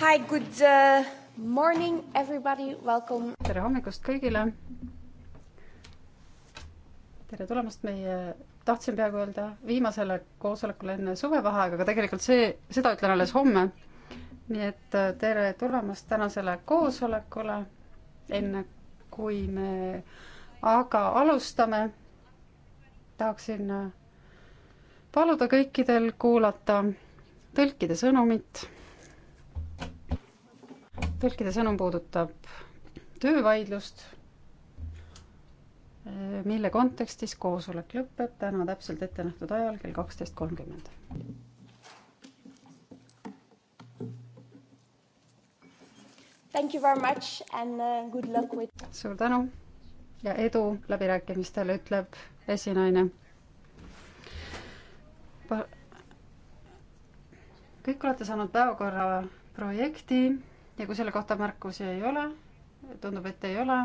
Hi, good uh, morning everybody, welcome. tere hommikust kõigile. tere tulemast meie, tahtsin peaaegu öelda viimasele koosolekule enne suvevaheaega, aga tegelikult see, seda ütlen alles homme. nii et äh, tere tulemast tänasele koosolekule, enne kui me aga alustame, tahaksin äh, paluda kõikidel kuulata tõlkide sõnumit tõlkide sõnum puudutab töövaidlust, mille kontekstis koosolek lõpeb täna täpselt ette nähtud ajal kell kaksteist kolmkümmend. Thank you very much and uh, good luck with. suur tänu ja edu läbirääkimistel, ütleb esinaine. kõik olete saanud päevakorra projekti ja kui selle kohta märkusi ei ole, tundub, et ei ole,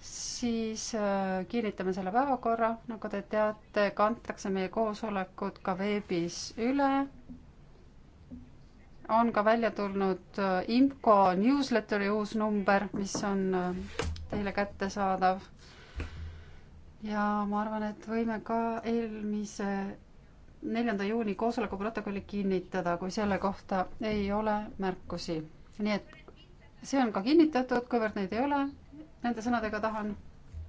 siis äh, kinnitame selle päevakorra, nagu te teate, kantakse meie koosolekud ka veebis üle. on ka välja tulnud äh, IMCO newsletteri uus number, mis on äh, teile kättesaadav. ja ma arvan, et võime ka eelmise neljanda juuni koosoleku protokolli kinnitada, kui selle kohta ei ole märkusi. nii et see on ka kinnitatud, kuivõrd neid ei ole, nende sõnadega tahan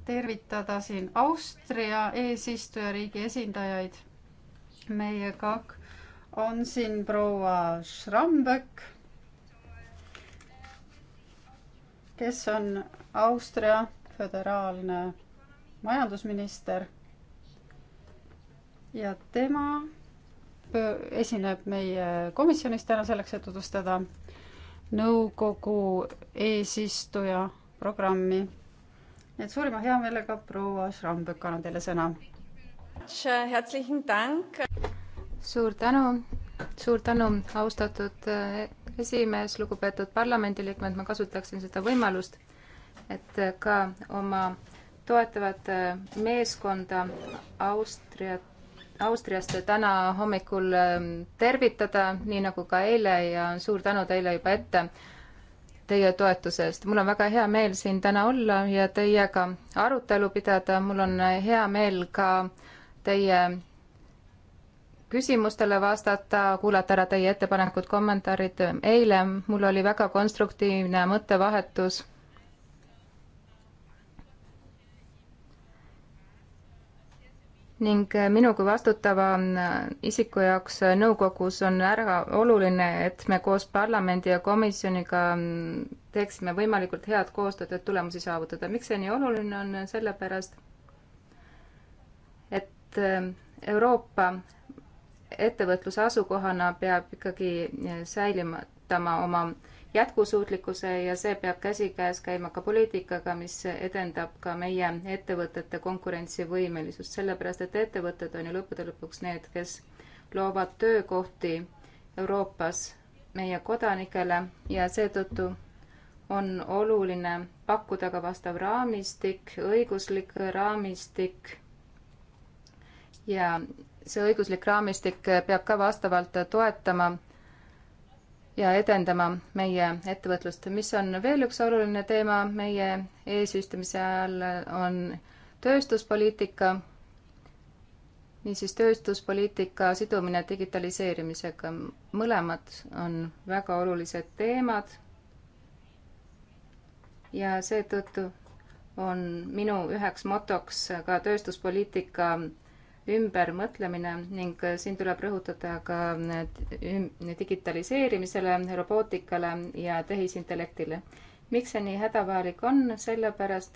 tervitada siin Austria eesistujariigi esindajaid. meiega on siin proua Schramböck, kes on Austria föderaalne majandusminister ja tema esineb meie komisjonis täna selleks, et tutvustada nõukogu eesistuja programmi. nii et suurima heameelega, proua Schrammböck, annan teile sõna. suur tänu, suur tänu, austatud eh, esimees, lugupeetud parlamendiliikmed, ma kasutaksin seda võimalust, et eh, ka oma toetavat eh, meeskonda Austriat Austriast täna hommikul ähm, tervitada, nii nagu ka eile ja suur tänu teile juba ette teie toetuse eest. mul on väga hea meel siin täna olla ja teiega arutelu pidada, mul on hea meel ka teie küsimustele vastata, kuulata ära teie ettepanekud, kommentaarid. eile mul oli väga konstruktiivne mõttevahetus ning äh, minu kui vastutava äh, isiku jaoks äh, nõukogus on ära oluline, et me koos parlamendi ja komisjoniga mm, teeksime võimalikult head koostööd, et tulemusi saavutada. miks see nii oluline on, sellepärast et Euroopa ettevõtluse asukohana peab ikkagi säilitama oma äh, jätkusuutlikkuse ja see peab käsikäes käima ka poliitikaga, mis edendab ka meie ettevõtete konkurentsivõimelisust, sellepärast et ettevõtted on ju lõppude lõpuks need, kes loovad töökohti Euroopas meie kodanikele ja seetõttu on oluline pakkuda ka vastav raamistik, õiguslik raamistik ja see õiguslik raamistik peab ka vastavalt toetama ja edendama meie ettevõtlust. mis on veel üks oluline teema meie eesistumise ajal, on tööstuspoliitika, niisiis tööstuspoliitika sidumine digitaliseerimisega. mõlemad on väga olulised teemad ja seetõttu on minu üheks motoks ka tööstuspoliitika ümbermõtlemine ning siin tuleb rõhutada ka digitaliseerimisele, robootikale ja tehisintellektile. miks see nii hädavajalik on, sellepärast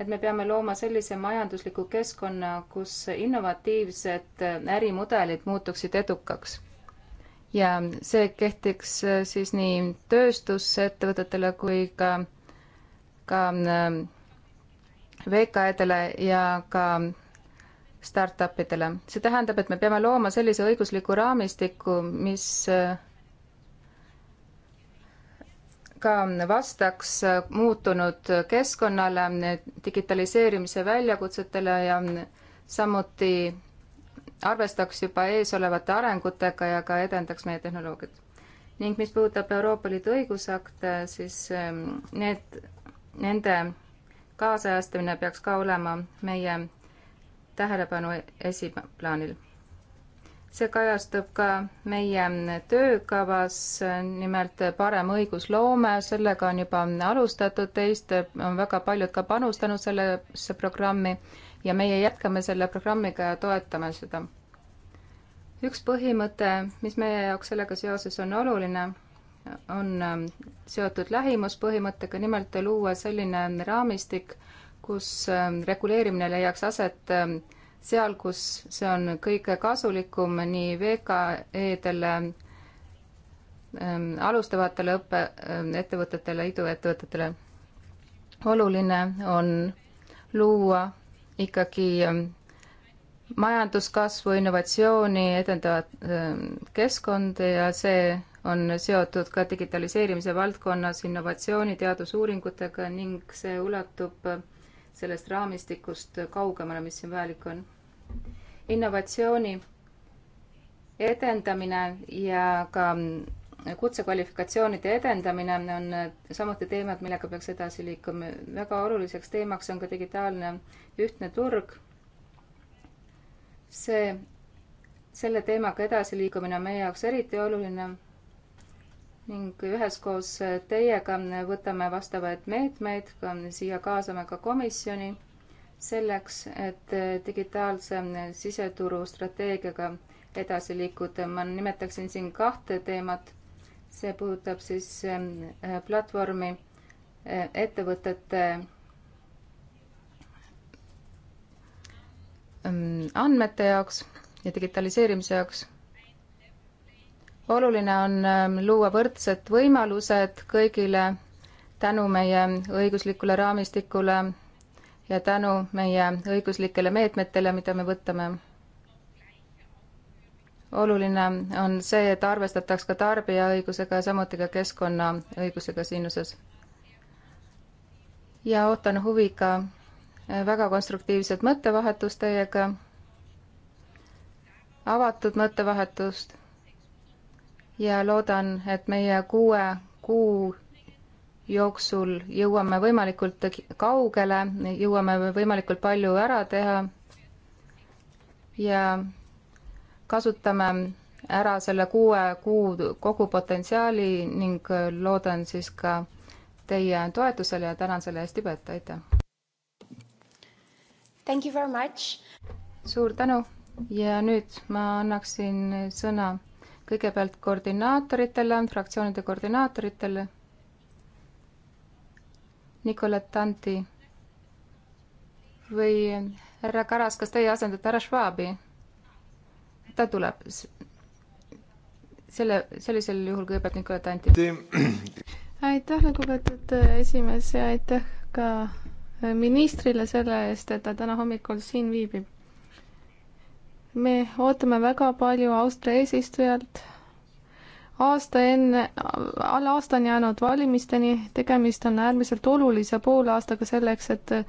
et me peame looma sellise majandusliku keskkonna, kus innovatiivsed ärimudelid muutuksid edukaks. ja see kehtiks siis nii tööstusettevõtetele kui ka, ka äh, VKE-dele ja ka startupidele. see tähendab, et me peame looma sellise õigusliku raamistiku, mis äh, ka vastaks äh, muutunud keskkonnale, digitaliseerimise väljakutsetele ja äh, samuti arvestaks juba eesolevate arengutega ja ka edendaks meie tehnoloogiat. ning mis puudutab Euroopa Liidu õigusakte, siis ähm, need, nende kaasajastamine peaks ka olema meie tähelepanu esiplaanil. see kajastub ka meie töökavas, nimelt parem õigusloome, sellega on juba alustatud, teist on väga paljud ka panustanud sellesse programmi ja meie jätkame selle programmiga ja toetame seda. üks põhimõte, mis meie jaoks sellega seoses on oluline, on seotud lähimuspõhimõttega, nimelt luua selline raamistik, kus ähm, reguleerimine leiaks aset ähm, seal, kus see on kõige kasulikum nii VKE-dele, ähm, alustavatele õppe, ettevõtetele, iduettevõtetele. oluline on luua ikkagi majanduskasvu, innovatsiooni edendavat keskkonda ja see on seotud ka digitaliseerimise valdkonnas innovatsiooni teadusuuringutega ning see ulatub sellest raamistikust kaugemale, mis siin vajalik on. innovatsiooni edendamine ja ka kutsekvalifikatsioonide edendamine on samuti teemad, millega peaks edasi liikuma. väga oluliseks teemaks on ka digitaalne ühtne turg. see, selle teemaga edasiliikumine on meie jaoks eriti oluline ning üheskoos teiega võtame vastavaid meetmeid, siia kaasame ka komisjoni selleks, et digitaalse siseturu strateegiaga edasi liikuda. ma nimetaksin siin kahte teemat. see puudutab siis eh, platvormi eh, ettevõtete mm, andmete jaoks ja digitaliseerimise jaoks oluline on ähm, luua võrdsed võimalused kõigile tänu meie õiguslikule raamistikule ja tänu meie õiguslikele meetmetele, mida me võtame. oluline on see, et arvestataks ka tarbijaõigusega ja samuti ka keskkonnaõigusega siin osas. ja ootan huviga äh, väga konstruktiivset mõttevahetust teiega, avatud mõttevahetust ja loodan, et meie kuue kuu jooksul jõuame võimalikult kaugele, jõuame võimalikult palju ära teha ja kasutame ära selle kuue kuu kogu potentsiaali ning loodan siis ka teie toetusele ja tänan selle eest Tibet, aitäh! Thank you very much! suur tänu ja nüüd ma annaksin sõna kõigepealt koordinaatoritele, fraktsioonide koordinaatoritele. Nicolette Tanti või härra Karas, kas teie asendate härra Schwabi? ta tuleb. selle, sellisel juhul kõigepealt Nicolette Tanti. aitäh, lugupeetud esimees ja aitäh ka ministrile selle eest, et ta täna hommikul siin viibib me ootame väga palju Austria eesistujalt. aasta enne, alla aasta on jäänud valimisteni, tegemist on äärmiselt olulise poolaastaga selleks, et äh,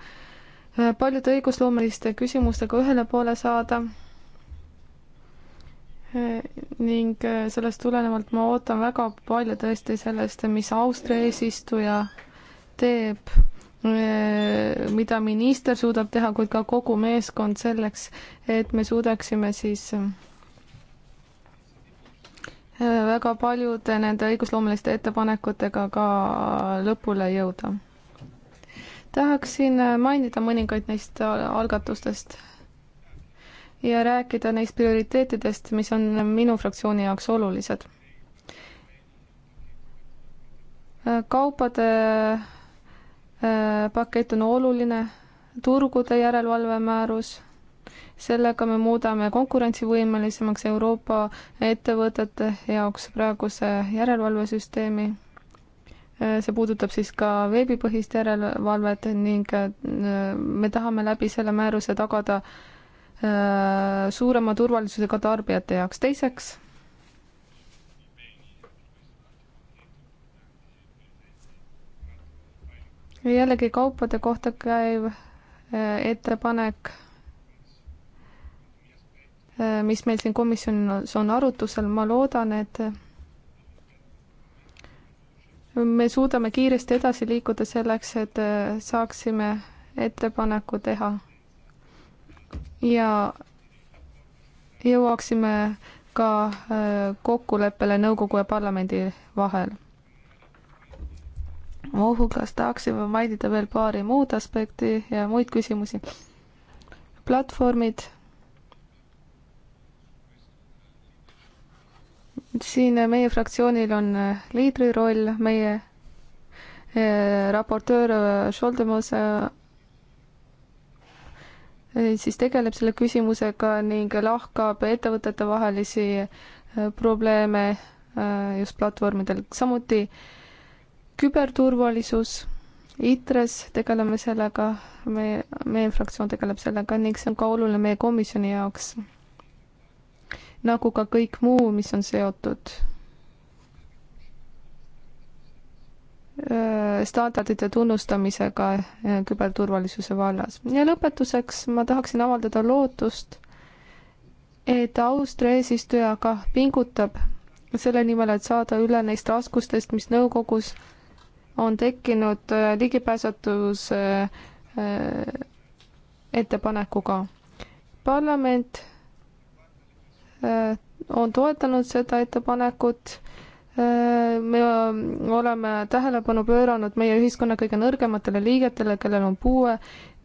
paljude õigusloomeliste küsimustega ühele poole saada. Äh, ning äh, sellest tulenevalt ma ootan väga palju tõesti sellest, mis Austria eesistuja teeb Eh, mida minister suudab teha, kuid ka kogu meeskond selleks, et me suudaksime siis eh, väga paljude nende õigusloomeliste ettepanekutega ka lõpule jõuda. tahaksin eh, mainida mõningaid neist algatustest ja rääkida neist prioriteetidest, mis on minu fraktsiooni jaoks olulised. kaupade Äh, pakett on oluline, turgude järelevalve määrus, sellega me muudame konkurentsivõimelisemaks Euroopa ettevõtete jaoks praeguse järelevalvesüsteemi. Äh, see puudutab siis ka veebipõhist järelevalvet ning äh, me tahame läbi selle määruse tagada suurema turvalisusega tarbijate jaoks. teiseks jällegi kaupade kohta käiv äh, ettepanek, äh, mis meil siin komisjonis on arutusel, ma loodan, et äh, me suudame kiiresti edasi liikuda selleks, et saaksime ettepaneku teha. ja jõuaksime ka kokkuleppele nõukogu ja parlamendi vahel muuhulgas tahaksime mainida veel paari muud aspekti ja muid küsimusi. platvormid. siin meie fraktsioonil on liidri roll, meie eh, raportöör Scholdemus eh, siis tegeleb selle küsimusega ning lahkab ettevõtetevahelisi eh, probleeme just platvormidel, samuti äh, küberturvalisus, ITRES tegeleme sellega, meie, meie fraktsioon tegeleb sellega ning see on ka oluline meie komisjoni jaoks. nagu ka kõik muu, mis on seotud äh, standardite tunnustamisega äh, küberturvalisuse vallas. ja lõpetuseks ma tahaksin avaldada lootust, et Austria eesistuja ka pingutab selle nimel, et saada üle neist raskustest, mis nõukogus on tekkinud äh, ligipääsetavuse äh, ettepanekuga. parlament äh, on toetanud seda ettepanekut me oleme tähelepanu pööranud meie ühiskonna kõige nõrgematele liigetele, kellel on puue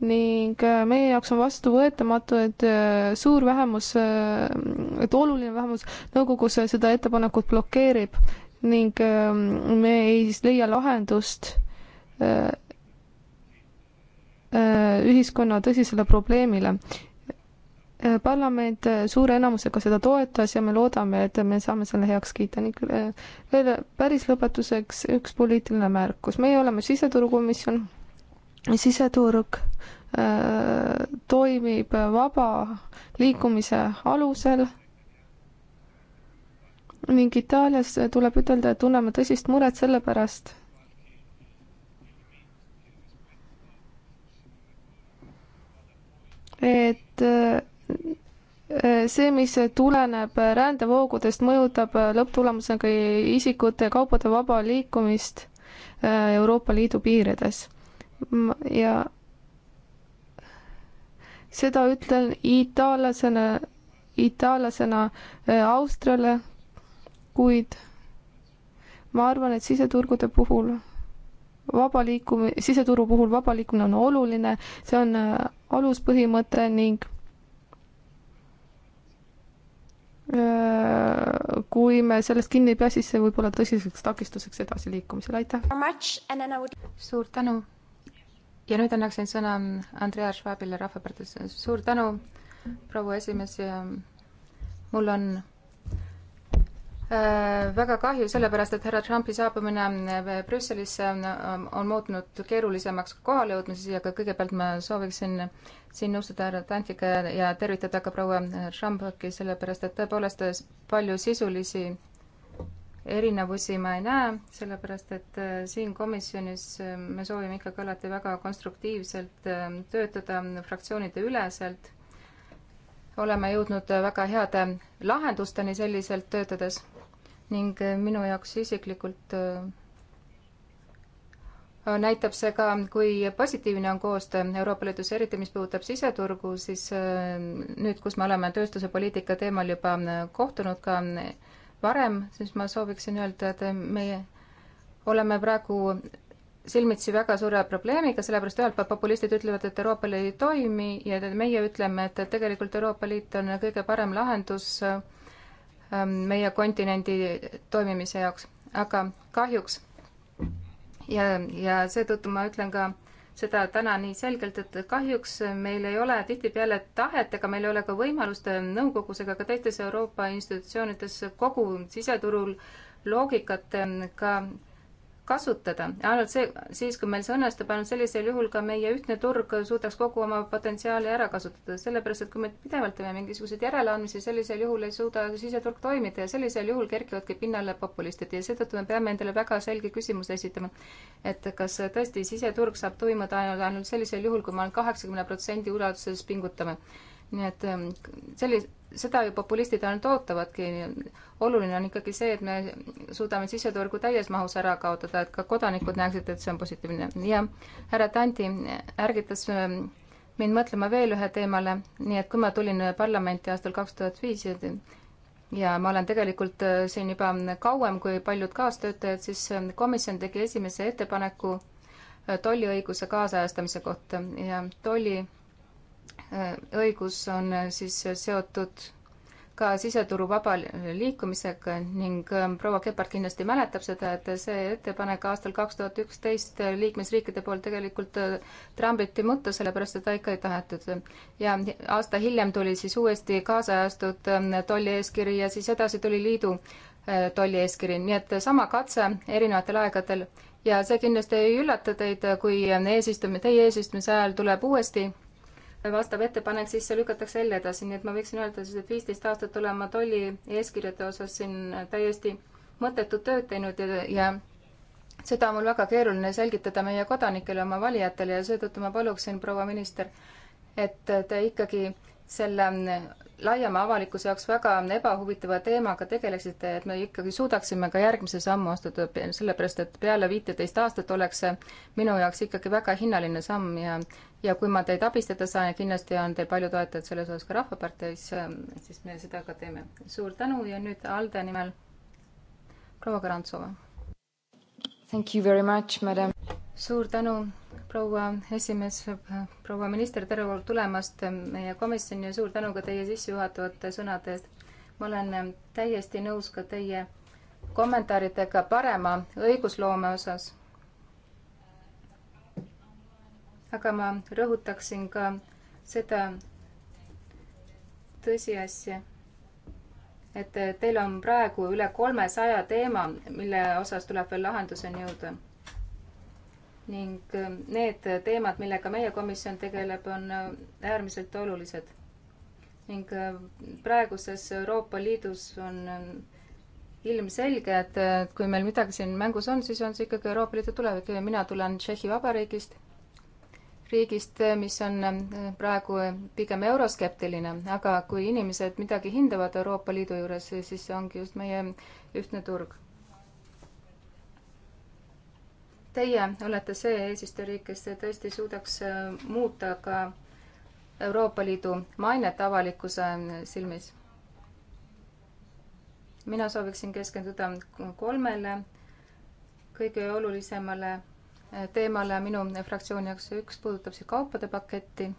ning meie jaoks on vastuvõetamatu, et suur vähemus, et oluline vähemus nõukogus seda ettepanekut blokeerib ning ähm, me ei leia lahendust äh, äh, ühiskonna tõsisele probleemile. Äh, parlament suure enamusega seda toetas ja me loodame, et me saame selle heaks kiita ning veel päris lõpetuseks üks poliitiline märkus. meie oleme siseturukomisjon, siseturg äh, toimib vaba liikumise alusel ning Itaalias tuleb ütelda, et tunneme tõsist muret selle pärast, et äh, see, mis tuleneb rändevoogudest, mõjutab lõpptulemusena ka isikute ja kaupade vaba liikumist äh, Euroopa Liidu piirides. ja seda ütlen itaallasena, itaallasena äh, Austriale kuid ma arvan, et siseturgude puhul vaba liikumine, siseturu puhul vaba liikumine on oluline, see on äh, aluspõhimõte ning äh, kui me sellest kinni ei pea, siis see võib olla tõsiseks takistuseks edasiliikumisel, aitäh! suur tänu! ja nüüd annaksin sõna Andrea Schwabile Rahvaparteist, suur tänu, proua esimees ja mul on Äh, väga kahju, sellepärast et härra Trumpi saabumine äh, Brüsselisse on, äh, on muutunud keerulisemaks kohale jõudmises ja ka kõigepealt ma sooviksin siin nõustuda härra Tantiga ja, ja tervitada ka proua Schrambergi, sellepärast et tõepoolest palju sisulisi erinevusi ma ei näe, sellepärast et siin komisjonis me soovime ikkagi alati väga konstruktiivselt töötada fraktsioonide üleselt. oleme jõudnud väga heade lahendusteni selliselt töötades ning äh, minu jaoks isiklikult äh, näitab see ka, kui positiivne on koostöö Euroopa Liidus, eriti mis puudutab siseturgu, siis äh, nüüd, kus me oleme tööstuse poliitika teemal juba kohtunud ka varem, siis ma sooviksin öelda, et meie oleme praegu silmitsi väga suure probleemiga, sellepärast ühelt poolt populistid ütlevad, et Euroopa Liit ei toimi ja meie ütleme, et tegelikult Euroopa Liit on kõige parem lahendus äh, Ähm, meie kontinendi toimimise jaoks, aga kahjuks ja, ja seetõttu ma ütlen ka seda täna nii selgelt, et kahjuks meil ei ole tihtipeale tahet ega meil ei ole ka võimalust nõukogus ega ka teistes Euroopa institutsioonides kogu siseturul loogikat ka kasutada. ainult see, siis kui meil see õnnestub, ainult sellisel juhul ka meie ühtne turg suudaks kogu oma potentsiaali ära kasutada, sellepärast et kui me pidevalt teeme mingisuguseid järeleandmisi, sellisel juhul ei suuda siseturg toimida ja sellisel juhul kerkivadki pinnale populistid ja seetõttu me peame endale väga selge küsimuse esitama, et kas tõesti siseturg saab toimuda ainult, ainult sellisel juhul, kui me kaheksakümne protsendi ulatuses pingutame nii et ähm, sellis-, seda ju populistid ainult ootavadki. oluline on ikkagi see, et me suudame siseturgu täies mahus ära kaotada, et ka kodanikud näeksid, et see on positiivne. ja härra Tanti ärgitas ähm, mind mõtlema veel ühe teemale, nii et kui ma tulin parlamenti aastal kaks tuhat viis ja ma olen tegelikult äh, siin juba kauem kui paljud kaastöötajad, siis ähm, komisjon tegi esimese ettepaneku äh, tolliõiguse kaasajastamise kohta ja tolli õigus on äh, siis äh, seotud ka siseturu vaba liikumisega ning ähm, proua Kepard kindlasti mäletab seda, et see ettepanek aastal kaks tuhat üksteist äh, liikmesriikide poolt tegelikult trambiti mutta, sellepärast seda ikka ei tahetud. ja aasta hiljem tuli siis uuesti kaasajastatud ähm, tollieeskiri ja siis edasi tuli liidu tollieeskiri, nii et sama katse erinevatel aegadel ja see kindlasti ei üllata teid, kui eesistumine, teie eesistumise ajal tuleb uuesti vastav ettepanek, siis see lükatakse jälle edasi, nii et ma võiksin öelda siis, et viisteist aastat olen ma tolli eeskirjade osas siin täiesti mõttetut tööd teinud ja, ja seda on mul väga keeruline selgitada meie kodanikele, oma valijatele ja seetõttu ma paluksin, proua minister, et te ikkagi selle laiema avalikkuse jaoks väga ebahuvitava teemaga tegeleksite, et me ikkagi suudaksime ka järgmise sammu astuda, sellepärast et peale viiteist aastat oleks see minu jaoks ikkagi väga hinnaline samm ja ja kui ma teid abistada saan ja kindlasti on teil palju toetajad selles osas ka Rahvaparteis, siis me seda ka teeme. suur tänu ja nüüd ALDE nimel proua Karantsova. Thank you very much, madam. suur tänu proua esimees, proua minister, tere tulemast meie komisjoni ja suur tänu ka teie sissejuhatavate sõnade eest. ma olen täiesti nõus ka teie kommentaaridega parema õigusloome osas. aga ma rõhutaksin ka seda tõsiasja, et teil on praegu üle kolmesaja teema, mille osas tuleb veel lahenduseni jõuda ning äh, need teemad, millega meie komisjon tegeleb, on äh, äärmiselt olulised. ning äh, praeguses Euroopa Liidus on ilmselge, et kui meil midagi siin mängus on, siis on see ikkagi Euroopa Liidu tulevik ja mina tulen Tšehhi Vabariigist, riigist, mis on praegu pigem euroskeptiline, aga kui inimesed midagi hindavad Euroopa Liidu juures, siis see ongi just meie ühtne turg Teie olete see eesistujariik, kes tõesti suudaks äh, muuta ka Euroopa Liidu mainet avalikkuse silmis. mina sooviksin keskenduda kolmele kõige olulisemale äh, teemale minu fraktsiooni jaoks. üks puudutab siis kaupade paketti.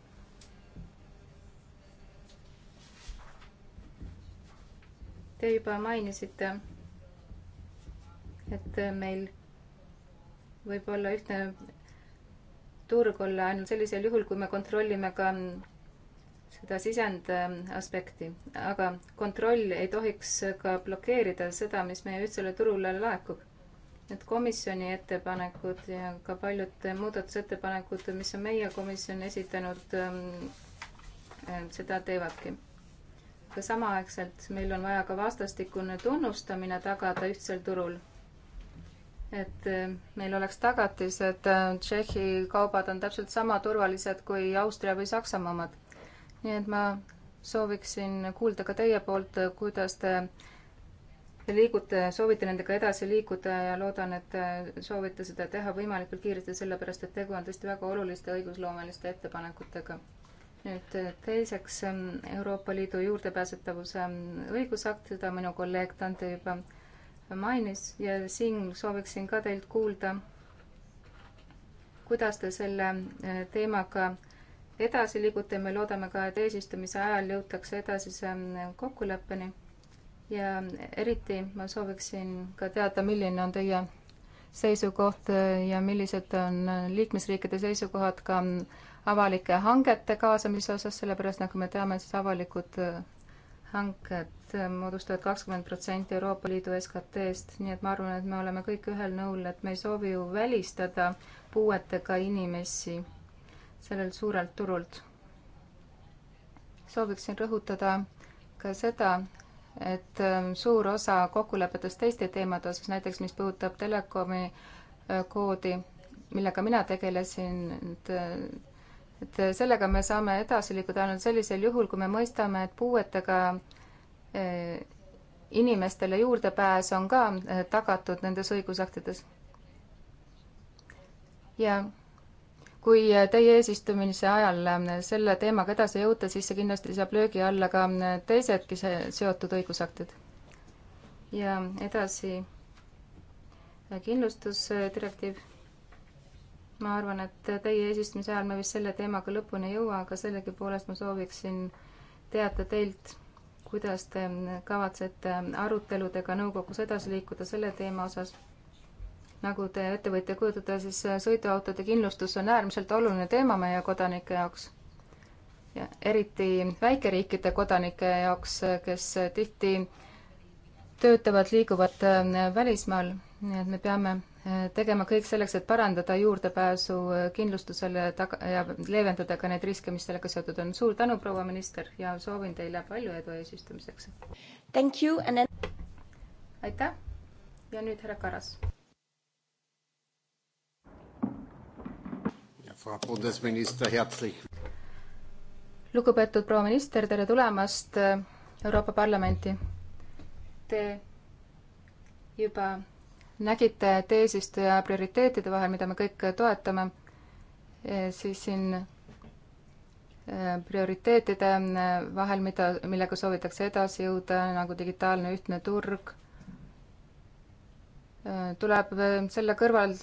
Te juba mainisite, et meil võib-olla ühtne turg olla ainult sellisel juhul, kui me kontrollime ka seda sisend äh, aspekti, aga kontroll ei tohiks ka blokeerida seda, mis meie ühtsele turule laekub. et komisjoni ettepanekud ja ka paljud muudatusettepanekud, mis on meie komisjon esitanud, ähm, äh, seda teevadki. aga samaaegselt meil on vaja ka vastastikune tunnustamine tagada ühtsel turul et äh, meil oleks tagatis, et äh, Tšehhi kaubad on täpselt sama turvalised kui Austria või Saksamaa omad. nii et ma sooviksin kuulda ka teie poolt, äh, kuidas te liigute, soovite nendega edasi liikuda ja loodan, et soovite seda teha võimalikult kiiresti, sellepärast et tegu on tõesti väga oluliste õigusloomeliste ettepanekutega. nüüd teiseks ähm, Euroopa Liidu juurdepääsetavuse ähm, õigusakt, seda minu kolleeg Dante juba mainis ja siin sooviksin ka teilt kuulda, kuidas te selle eh, teemaga edasi liigute, me loodame ka, et eesistumise ajal jõutakse edasise mm, kokkuleppeni. ja eriti ma sooviksin ka teada, milline on teie seisukoht eh, ja millised on eh, liikmesriikide seisukohad ka mm, avalike hangete kaasamise osas, sellepärast nagu me teame, siis avalikud hanked moodustavad kakskümmend protsenti Euroopa Liidu SKT-st, nii et ma arvan, et me oleme kõik ühel nõul, et me ei soovi ju välistada puuetega inimesi sellelt suurelt turult. sooviksin rõhutada ka seda, et ähm, suur osa kokkulepetest teiste teemade osas, näiteks mis puudutab telekomi äh, koodi, millega mina tegelesin, et et sellega me saame edasi liikuda ainult sellisel juhul, kui me mõistame, et puuetega eh, inimestele juurdepääs on ka eh, tagatud nendes õigusaktides. ja kui teie eesistumise ajal eh, selle teemaga edasi jõuta, siis see kindlasti saab löögi alla ka teisedki seotud õigusaktid. ja edasi kindlustusdirektiiv ma arvan, et teie eesistumise ajal me vist selle teemaga lõpuni ei jõua, aga sellegipoolest ma sooviksin teada teilt, kuidas te kavatsete aruteludega nõukogus edasi liikuda selle teema osas. nagu te ette võite kujutada, siis sõiduautode kindlustus on äärmiselt oluline teema meie kodanike jaoks. ja eriti väikeriikide kodanike jaoks, kes tihti töötavad, liiguvad välismaal, nii et me peame tegema kõik selleks, et parandada juurdepääsu kindlustusele taga- ja leevendada ka neid riske, mis sellega seotud on. suur tänu, proua minister, ja soovin teile palju edu eesistumiseks! Thank you and then aitäh ja nüüd härra Karas. lugupeetud proua minister, tere tulemast Euroopa Parlamenti. Te juba nägite, et eesistuja prioriteetide vahel, mida me kõik toetame, e, siis siin e, prioriteetide e, vahel, mida, millega soovitakse edasi jõuda, nagu digitaalne ühtne turg, tuleb selle kõrval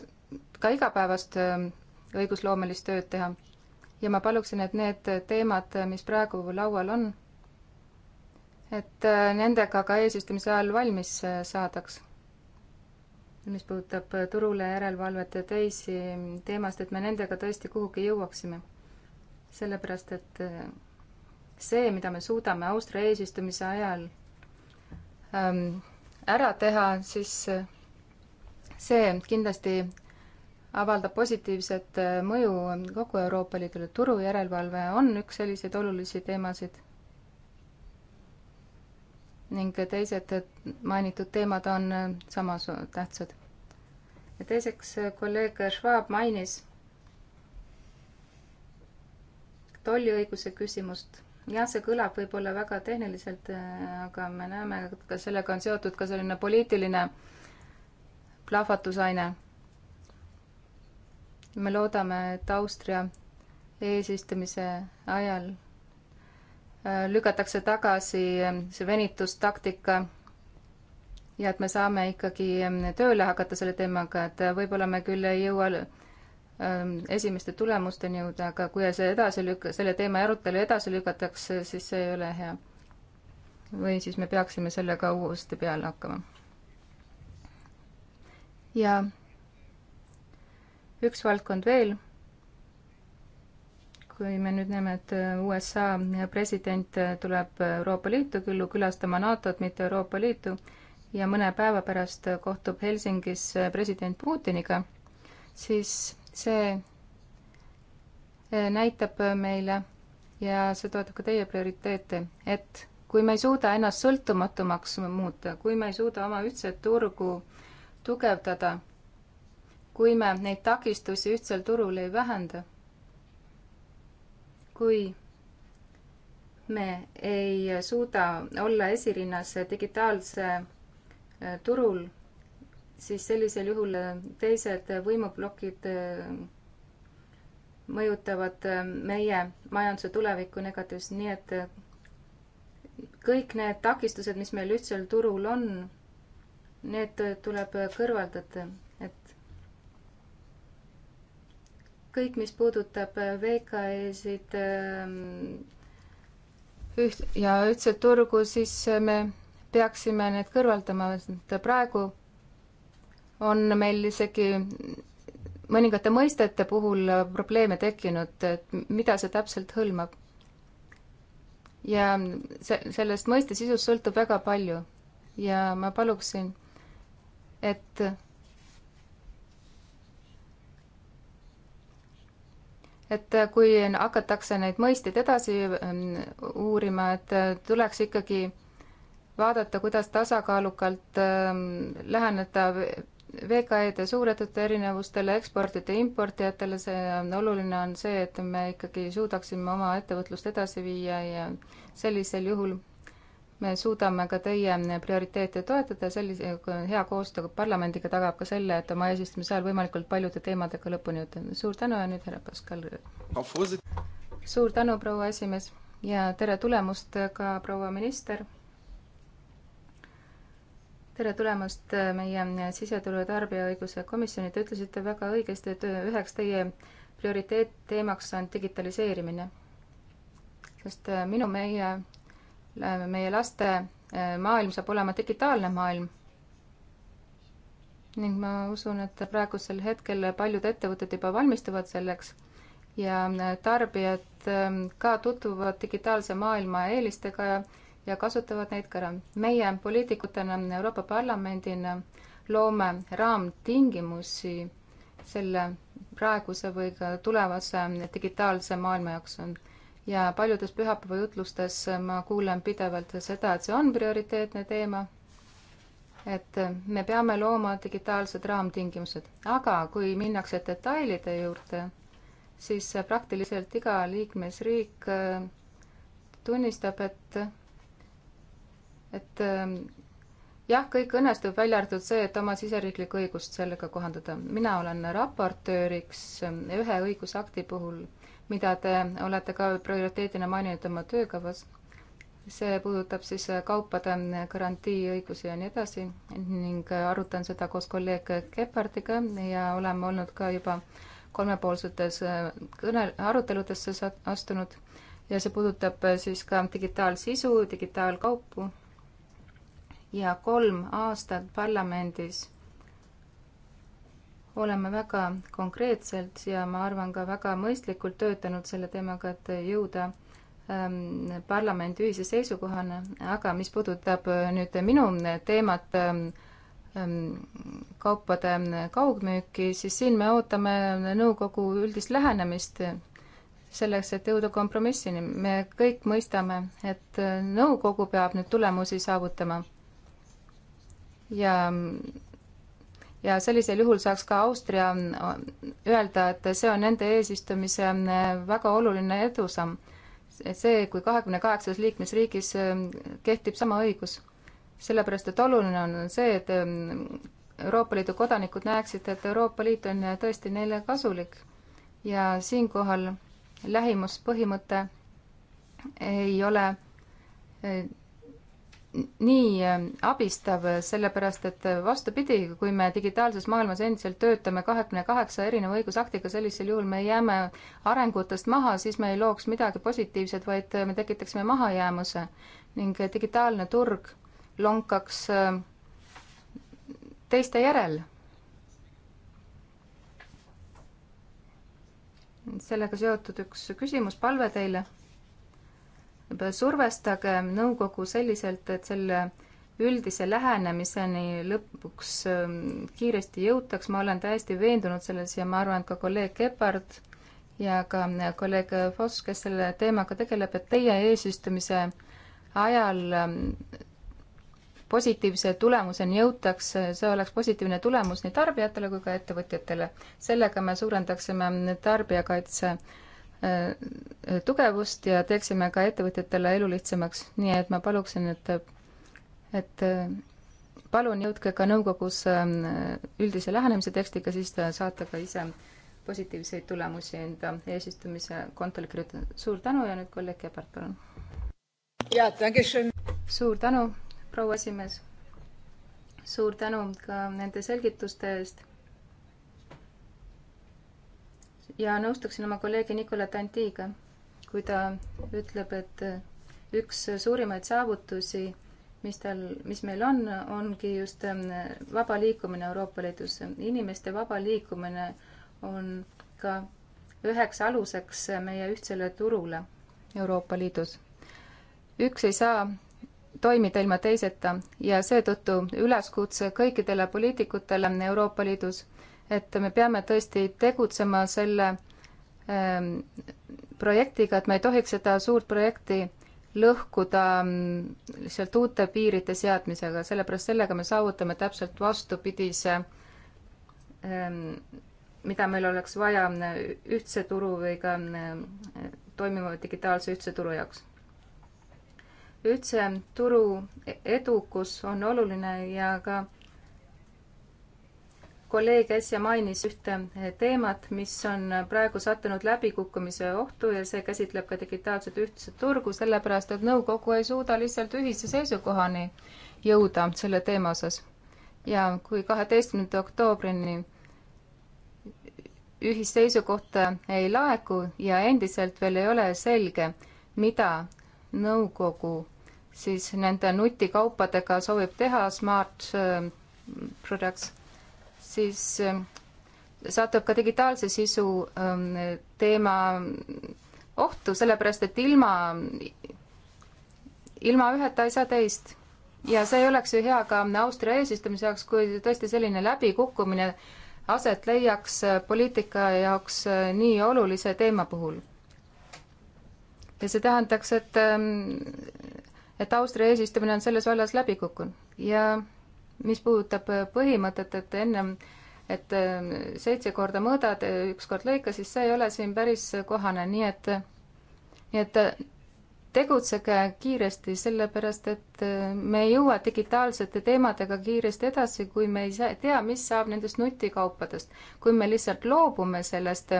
ka igapäevast õigusloomelist tööd teha. ja ma paluksin, et need teemad, mis praegu laual on, et nendega ka eesistumise ajal valmis saadaks mis puudutab turule järelevalvet ja teisi teemasid, et me nendega tõesti kuhugi jõuaksime. sellepärast, et äh, see, mida me suudame Austria eesistumise ajal ähm, ära teha, siis äh, see kindlasti avaldab positiivset äh, mõju kogu Euroopa Liidule. turu järelevalve on üks selliseid olulisi teemasid ning teised mainitud teemad on samas tähtsad. ja teiseks kolleeg Schwab mainis tolliõiguse küsimust. jah, see kõlab võib-olla väga tehniliselt, aga me näeme, et ka sellega on seotud ka selline poliitiline plahvatusaine. me loodame, et Austria eesistumise ajal Äh, lükatakse tagasi ähm, see venitustaktika ja et me saame ikkagi ähm, tööle hakata selle teemaga, et äh, võib-olla me küll ei jõua ähm, esimeste tulemusteni jõuda, aga kui see edasi lükk-, selle teema arutelu edasi lükatakse, siis see ei ole hea. või siis me peaksime sellega uuesti peale hakkama. ja üks valdkond veel kui me nüüd näeme, et USA president tuleb Euroopa Liitu küll külastama NATO-t, mitte Euroopa Liitu, ja mõne päeva pärast kohtub Helsingis president Putiniga, siis see eh, näitab meile ja see toetab ka teie prioriteete, et kui me ei suuda ennast sõltumatumaks muuta, kui me ei suuda oma ühtset turgu tugevdada, kui me neid takistusi ühtsel turul ei vähenda, kui me ei suuda olla esirinnas digitaalse äh, turul, siis sellisel juhul äh, teised võimuplokid äh, mõjutavad meie majanduse tulevikku negatiivselt, nii et kõik need takistused, mis meil ühtsel turul on, need tuleb kõrvaldada, et kõik, mis puudutab äh, VKE-sid ähm, üht- ja ühtset turgu, siis äh, me peaksime need kõrvaldama, sest praegu on meil isegi mõningate mõistete puhul äh, probleeme tekkinud, et mida see täpselt hõlmab. ja see, sellest mõiste sisust sõltub väga palju ja ma paluksin, et et kui hakatakse neid mõisteid edasi ähm, uurima, et äh, tuleks ikkagi vaadata, kuidas tasakaalukalt ähm, läheneda VKE-de suurettevõtete erinevustele, eksportijate, importijatele, see on ähm, oluline, on see, et me ikkagi suudaksime oma ettevõtlust edasi viia ja sellisel juhul me suudame ka teie prioriteete toetada, sellise hea koostöö parlamendiga tagab ka selle, et oma eesistumise ajal võimalikult paljude teemadega lõpuni jõuda. suur tänu ja nüüd härra Pascal. suur tänu, proua esimees ja tere tulemast ka proua minister. tere tulemast meie siseturu ja tarbijaõiguse komisjoni, te ütlesite väga õigesti, et üheks teie prioriteetteemaks on digitaliseerimine. sest minu, meie Äh, meie laste äh, maailm saab olema digitaalne maailm. ning ma usun, et praegusel hetkel paljud ettevõtted juba valmistuvad selleks ja äh, tarbijad ähm, ka tutvuvad digitaalse maailma eelistega ja, ja kasutavad neid ka ära. meie poliitikutena Euroopa Parlamendina loome raamtingimusi selle praeguse või ka tulevase digitaalse maailma jaoks on ja paljudes pühapäeva jutlustes ma kuulen pidevalt seda, et see on prioriteetne teema. et me peame looma digitaalsed raamtingimused, aga kui minnakse detailide juurde, siis praktiliselt iga liikmesriik äh, tunnistab, et et äh, jah, kõik õnnestub, välja arvatud see, et oma siseriiklikku õigust sellega kohandada. mina olen raportööriks äh, ühe õigusakti puhul mida te olete ka prioriteedina maininud oma töökavas. see puudutab siis kaupade garantiiõigusi ja nii edasi ning arutan seda koos kolleeg Kepardiga ja oleme olnud ka juba kolmepoolsetes äh, kõne, aruteludesse astunud ja see puudutab äh, siis ka digitaalsisu, digitaalkaupu ja kolm aastat parlamendis oleme väga konkreetselt ja ma arvan ka väga mõistlikult töötanud selle teemaga, et jõuda ähm, parlamendi ühise seisukohana, aga mis puudutab äh, nüüd minu teemat ähm,, ähm kaupade ähm, kaugmüüki, siis siin me ootame nõukogu üldist lähenemist selleks, et jõuda kompromissini. me kõik mõistame, et äh, nõukogu peab nüüd tulemusi saavutama ja ja sellisel juhul saaks ka Austria äh, öelda, et see on nende eesistumise äh, väga oluline edusamm. see, kui kahekümne kaheksas liikmesriigis äh, kehtib sama õigus. sellepärast, et oluline on see, et Euroopa Liidu kodanikud näeksid, et Euroopa Liit on tõesti neile kasulik ja siinkohal lähimuspõhimõte ei ole nii ähm, abistav, sellepärast et äh, vastupidi, kui me digitaalses maailmas endiselt töötame kahekümne kaheksa erineva õigusaktiga, sellisel juhul me jääme arengutest maha, siis me ei looks midagi positiivset, vaid äh, me tekitaksime mahajäämuse ning äh, digitaalne turg lonkaks ähm, teiste järel. sellega seotud üks küsimus, palve teile survestage nõukogu selliselt, et selle üldise lähenemiseni lõpuks ähm, kiiresti jõutaks, ma olen täiesti veendunud selles ja ma arvan, et ka kolleeg Gebhard ja ka äh, kolleeg Foss, kes selle teemaga tegeleb, et teie eesistumise ajal ähm, positiivse tulemuseni jõutakse, see oleks positiivne tulemus nii tarbijatele kui ka ettevõtjatele. sellega me suurendaksime tarbijakaitse Äh, tugevust ja teeksime ka ettevõtjatele elu lihtsamaks, nii et ma paluksin, et, et äh, palun jõudke ka nõukogus äh, üldise lähenemise tekstiga, siis te saate ka ise positiivseid tulemusi enda eesistumise kontole kirjutada. suur tänu ja nüüd kolleeg Kebart, palun. suur tänu, proua esimees. suur tänu ka nende selgituste eest ja nõustuksin oma kolleegi Nicola Tantiga, kui ta ütleb, et äh, üks suurimaid saavutusi, mis tal, mis meil on, ongi just ähm, vaba liikumine Euroopa Liidus. inimeste vaba liikumine on ka üheks aluseks meie ühtsele turule Euroopa Liidus. üks ei saa toimida ilma teiseta ja seetõttu üleskutse kõikidele poliitikutele Euroopa Liidus et me peame tõesti tegutsema selle ähm, projektiga, et me ei tohiks seda suurt projekti lõhkuda ähm, lihtsalt uute piiride seadmisega, sellepärast sellega me saavutame täpselt vastupidise ähm,, mida meil oleks vaja äh, ühtse turu või ka ähm, toimiva digitaalse ühtse turu jaoks üldse turu edukus on oluline ja ka kolleeg äsja mainis ühte teemat, mis on praegu sattunud läbikukkumise ohtu ja see käsitleb ka digitaalset ühtset turgu, sellepärast et nõukogu ei suuda lihtsalt ühise seisukohani jõuda selle teema osas. ja kui kaheteistkümnenda oktoobrini ühisseisukohta ei laeku ja endiselt veel ei ole selge, mida nõukogu siis nende nutikaupadega soovib teha, smart äh, products siis äh, satub ka digitaalse sisu ähm, teema ohtu, sellepärast et ilma, ilma üheta ei saa teist. ja see oleks ju hea ka Austria eesistumise jaoks, kui tõesti selline läbikukkumine aset leiaks äh, poliitika jaoks äh, nii olulise teema puhul. ja see tähendaks, et, ähm, et Austria eesistumine on selles vallas läbi kukkunud ja mis puudutab äh, põhimõtet, et ennem, et äh, seitse korda mõõdad, äh, üks kord lõika, siis see ei ole siin päris kohane, nii et, nii et tegutsege kiiresti, sellepärast et me ei jõua digitaalsete teemadega kiiresti edasi, kui me ei saa, tea, mis saab nendest nutikaupadest. kui me lihtsalt loobume sellest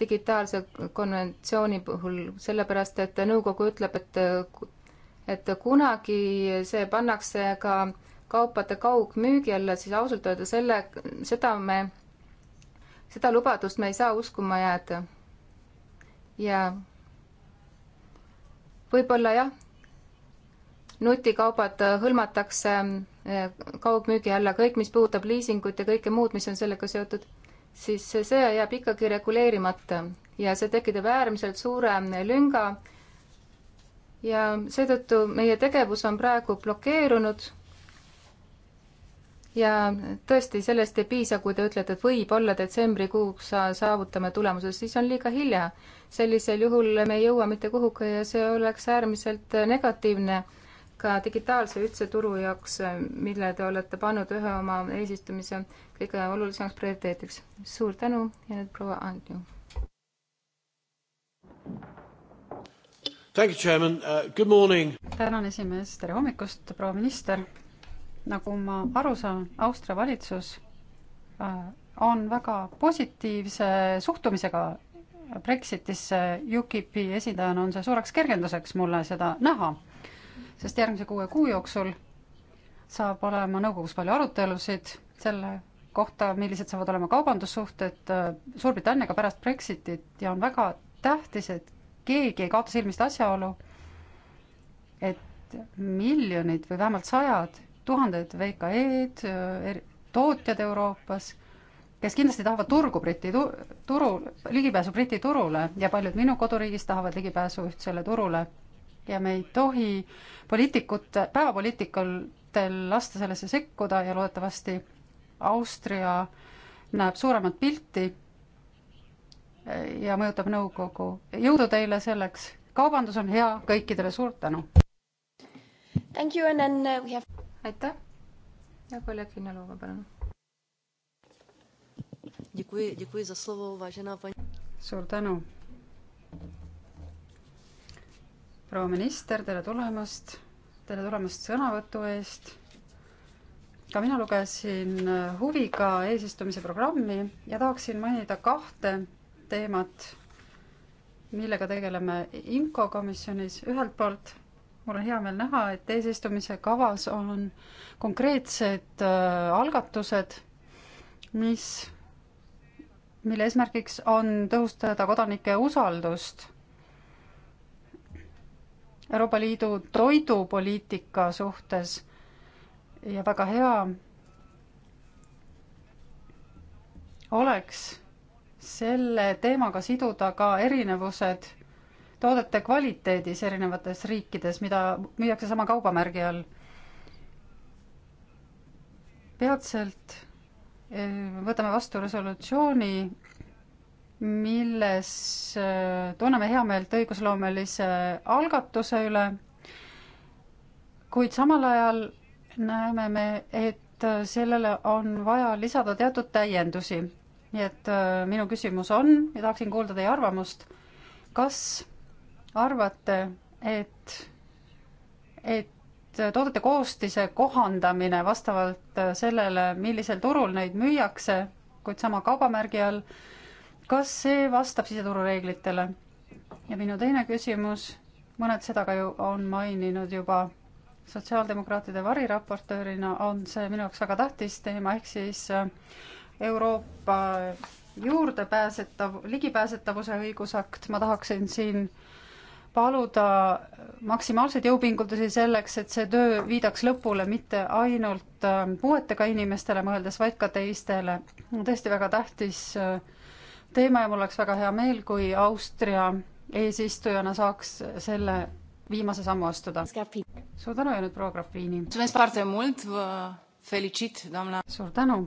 digitaalse konventsiooni puhul, sellepärast et nõukogu ütleb, et et kunagi see pannakse ka äh, kaupade kaugmüügi alla, siis ausalt öelda selle, seda me, seda lubadust me ei saa uskuma jääda. ja võib-olla jah, nutikaubad hõlmatakse eh, kaugmüügi alla, kõik, mis puudutab liisingut ja kõike muud, mis on sellega seotud, siis see jääb ikkagi reguleerimata ja see tekitab äärmiselt suure lünga. ja seetõttu meie tegevus on praegu blokeerunud ja tõesti, sellest ei piisa, kui te ütlete, et võib-olla detsembrikuuks saavutame tulemuse, siis on liiga hilja. sellisel juhul me ei jõua mitte kuhugi ja see oleks äärmiselt negatiivne ka digitaalse ühtse turu jaoks, mille te olete pannud ühe oma eesistumise kõige olulisemaks prioriteediks. suur tänu ja nüüd proua Andju. Uh, tänan, esimees, tere hommikust, proua minister nagu ma aru saan, Austria valitsus äh, on väga positiivse suhtumisega Brexitisse, UKIP-i esindajana on see suureks kergenduseks mulle seda näha, sest järgmise kuue kuu jooksul saab olema nõukogus palju arutelusid selle kohta, millised saavad olema kaubandussuhted äh, Suurbritanniaga pärast Brexitit ja on väga tähtis, et keegi ei kaota silmist asjaolu, et miljonid või vähemalt sajad tuhanded VKE-d, äh, tootjad Euroopas, kes kindlasti tahavad turgu Briti tu-, turu, ligipääsu Briti turule ja paljud minu koduriigis tahavad ligipääsu ühtsele turule. ja me ei tohi poliitikute, päevapoliitikutel lasta sellesse sekkuda ja loodetavasti Austria näeb suuremat pilti äh, ja mõjutab nõukogu. jõudu teile selleks, kaubandus on hea kõikidele, suur tänu! Thank you and then uh, we have aitäh ja kolleeg Linna Luuga, palun. suur tänu. proua minister, tere tulemast, tere tulemast sõnavõtu eest. ka mina lugesin huviga eesistumise programmi ja tahaksin mainida kahte teemat, millega tegeleme IMCO komisjonis, ühelt poolt mul on hea meel näha, et eesistumise kavas on konkreetsed äh, algatused, mis, mille eesmärgiks on tõhustada kodanike usaldust Euroopa Liidu toidupoliitika suhtes ja väga hea oleks selle teemaga siduda ka erinevused toodete kvaliteedis erinevates riikides, mida müüakse sama kaubamärgi all. peatselt eh, võtame vastu resolutsiooni, milles eh, tunneme heameelt õigusloomelise algatuse üle, kuid samal ajal näeme me, et sellele on vaja lisada teatud täiendusi. nii et eh, minu küsimus on ja tahaksin kuulda teie arvamust, kas arvate, et, et toodete koostise kohandamine vastavalt sellele, millisel turul neid müüakse, kuid sama kaubamärgi all, kas see vastab siseturu reeglitele? ja minu teine küsimus, mõned seda ka ju on maininud juba sotsiaaldemokraatide variraportöörina, on see minu jaoks väga tähtis teema, ehk siis äh, Euroopa juurdepääsetav, ligipääsetavuse õigusakt, ma tahaksin siin paluda maksimaalseid jõupingutusi selleks, et see töö viidaks lõpule mitte ainult äh, puuetega inimestele mõeldes, vaid ka teistele. tõesti väga tähtis äh, teema ja mul oleks väga hea meel, kui Austria eesistujana saaks selle viimase sammu astuda. suur tänu ja nüüd proua Grafini. suur tänu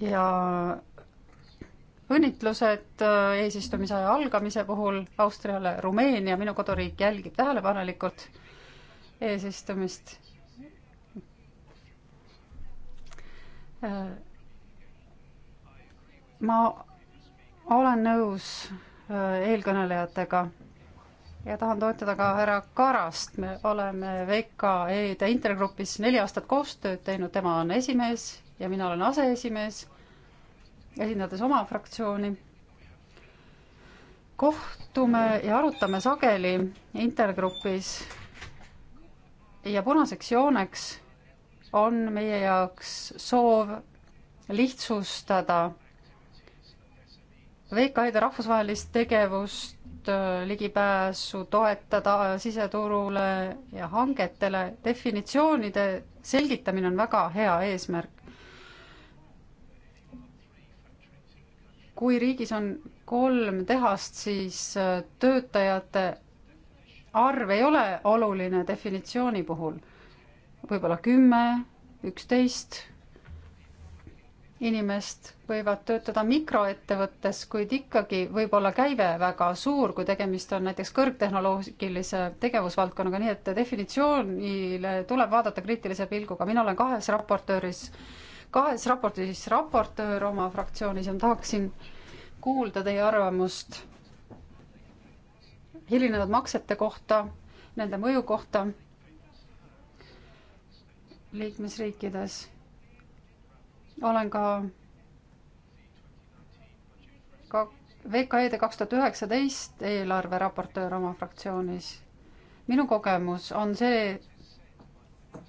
ja õnnitlused äh, eesistumisaja algamise puhul Austriale. Rumeenia, minu koduriik, jälgib tähelepanelikult eesistumist. Äh, ma olen nõus äh, eelkõnelejatega ja tahan toetada ka härra Karast, me oleme VKE-de intergrupis neli aastat koostööd teinud, tema on esimees ja mina olen aseesimees esindades oma fraktsiooni, kohtume ja arutame sageli intergrupis ja punaseks jooneks on meie jaoks soov lihtsustada VKE-de rahvusvahelist tegevust, ligipääsu toetada siseturule ja hangetele. definitsioonide selgitamine on väga hea eesmärk. kui riigis on kolm tehast, siis äh, töötajate arv ei ole oluline definitsiooni puhul. võib-olla kümme, üksteist inimest võivad töötada mikroettevõttes, kuid ikkagi võib olla käive väga suur, kui tegemist on näiteks kõrgtehnoloogilise tegevusvaldkonnaga, nii et definitsioonile tuleb vaadata kriitilise pilguga. mina olen kahes raportööris äh, kahes raportis raportöör oma fraktsioonis ja ma tahaksin kuulda teie arvamust hilinenud maksete kohta, nende mõju kohta liikmesriikides. olen ka ka VKE-de kaks tuhat üheksateist eelarve raportöör oma fraktsioonis. minu kogemus on see,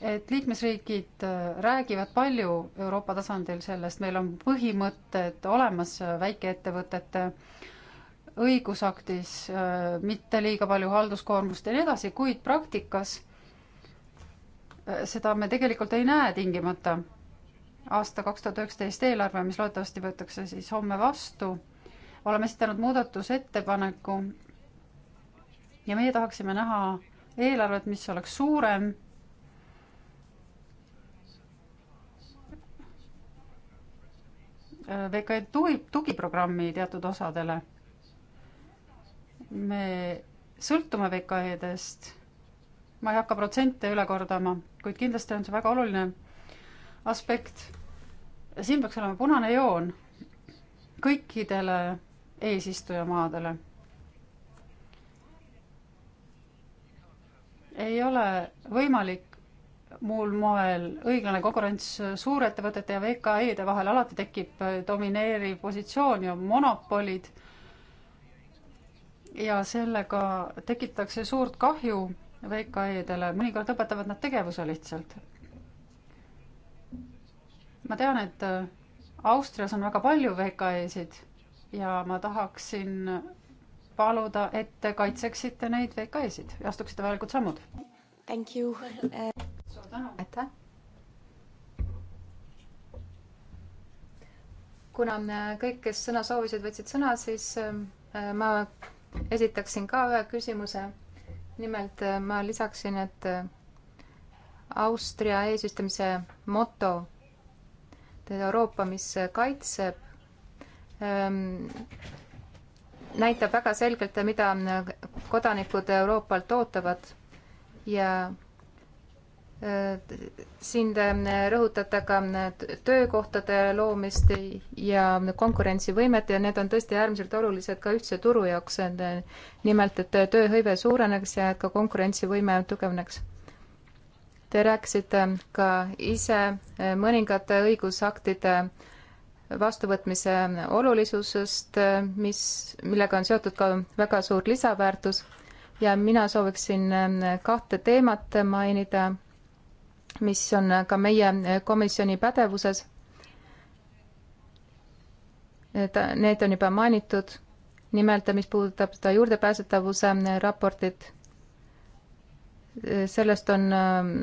et liikmesriigid äh, räägivad palju Euroopa tasandil sellest, meil on põhimõtted olemas äh, väikeettevõtete õigusaktis, äh, mitte liiga palju halduskoormust ja nii edasi, kuid praktikas seda me tegelikult ei näe tingimata. aasta kaks tuhat üheksateist eelarve, mis loodetavasti võetakse siis homme vastu, oleme esitanud muudatusettepaneku ja meie tahaksime näha eelarvet, mis oleks suurem VKE tugi, tugiprogrammi teatud osadele. me sõltume VKE-dest, ma ei hakka protsente üle kordama, kuid kindlasti on see väga oluline aspekt. siin peaks olema punane joon kõikidele eesistujamaadele. ei ole võimalik muul moel õiglane konkurents suurettevõtete ja VKE-de vahel, alati tekib äh, domineeriv positsioon ja monopolid. ja sellega tekitatakse suurt kahju VKE-dele, mõnikord lõpetavad nad tegevuse lihtsalt. ma tean, et äh, Austrias on väga palju VKE-sid ja ma tahaksin paluda, et te kaitseksite neid VKE-sid ja astuksite vajalikud sammud. Thank you uh aitäh. kuna äh, kõik, kes sõna soovisid, võtsid sõna, siis äh, äh, ma esitaksin ka ühe küsimuse. nimelt ma lisaksin, et Austria eesistumise moto Euroopa, mis kaitseb, ähm, näitab väga selgelt, mida kodanikud Euroopalt ootavad ja siin rõhutate ka töökohtade loomist ja konkurentsivõimet ja need on tõesti äärmiselt olulised ka ühtse turu jaoks. nimelt, et tööhõive suureneks ja et ka konkurentsivõime tugevneks. Te rääkisite ka ise mõningate õigusaktide vastuvõtmise olulisusest, mis, millega on seotud ka väga suur lisaväärtus ja mina sooviksin kahte teemat mainida mis on ka meie komisjoni pädevuses. et need on juba mainitud, nimelt mis puudutab seda juurdepääsetavuse raportit, sellest on ähm,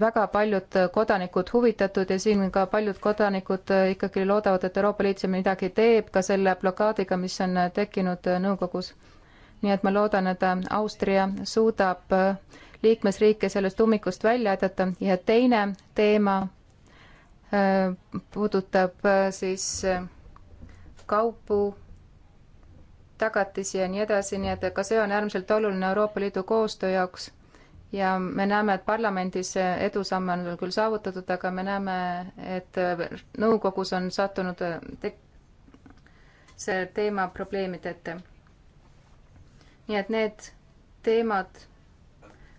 väga paljud kodanikud huvitatud ja siin ka paljud kodanikud ikkagi loodavad, et Euroopa Liit siin midagi teeb ka selle blokaadiga, mis on tekkinud nõukogus. nii et ma loodan, et Austria suudab äh, liikmesriike sellest ummikust välja aidata ja teine teema äh, puudutab äh, siis äh, kaupu, tagatisi ja nii edasi, nii et ka see on äärmiselt oluline Euroopa Liidu koostöö jaoks ja me näeme, et parlamendis edusamme on küll saavutatud, aga me näeme, et nõukogus on sattunud te see teema probleemide ette. nii et need teemad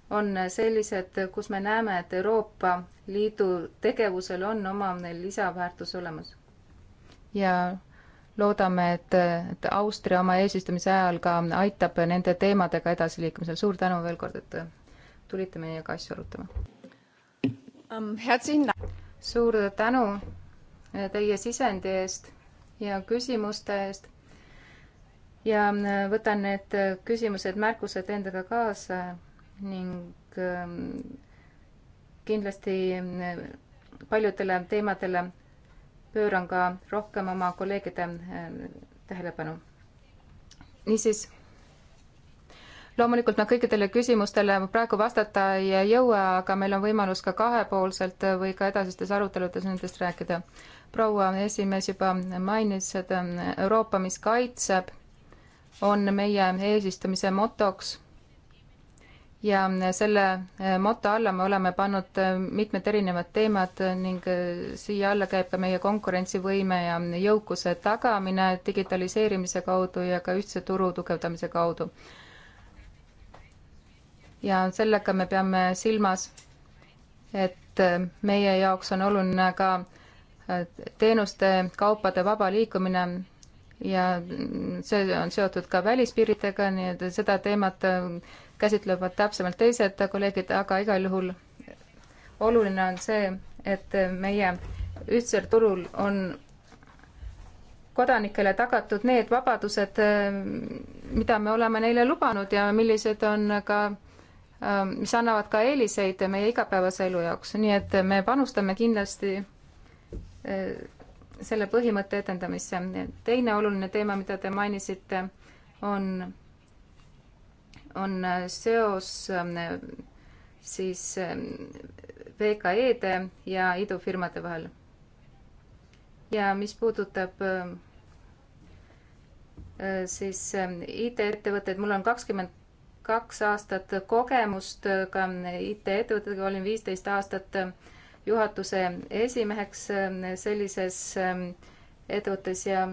on sellised, kus me näeme, et Euroopa Liidu tegevusel on oma lisaväärtus olemas. ja loodame, et, et Austria oma eesistumise ajal ka aitab nende teemadega edasiliikumisel. suur tänu veel kord, et tulite meiega asju arutama um,. suur tänu teie sisendi eest ja küsimuste eest. ja võtan need küsimused, märkused endaga kaasa ning ähm, kindlasti äh, paljudele teemadele pööran ka rohkem oma kolleegide ähm, tähelepanu. niisiis, loomulikult ma kõikidele küsimustele praegu vastata ei jõua, aga meil on võimalus ka kahepoolselt või ka edasistes aruteludes nendest rääkida. proua esimees juba mainis, et ähm, Euroopa, mis kaitseb, on meie eesistumise motoks ja selle äh, moto alla me oleme pannud äh, mitmed erinevad teemad ning äh, siia alla käib ka meie konkurentsivõime ja jõukuse tagamine digitaliseerimise kaudu ja ka ühtse turu tugevdamise kaudu. ja sellega me peame silmas, et meie jaoks on oluline ka teenuste, kaupade vaba liikumine ja mm, see on seotud ka välispiiridega, nii et seda teemat käsitlevad täpsemalt teised kolleegid, aga igal juhul oluline on see, et meie ühtsel turul on kodanikele tagatud need vabadused, mida me oleme neile lubanud ja millised on ka, mis annavad ka eeliseid meie igapäevase elu jaoks, nii et me panustame kindlasti eh, selle põhimõtte edendamisse. teine oluline teema, mida te mainisite, on on seos ähm, siis ähm, VKE-de ja idufirmade vahel. ja mis puudutab ähm, äh, siis IT-ettevõtteid, mul on kakskümmend kaks aastat kogemust äh, ka IT-ettevõtetega, olin viisteist aastat juhatuse esimeheks sellises ettevõttes ja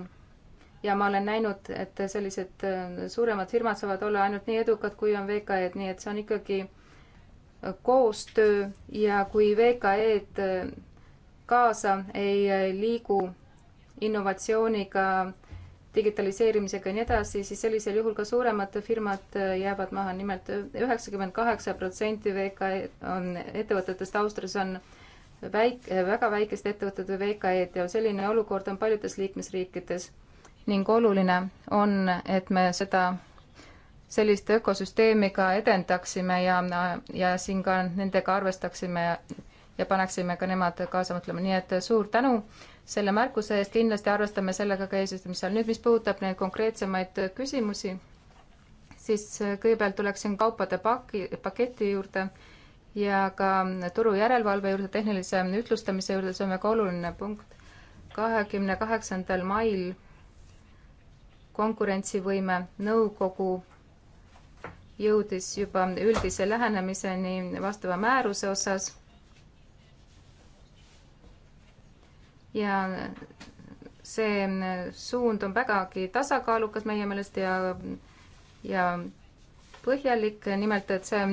ja ma olen näinud, et sellised äh, suuremad firmad saavad olla ainult nii edukad, kui on VKE-d, nii et see on ikkagi äh, koostöö ja kui VKE-d äh, kaasa ei liigu innovatsiooniga, digitaliseerimisega ja nii edasi, siis sellisel juhul ka suuremad firmad jäävad maha nimelt. nimelt üheksakümmend kaheksa protsenti VKE on ettevõtetest Austrias on väike, väga väikeste ettevõtete VKE-d ja selline olukord on paljudes liikmesriikides ning oluline on, et me seda sellist ökosüsteemi ka edendaksime ja, ja siin ka nendega arvestaksime ja paneksime ka nemad kaasa mõtlema, nii et suur tänu selle märkuse eest, kindlasti arvestame sellega ka eesistumisel. nüüd, mis puudutab neid konkreetsemaid küsimusi, siis kõigepealt tuleksin kaupade paki, paketi juurde ja ka turu järelevalve juurde, tehnilise ütlustamise juurde, see on väga oluline punkt. kahekümne kaheksandal mail konkurentsivõime nõukogu jõudis juba üldise lähenemiseni vastava määruse osas ja see suund on vägagi tasakaalukas meie meelest ja, ja põhjalik, nimelt et see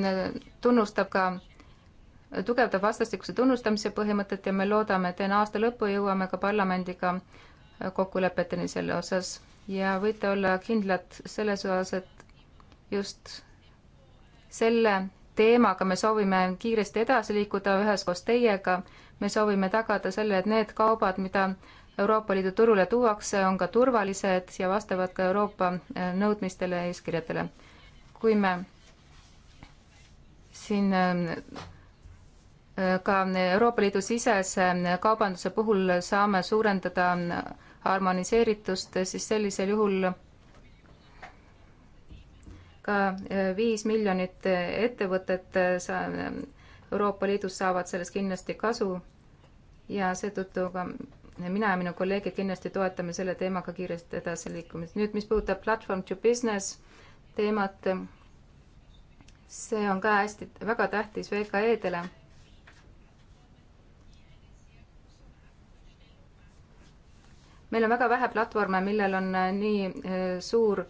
tunnustab ka, tugevdab vastastikuse tunnustamise põhimõtet ja me loodame, et enne aasta lõppu jõuame ka parlamendiga kokkulepeteni selle osas ja võite olla kindlad selles osas, et just selle teemaga me soovime kiiresti edasi liikuda üheskoos teiega. me soovime tagada selle, et need kaubad, mida Euroopa Liidu turule tuuakse, on ka turvalised ja vastavad ka Euroopa eh, nõudmistele ja eeskirjadele. kui me siin eh, eh, ka Euroopa Liidu sisese kaubanduse puhul saame suurendada harmoniseeritust, siis sellisel juhul ka äh, viis miljonit äh, ettevõtet äh, Euroopa Liidus saavad sellest kindlasti kasu ja seetõttu ka mina ja minu kolleegid kindlasti toetame selle teemaga kiiresti edasi liikumist. nüüd, mis puudutab platvorm to business teemat, see on ka hästi, väga tähtis VKE-dele meil on väga vähe platvorme, millel on äh, nii äh, suur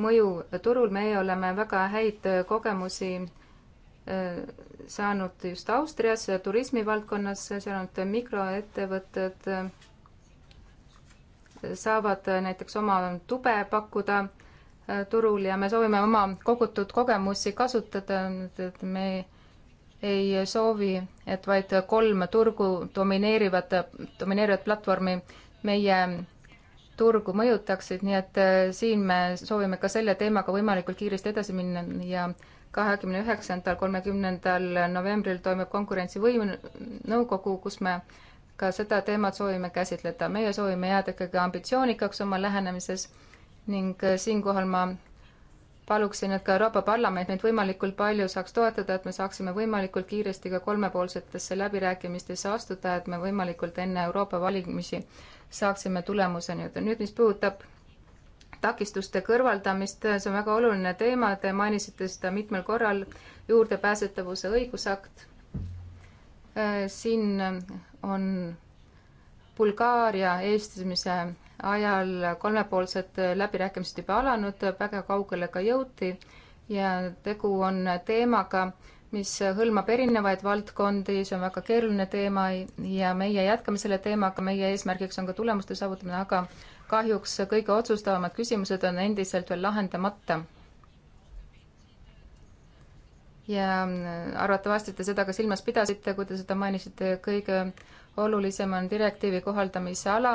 mõju turul, meie oleme väga häid äh, kogemusi saanud just Austrias turismivaldkonnas, seal on mikroettevõtted saavad näiteks oma tube pakkuda turul ja me soovime oma kogutud kogemusi kasutada, et me ei soovi, et vaid kolm turgu domineerivat, domineerivat platvormi äh, meie turgu mõjutaksid, nii et äh, siin me soovime ka selle teemaga võimalikult kiiresti edasi minna ja kahekümne üheksandal, kolmekümnendal novembril toimub konkurentsivõim nõukogu, kus me ka seda teemat soovime käsitleda. meie soovime jääda ikkagi ambitsioonikaks oma lähenemises ning äh, siinkohal ma paluksin, et ka Euroopa Parlament meid võimalikult palju saaks toetada, et me saaksime võimalikult kiiresti ka kolmepoolsetesse läbirääkimistesse astuda, et me võimalikult enne Euroopa valimisi saaksime tulemuseni jõuda. nüüd, mis puudutab takistuste kõrvaldamist, see on väga oluline teema, te mainisite seda mitmel korral, juurdepääsetavuse õigusakt. Äh, siin on Bulgaaria eestimise ajal kolmepoolsed läbirääkimised juba alanud, väga kaugele ka jõuti ja tegu on teemaga, mis hõlmab erinevaid valdkondi, see on väga keeruline teema ja meie jätkame selle teemaga, meie eesmärgiks on ka tulemuste saavutamine, aga kahjuks kõige otsustavamad küsimused on endiselt veel lahendamata. ja arvatavasti te seda ka silmas pidasite, kui te seda mainisite, kõige olulisem on direktiivi kohaldamise ala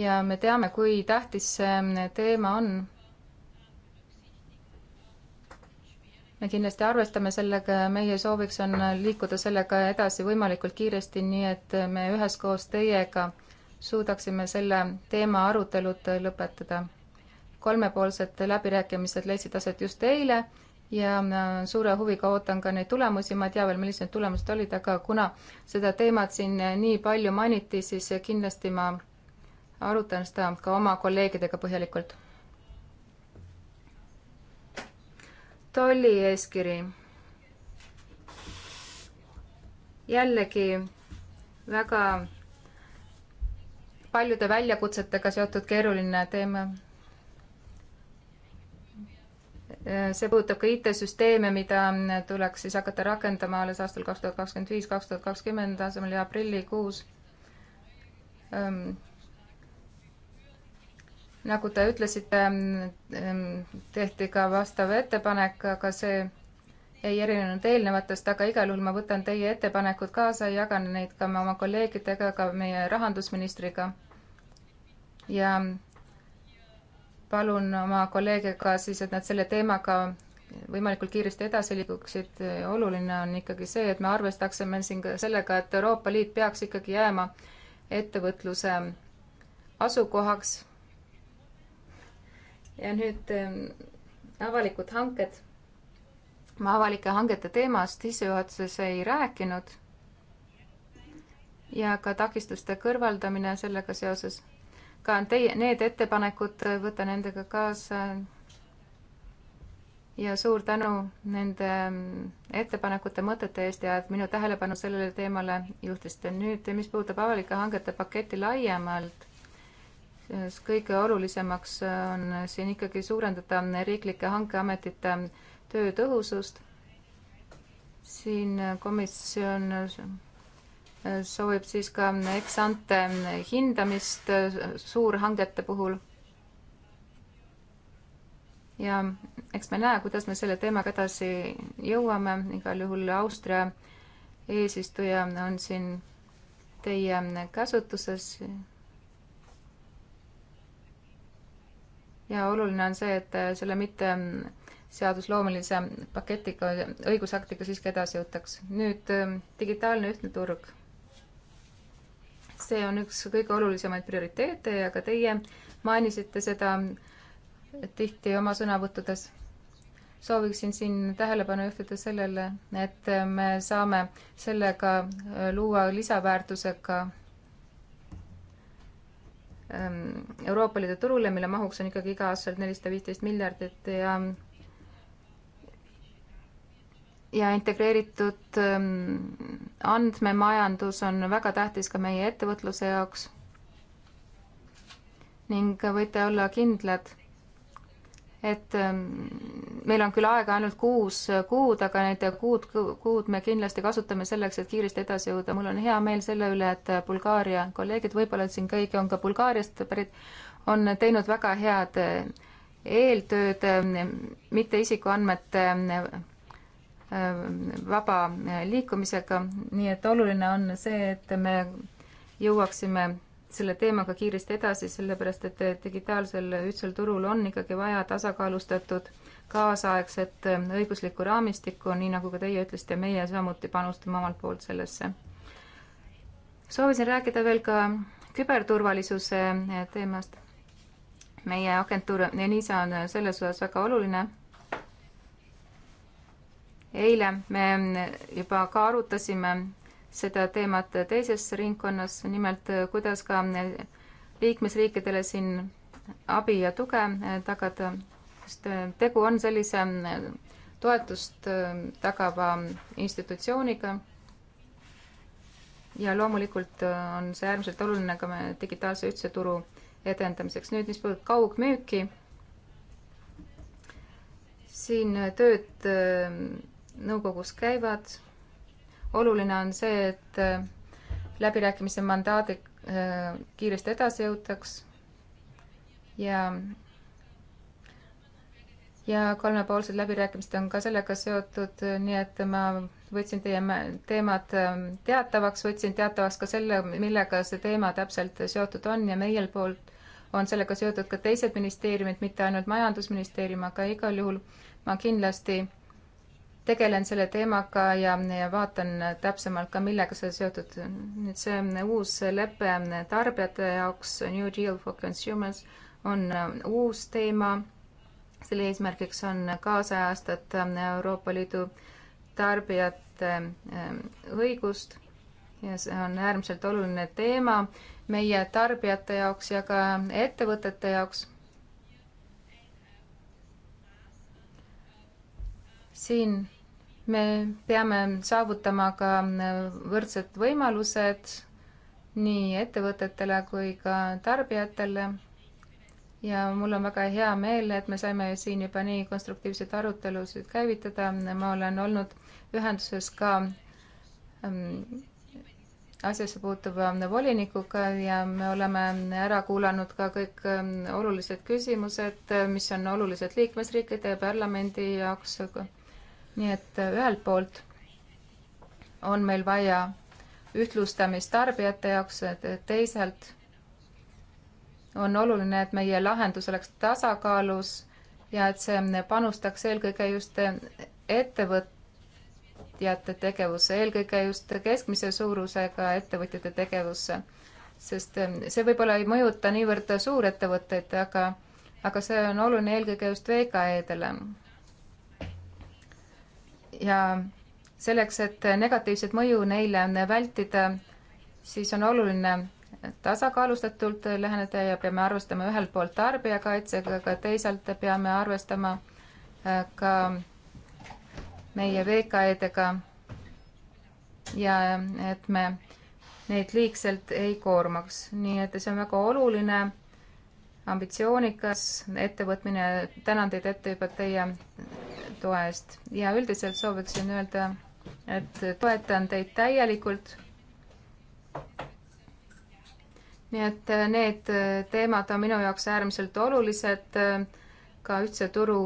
ja me teame, kui tähtis see teema on me kindlasti arvestame sellega ja meie sooviks on liikuda sellega edasi võimalikult kiiresti, nii et me üheskoos teiega suudaksime selle teema arutelud lõpetada. kolmepoolsed läbirääkimised leidsid aset just eile ja suure huviga ootan ka neid tulemusi, ma ei tea veel, millised need tulemused olid, aga kuna seda teemat siin nii palju mainiti, siis kindlasti ma arutan seda ka oma kolleegidega põhjalikult. tollieeskiri. jällegi väga paljude väljakutsetega seotud keeruline teema. see puudutab ka IT-süsteeme, mida tuleks siis hakata rakendama alles aastal kaks tuhat kakskümmend viis, kaks tuhat kakskümmend asemel ja aprillikuus ehm, nagu te ütlesite, tehti ka vastav ettepanek, aga see ei erinenud eelnevatest, aga igal juhul ma võtan teie ettepanekud kaasa ja jagan neid ka oma kolleegidega, ka meie rahandusministriga. ja palun oma kolleege ka siis, et nad selle teemaga võimalikult kiiresti edasi liiguksid. oluline on ikkagi see, et me arvestaksime siin ka sellega, et Euroopa Liit peaks ikkagi jääma ettevõtluse asukohaks ja nüüd ähm, avalikud hanked. ma avalike hangete teemast sissejuhatuses ei rääkinud. ja ka takistuste kõrvaldamine sellega seoses. ka teie, need ettepanekud, äh, võta nendega kaasa. ja suur tänu nende ähm, ettepanekute, mõtete eest ja et minu tähelepanu sellele teemale juhtisite. nüüd, mis puudutab avalike hangete paketti laiemalt siis kõige olulisemaks äh, on siin ikkagi suurendada riiklike hankeametite töö tõhusust. siin komisjon äh, soovib siis ka eksante hindamist äh, suurhangete puhul. ja eks me näe, kuidas me selle teemaga edasi jõuame, igal juhul Austria eesistuja on siin teie käsutuses ja oluline on see, et äh, selle mitte ähm, seadusloomelise paketiga, õigusaktiga siiski edasi jõutaks. nüüd ähm, digitaalne ühtne turg. see on üks kõige olulisemaid prioriteete ja ka teie mainisite seda äh, tihti oma sõnavõttudes. sooviksin siin tähelepanu juhtida sellele, et äh, me saame sellega luua lisaväärtusega Ähm, Euroopa Liidu turule, mille mahuks on ikkagi iga-aastaselt nelisada viisteist miljardit ja ja integreeritud ähm, andmemajandus on väga tähtis ka meie ettevõtluse jaoks. ning võite olla kindlad et ähm, meil on küll aega ainult kuus kuud, aga need kuud, kuud me kindlasti kasutame selleks, et kiiresti edasi jõuda. mul on hea meel selle üle, et Bulgaaria kolleegid, võib-olla siin keegi on ka Bulgaariast pärit, on teinud väga head äh, eeltööd ähm, mitte isikuandmete ähm, vaba äh, liikumisega, nii et oluline on see, et me jõuaksime selle teemaga kiiresti edasi, sellepärast et digitaalsel ühtsel turul on ikkagi vaja tasakaalustatud kaasaegset õiguslikku raamistikku, nii nagu ka teie ütlesite, meie samuti panustame omalt poolt sellesse. soovisin rääkida veel ka küberturvalisuse teemast. meie agentuur Enisa on selles osas väga oluline. eile me juba ka arutasime seda teemat teises ringkonnas, nimelt kuidas ka liikmesriikidele siin abi ja tuge tagada, sest tegu on sellise toetust tagava institutsiooniga. ja loomulikult on see äärmiselt oluline ka digitaalse ühtse turu edendamiseks. nüüd, mis puudutab kaugmüüki, siin tööd nõukogus käivad oluline on see, et äh, läbirääkimise mandaadi äh, kiiresti edasi jõutaks ja ja kolmepoolsed läbirääkimised on ka sellega seotud, nii et ma võtsin teie teemad ähm, teatavaks, võtsin teatavaks ka selle, millega see teema täpselt seotud on ja meie poolt on sellega seotud ka teised ministeeriumid, mitte ainult Majandusministeerium, aga igal juhul ma kindlasti tegelen selle teemaga ja, ja vaatan täpsemalt ka, millega see seotud. nüüd see äh, uus lepe äh, tarbijate jaoks, New Deal for Consumers, on äh, uus teema. selle eesmärgiks on kaasajastada Euroopa Liidu tarbijate õigust ja see on äärmiselt oluline teema meie tarbijate jaoks ja ka ettevõtete jaoks siin me peame saavutama ka võrdsed võimalused nii ettevõtetele kui ka tarbijatele. ja mul on väga hea meel, et me saime siin juba nii konstruktiivseid arutelusid käivitada. ma olen olnud ühenduses ka ähm, asjasse puutuva volinikuga ja me oleme ära kuulanud ka kõik ähm, olulised küsimused, äh, mis on olulised liikmesriikide ja parlamendi jaoks, nii et äh, ühelt poolt on meil vaja ühtlustamist tarbijate jaoks, teisalt on oluline, et meie lahendus oleks tasakaalus ja et see äh, panustaks eelkõige just äh, ettevõtjate tegevusse, eelkõige just keskmise suurusega ettevõtjate tegevusse. sest see võib-olla ei mõjuta niivõrd suurettevõtteid, aga, aga see on oluline eelkõige just VKE-dele ja selleks, et negatiivset mõju neile vältida, siis on oluline tasakaalustatult läheneda ja peame arvestama ühelt poolt tarbijakaitsega, aga teisalt peame arvestama äh, ka meie VKE-dega ja et me neid liigselt ei koormaks, nii et see on väga oluline ambitsioonikas ettevõtmine, tänan teid ette juba teie toe eest ja üldiselt sooviksin öelda, et toetan teid täielikult. nii et need teemad on minu jaoks äärmiselt olulised ka ühtse turu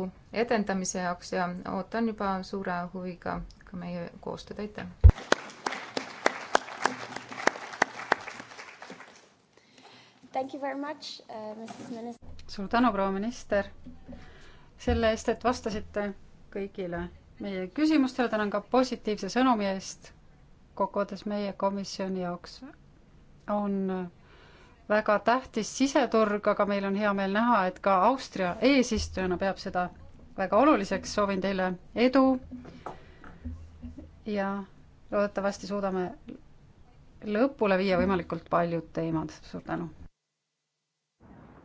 edendamise jaoks ja ootan juba suure huviga ka meie koostööd, aitäh! Uh, suur tänu, proua minister, selle eest, et vastasite kõigile meie küsimustele, tänan ka positiivse sõnumi eest. kokkuvõttes meie komisjoni jaoks on väga tähtis siseturg, aga meil on hea meel näha, et ka Austria eesistujana peab seda väga oluliseks, soovin teile edu ja loodetavasti suudame lõpule viia võimalikult paljud teemad, suur tänu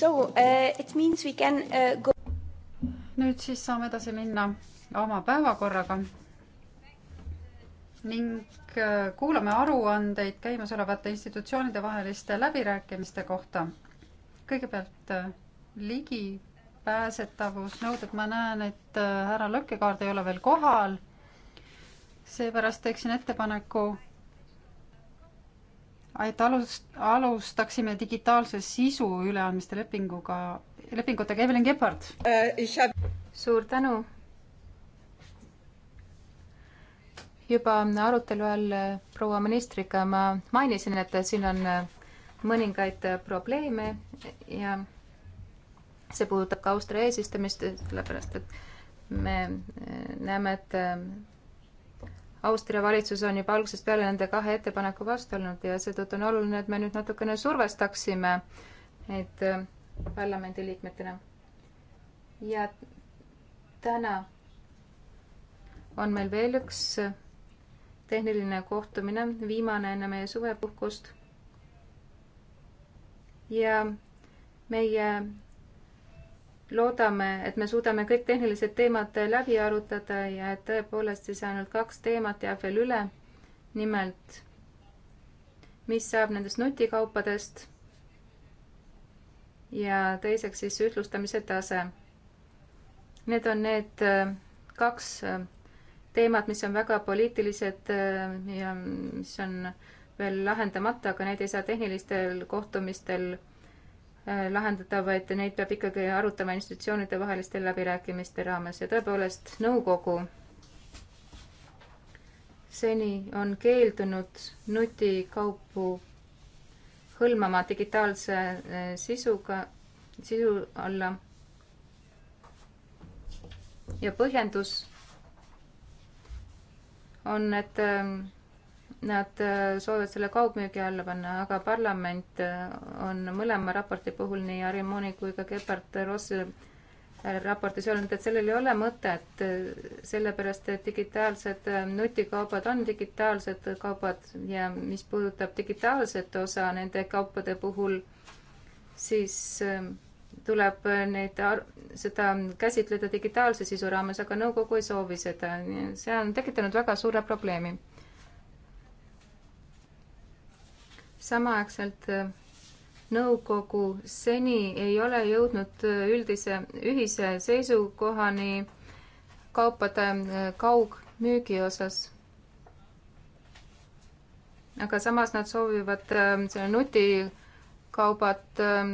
So uh, it means we can uh, go nüüd siis saame edasi minna oma päevakorraga ning uh, kuulame aruandeid käimasolevate institutsioonide vaheliste läbirääkimiste kohta. kõigepealt uh, ligipääsetavusnõuded, ma näen, et uh, härra Lõkkekaard ei ole veel kohal. seepärast teeksin ettepaneku et alust, alustaksime digitaalse sisu üleandmiste lepinguga, lepingutega. Evelyn Gebhard äh,. suur tänu. juba arutelu ajal äh, proua ministriga ma mainisin, et siin on äh, mõningaid äh, probleeme ja see puudutab ka Austria eesistumist, sellepärast et me näeme, et Austria valitsus on juba algusest peale nende kahe ettepaneku vastu olnud ja seetõttu on oluline, et me nüüd natukene survestaksime neid äh, parlamendiliikmetena. ja täna on meil veel üks äh, tehniline kohtumine, viimane enne meie suvepuhkust. ja meie loodame, et me suudame kõik tehnilised teemad läbi arutada ja et tõepoolest siis ainult kaks teemat jääb veel üle. nimelt, mis saab nendest nutikaupadest ja teiseks siis ühtlustamise tase. Need on need äh, kaks äh, teemat, mis on väga poliitilised äh, ja mis on veel lahendamata, aga neid ei saa tehnilistel kohtumistel Äh, lahendada, vaid neid peab ikkagi arutama institutsioonide vaheliste läbirääkimiste raames ja tõepoolest nõukogu seni on keeldunud nutikaupu hõlmama digitaalse äh, sisuga, sisu alla. ja põhjendus on, et ähm, nad äh, soovivad selle kaugmüügi alla panna, aga parlament äh, on mõlema raporti puhul, nii Arimoni kui ka Gebhard Rossi äh, raportis öelnud, et sellel ei ole mõtet, sellepärast et digitaalsed nutikaubad on digitaalsed kaubad ja mis puudutab digitaalset osa nende kaupade puhul, siis tuleb neid, seda käsitleda digitaalse sisu raames, aga nõukogu ei soovi seda. see on tekitanud väga suure probleemi samaaegselt äh, nõukogu seni ei ole jõudnud äh, üldise, ühise seisukohani kaupade äh, kaugmüügi osas. aga samas nad soovivad selle nutikaubad, ähm,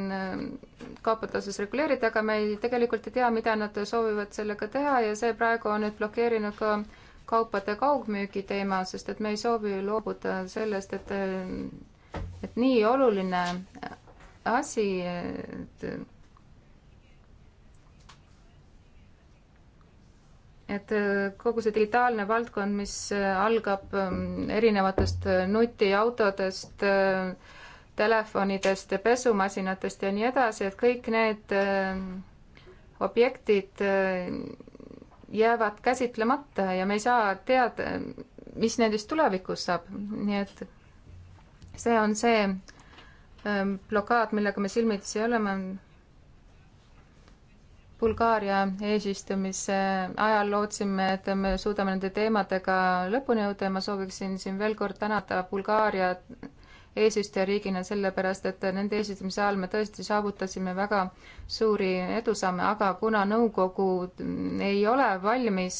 kaupade osas reguleerida, aga me ei, tegelikult ei tea, mida nad soovivad sellega teha ja see praegu on nüüd blokeerinud ka kaupade kaugmüügi teema, sest et me ei soovi loobuda sellest, et et nii oluline asi, et et kogu see digitaalne valdkond, mis algab ähm, erinevatest äh, nutiautodest, äh, telefonidest, pesumasinatest ja nii edasi, et kõik need äh, objektid jäävad käsitlemata ja me ei saa teada, mis nendest tulevikus saab, nii et see on see ähm, blokaad, millega me silmitsi oleme. Bulgaaria eesistumise ajal lootsime, et me suudame nende teemadega lõpuni jõuda ja ma sooviksin siin veel kord tänada Bulgaaria eesistujariigina sellepärast, et nende eesistumise ajal me tõesti saavutasime väga suuri edusamme, aga kuna nõukogu ei ole valmis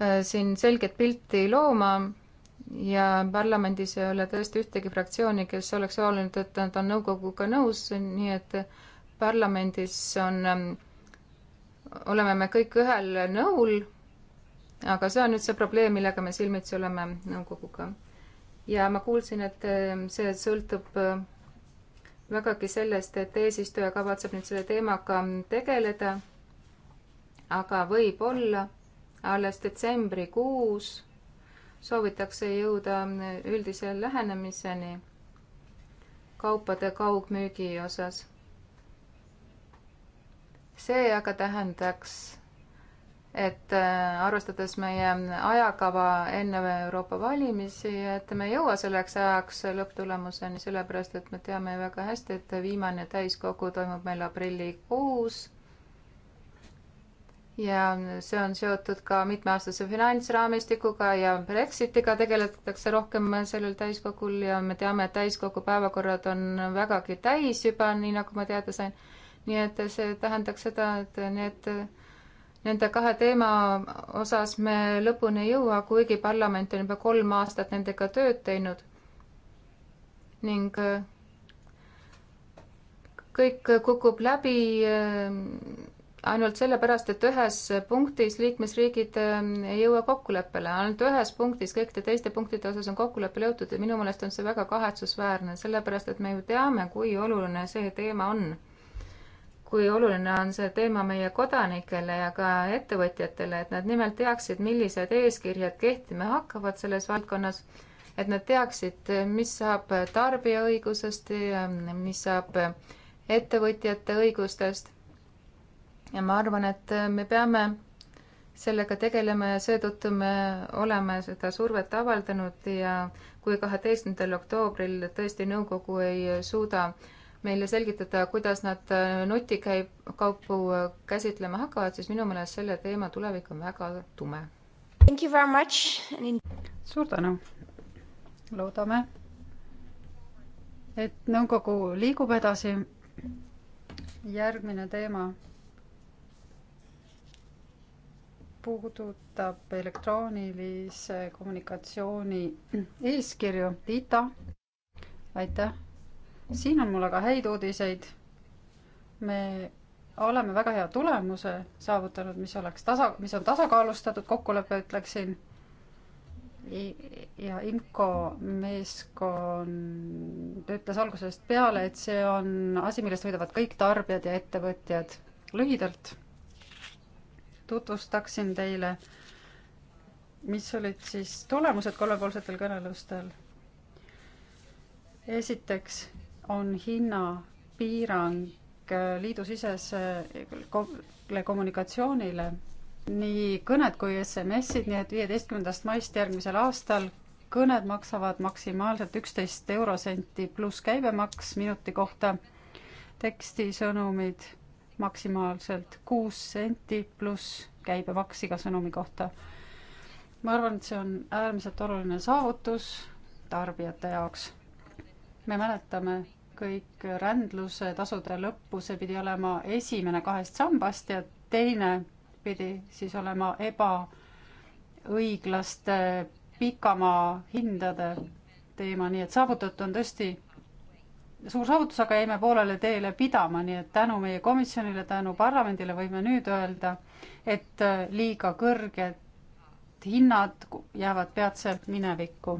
äh, siin selget pilti looma, ja parlamendis ei ole tõesti ühtegi fraktsiooni, kes oleks öelnud, et nad on nõukoguga nõus, nii et parlamendis on, oleme me kõik ühel nõul, aga see on nüüd see probleem, millega me silmitsi oleme nõukoguga. ja ma kuulsin, et ehm, see sõltub ehm, vägagi sellest, et eesistuja kavatseb nüüd selle teemaga tegeleda, aga võib-olla alles detsembrikuus soovitakse jõuda üldise lähenemiseni kaupade kaugmüügi osas. see aga tähendaks, et äh, arvestades meie ajakava enne Euroopa valimisi, et me ei jõua selleks ajaks lõpptulemuseni, sellepärast et me teame väga hästi, et viimane täiskogu toimub meil aprillikuus ja see on seotud ka mitmeaastase finantsraamistikuga ja Brexitiga tegeletakse rohkem sellel täiskogul ja me teame, et täiskogu päevakorrad on vägagi täis juba, nii nagu ma teada sain. nii et see tähendaks seda, et need, nende kahe teema osas me lõpuni ei jõua, kuigi parlament on juba kolm aastat nendega tööd teinud. ning kõik kukub läbi ainult sellepärast, et ühes punktis liikmesriigid ähm, ei jõua kokkuleppele, ainult ühes punktis, kõikide teiste punktide osas on kokkuleppele jõutud ja minu meelest on see väga kahetsusväärne, sellepärast et me ju teame, kui oluline see teema on. kui oluline on see teema meie kodanikele ja ka ettevõtjatele, et nad nimelt teaksid, millised eeskirjad kehtima hakkavad selles valdkonnas, et nad teaksid, mis saab tarbija õigusest ja mis saab ettevõtjate õigustest ja ma arvan, et äh, me peame sellega tegelema ja seetõttu me oleme seda survet avaldanud ja kui kaheteistkümnendal oktoobril tõesti nõukogu ei suuda meile selgitada, kuidas nad äh, nutikaupu äh, käsitlema hakkavad, siis minu meelest selle teema tulevik on väga tume. suur tänu. loodame, et nõukogu liigub edasi. järgmine teema puudutab elektroonilise kommunikatsiooni eeskirju, Tiita, aitäh. siin on mul aga häid uudiseid. me oleme väga hea tulemuse saavutanud, mis oleks tasa, mis on tasakaalustatud kokkulepe, ütleksin. ja IMCO meeskond ütles algusest peale, et see on asi, millest võidavad kõik tarbijad ja ettevõtjad. lühidalt tutvustaksin teile, mis olid siis tulemused kolmepoolsetel kõnelustel. esiteks on hinnapiirang liidusisesele kommunikatsioonile, nii kõned kui SMS-id, nii et viieteistkümnendast maist järgmisel aastal kõned maksavad maksimaalselt üksteist eurosenti pluss käibemaks minuti kohta, tekstisõnumid maksimaalselt kuus senti pluss käibemaks iga sõnumi kohta. ma arvan, et see on äärmiselt oluline saavutus tarbijate jaoks. me mäletame kõik rändluse tasude lõppu, see pidi olema esimene kahest sambast ja teine pidi siis olema ebaõiglaste pikamaa hindade teema, nii et saavutatud on tõesti suur saavutus, aga jäime poolele teele pidama, nii et tänu meie komisjonile, tänu parlamendile võime nüüd öelda, et äh, liiga kõrged hinnad jäävad peatselt minevikku.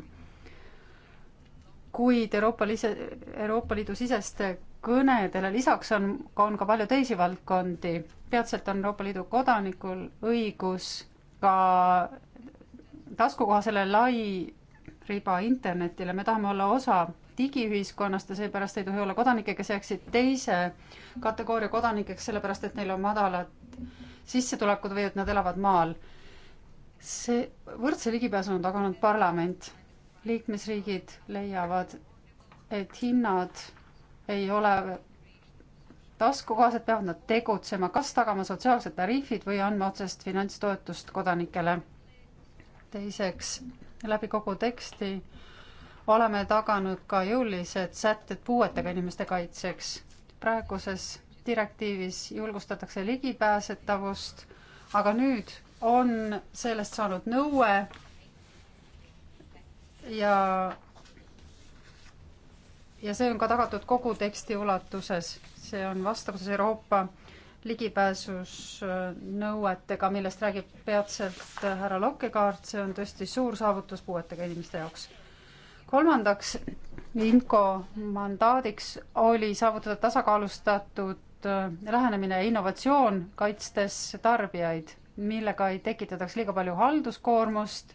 kuid Euroopa lise, Euroopa Liidu siseste kõnedele lisaks on, on ka palju teisi valdkondi. peatselt on Euroopa Liidu kodanikul õigus ka taskukohasele lai riba internetile, me tahame olla osa digiühiskonnast ja seepärast ei tohi olla kodanikke, kes jääksid teise kategooria kodanikeks, sellepärast et neil on madalad sissetulekud või et nad elavad maal. see võrdse ligipääsu on taganud parlament. liikmesriigid leiavad, et hinnad ei ole taskukohased, peavad nad tegutsema, kas tagama sotsiaalsed tariifid või andma otsest finantstoetust kodanikele. teiseks, läbi kogu teksti oleme taganud ka jõulised sätted puuetega inimeste kaitseks. praeguses direktiivis julgustatakse ligipääsetavust, aga nüüd on sellest saanud nõue ja ja see on ka tagatud kogu teksti ulatuses, see on vastavuses Euroopa ligipääsusnõuetega, äh, millest räägib peatselt äh, härra Lokkekaart, see on tõesti suur saavutus puuetega inimeste jaoks kolmandaks, IMCO mandaadiks oli saavutada tasakaalustatud äh, lähenemine ja innovatsioon, kaitstes tarbijaid, millega ei tekitataks liiga palju halduskoormust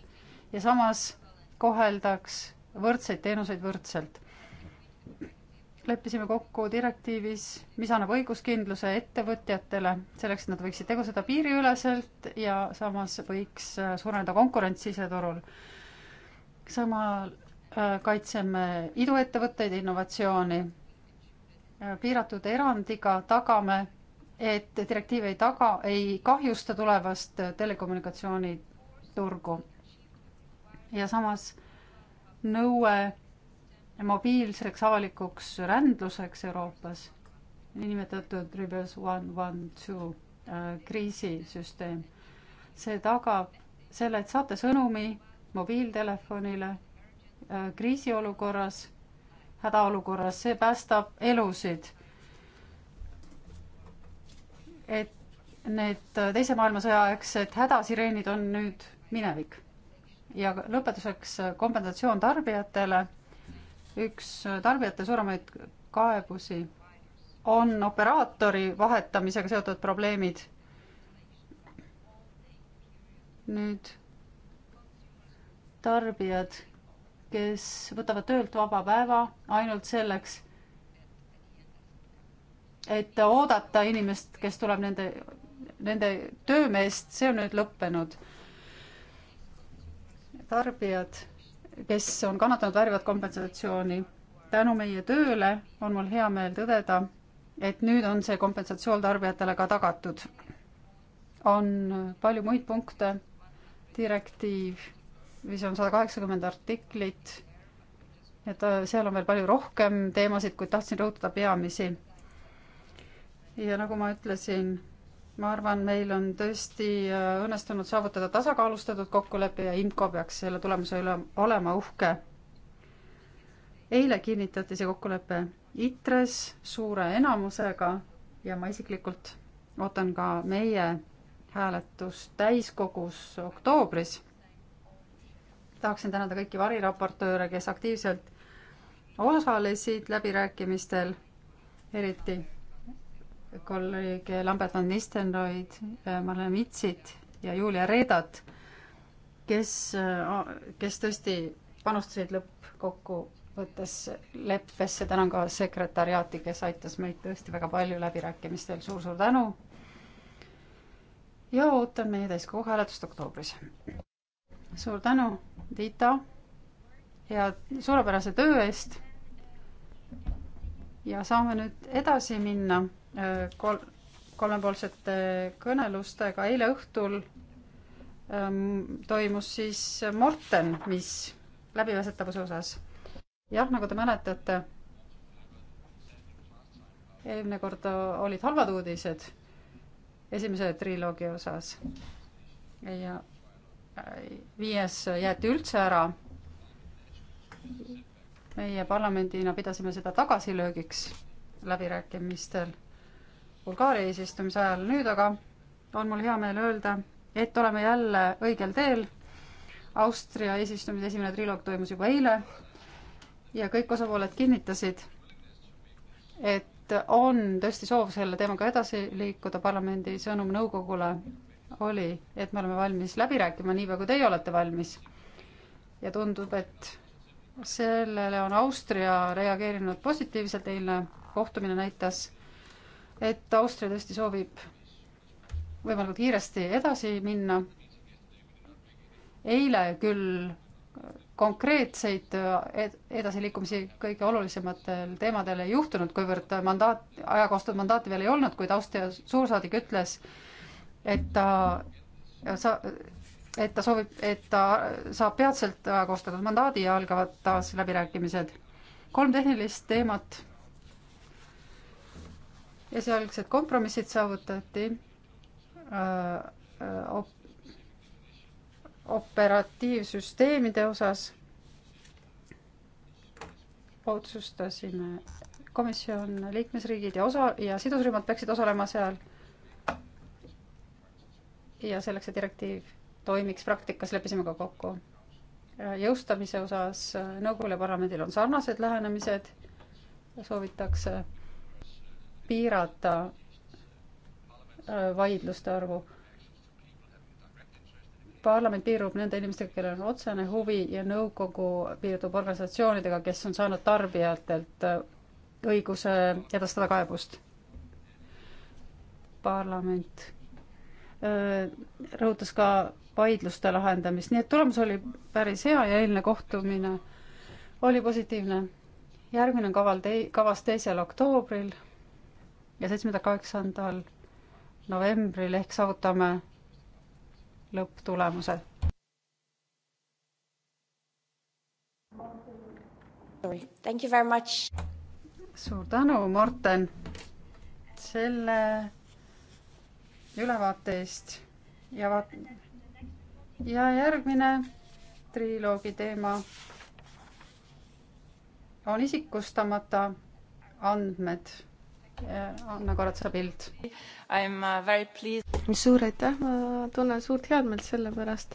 ja samas koheldaks võrdseid teenuseid võrdselt. leppisime kokku direktiivis, mis annab õiguskindluse ettevõtjatele selleks, et nad võiksid tegutseda piiriüleselt ja samas võiks äh, suurendada konkurentsi siseturul. samal Äh, kaitseme iduettevõtteid, innovatsiooni. Äh, piiratud erandiga tagame, et direktiiv ei taga, ei kahjusta tulevast äh, telekommunikatsiooniturgu. ja samas nõue mobiilseks avalikuks rändluseks Euroopas, niinimetatud reverse one one two kriisisüsteem. see tagab selle, et saate sõnumi mobiiltelefonile Äh, kriisiolukorras, hädaolukorras, see päästab elusid. et need äh, Teise maailmasõja aegsed hädasireenid on nüüd minevik. ja lõpetuseks äh, kompensatsioon tarbijatele. üks tarbijate suuremaid kaebusi on operaatori vahetamisega seotud probleemid. nüüd tarbijad kes võtavad töölt vaba päeva ainult selleks, et oodata inimest, kes tuleb nende, nende töömeest, see on nüüd lõppenud. tarbijad, kes on kannatanud, väärivad kompensatsiooni. tänu meie tööle on mul hea meel tõdeda, et nüüd on see kompensatsioon tarbijatele ka tagatud. on palju muid punkte, direktiiv mis on sada kaheksakümmend artiklit. et äh, seal on veel palju rohkem teemasid, kuid tahtsin rõhutada peamisi. ja nagu ma ütlesin, ma arvan, meil on tõesti äh, õnnestunud saavutada tasakaalustatud kokkulepe ja IMCO peaks selle tulemuse üle olema uhke. eile kinnitati see kokkulepe ITRES suure enamusega ja ma isiklikult ootan ka meie hääletust täiskogus oktoobris tahaksin tänada kõiki variraportööre, kes aktiivselt osalesid läbirääkimistel, eriti kolleege Lambert van Nistenroid, Marlene Mitsit ja Julia Reedat, kes, kes tõesti panustasid lõppkokkuvõttes leppesse, tänan ka sekretäriaati, kes aitas meid tõesti väga palju läbirääkimistel suur,, suur-suur tänu! ja ootan meie täiskogu hääletust oktoobris suur tänu, Tiita, ja suurepärase töö eest. ja saame nüüd edasi minna äh, kol-, kolmepoolsete äh, kõnelustega. eile õhtul ähm, toimus siis Morten, mis läbiväsetavuse osas. jah, nagu te mäletate, eelmine kord olid halvad uudised esimese triloogi osas ja viies jäeti üldse ära. meie parlamendina pidasime seda tagasilöögiks läbirääkimistel Bulgaaria eesistumise ajal, nüüd aga on mul hea meel öelda, et oleme jälle õigel teel. Austria eesistumise esimene triloog toimus juba eile ja kõik osapooled kinnitasid, et on tõesti soov selle teemaga edasi liikuda, parlamendi sõnum nõukogule oli, et me oleme valmis läbi rääkima, niipea kui teie olete valmis. ja tundub, et sellele on Austria reageerinud positiivselt, eilne kohtumine näitas, et Austria tõesti soovib võimalikult kiiresti edasi minna. eile küll konkreetseid edasiliikumisi kõige olulisematel teemadel ei juhtunud, kuivõrd mandaat, ajakohastatud mandaati veel ei olnud, kuid Austria suursaadik ütles, et ta sa-, et ta soovib, et ta saab peatselt koostatud mandaadi ja algavad taas läbirääkimised. kolm tehnilist teemat. esialgsed kompromissid saavutati öö, äh, äh, op, operatiivsüsteemide osas. otsustasime, komisjon, liikmesriigid ja osa- ja sidusrühmad peaksid osalema seal ja selleks, et direktiiv toimiks praktikas, leppisime ka kokku. jõustamise osas äh, nõukogul ja parlamendil on sarnased lähenemised, soovitakse piirata äh, vaidluste arvu. parlament piirub nende inimestega, kellel on otsene huvi ja nõukogu piirdub organisatsioonidega, kes on saanud tarbijatelt äh, õiguse edastada kaebust. parlament rõhutas ka vaidluste lahendamist, nii et tulemus oli päris hea ja eilne kohtumine oli positiivne. järgmine on kaval tei-, kavas teisel oktoobril ja seitsmendal, kaheksandal novembril ehk saavutame lõpptulemuse. suur tänu, Morten, selle ülevaate eest ja va-, ja järgmine triloogi teema on isikustamata andmed. Anna Karatsa-Pild. Uh, suur aitäh, ma tunnen suurt heameelt selle pärast,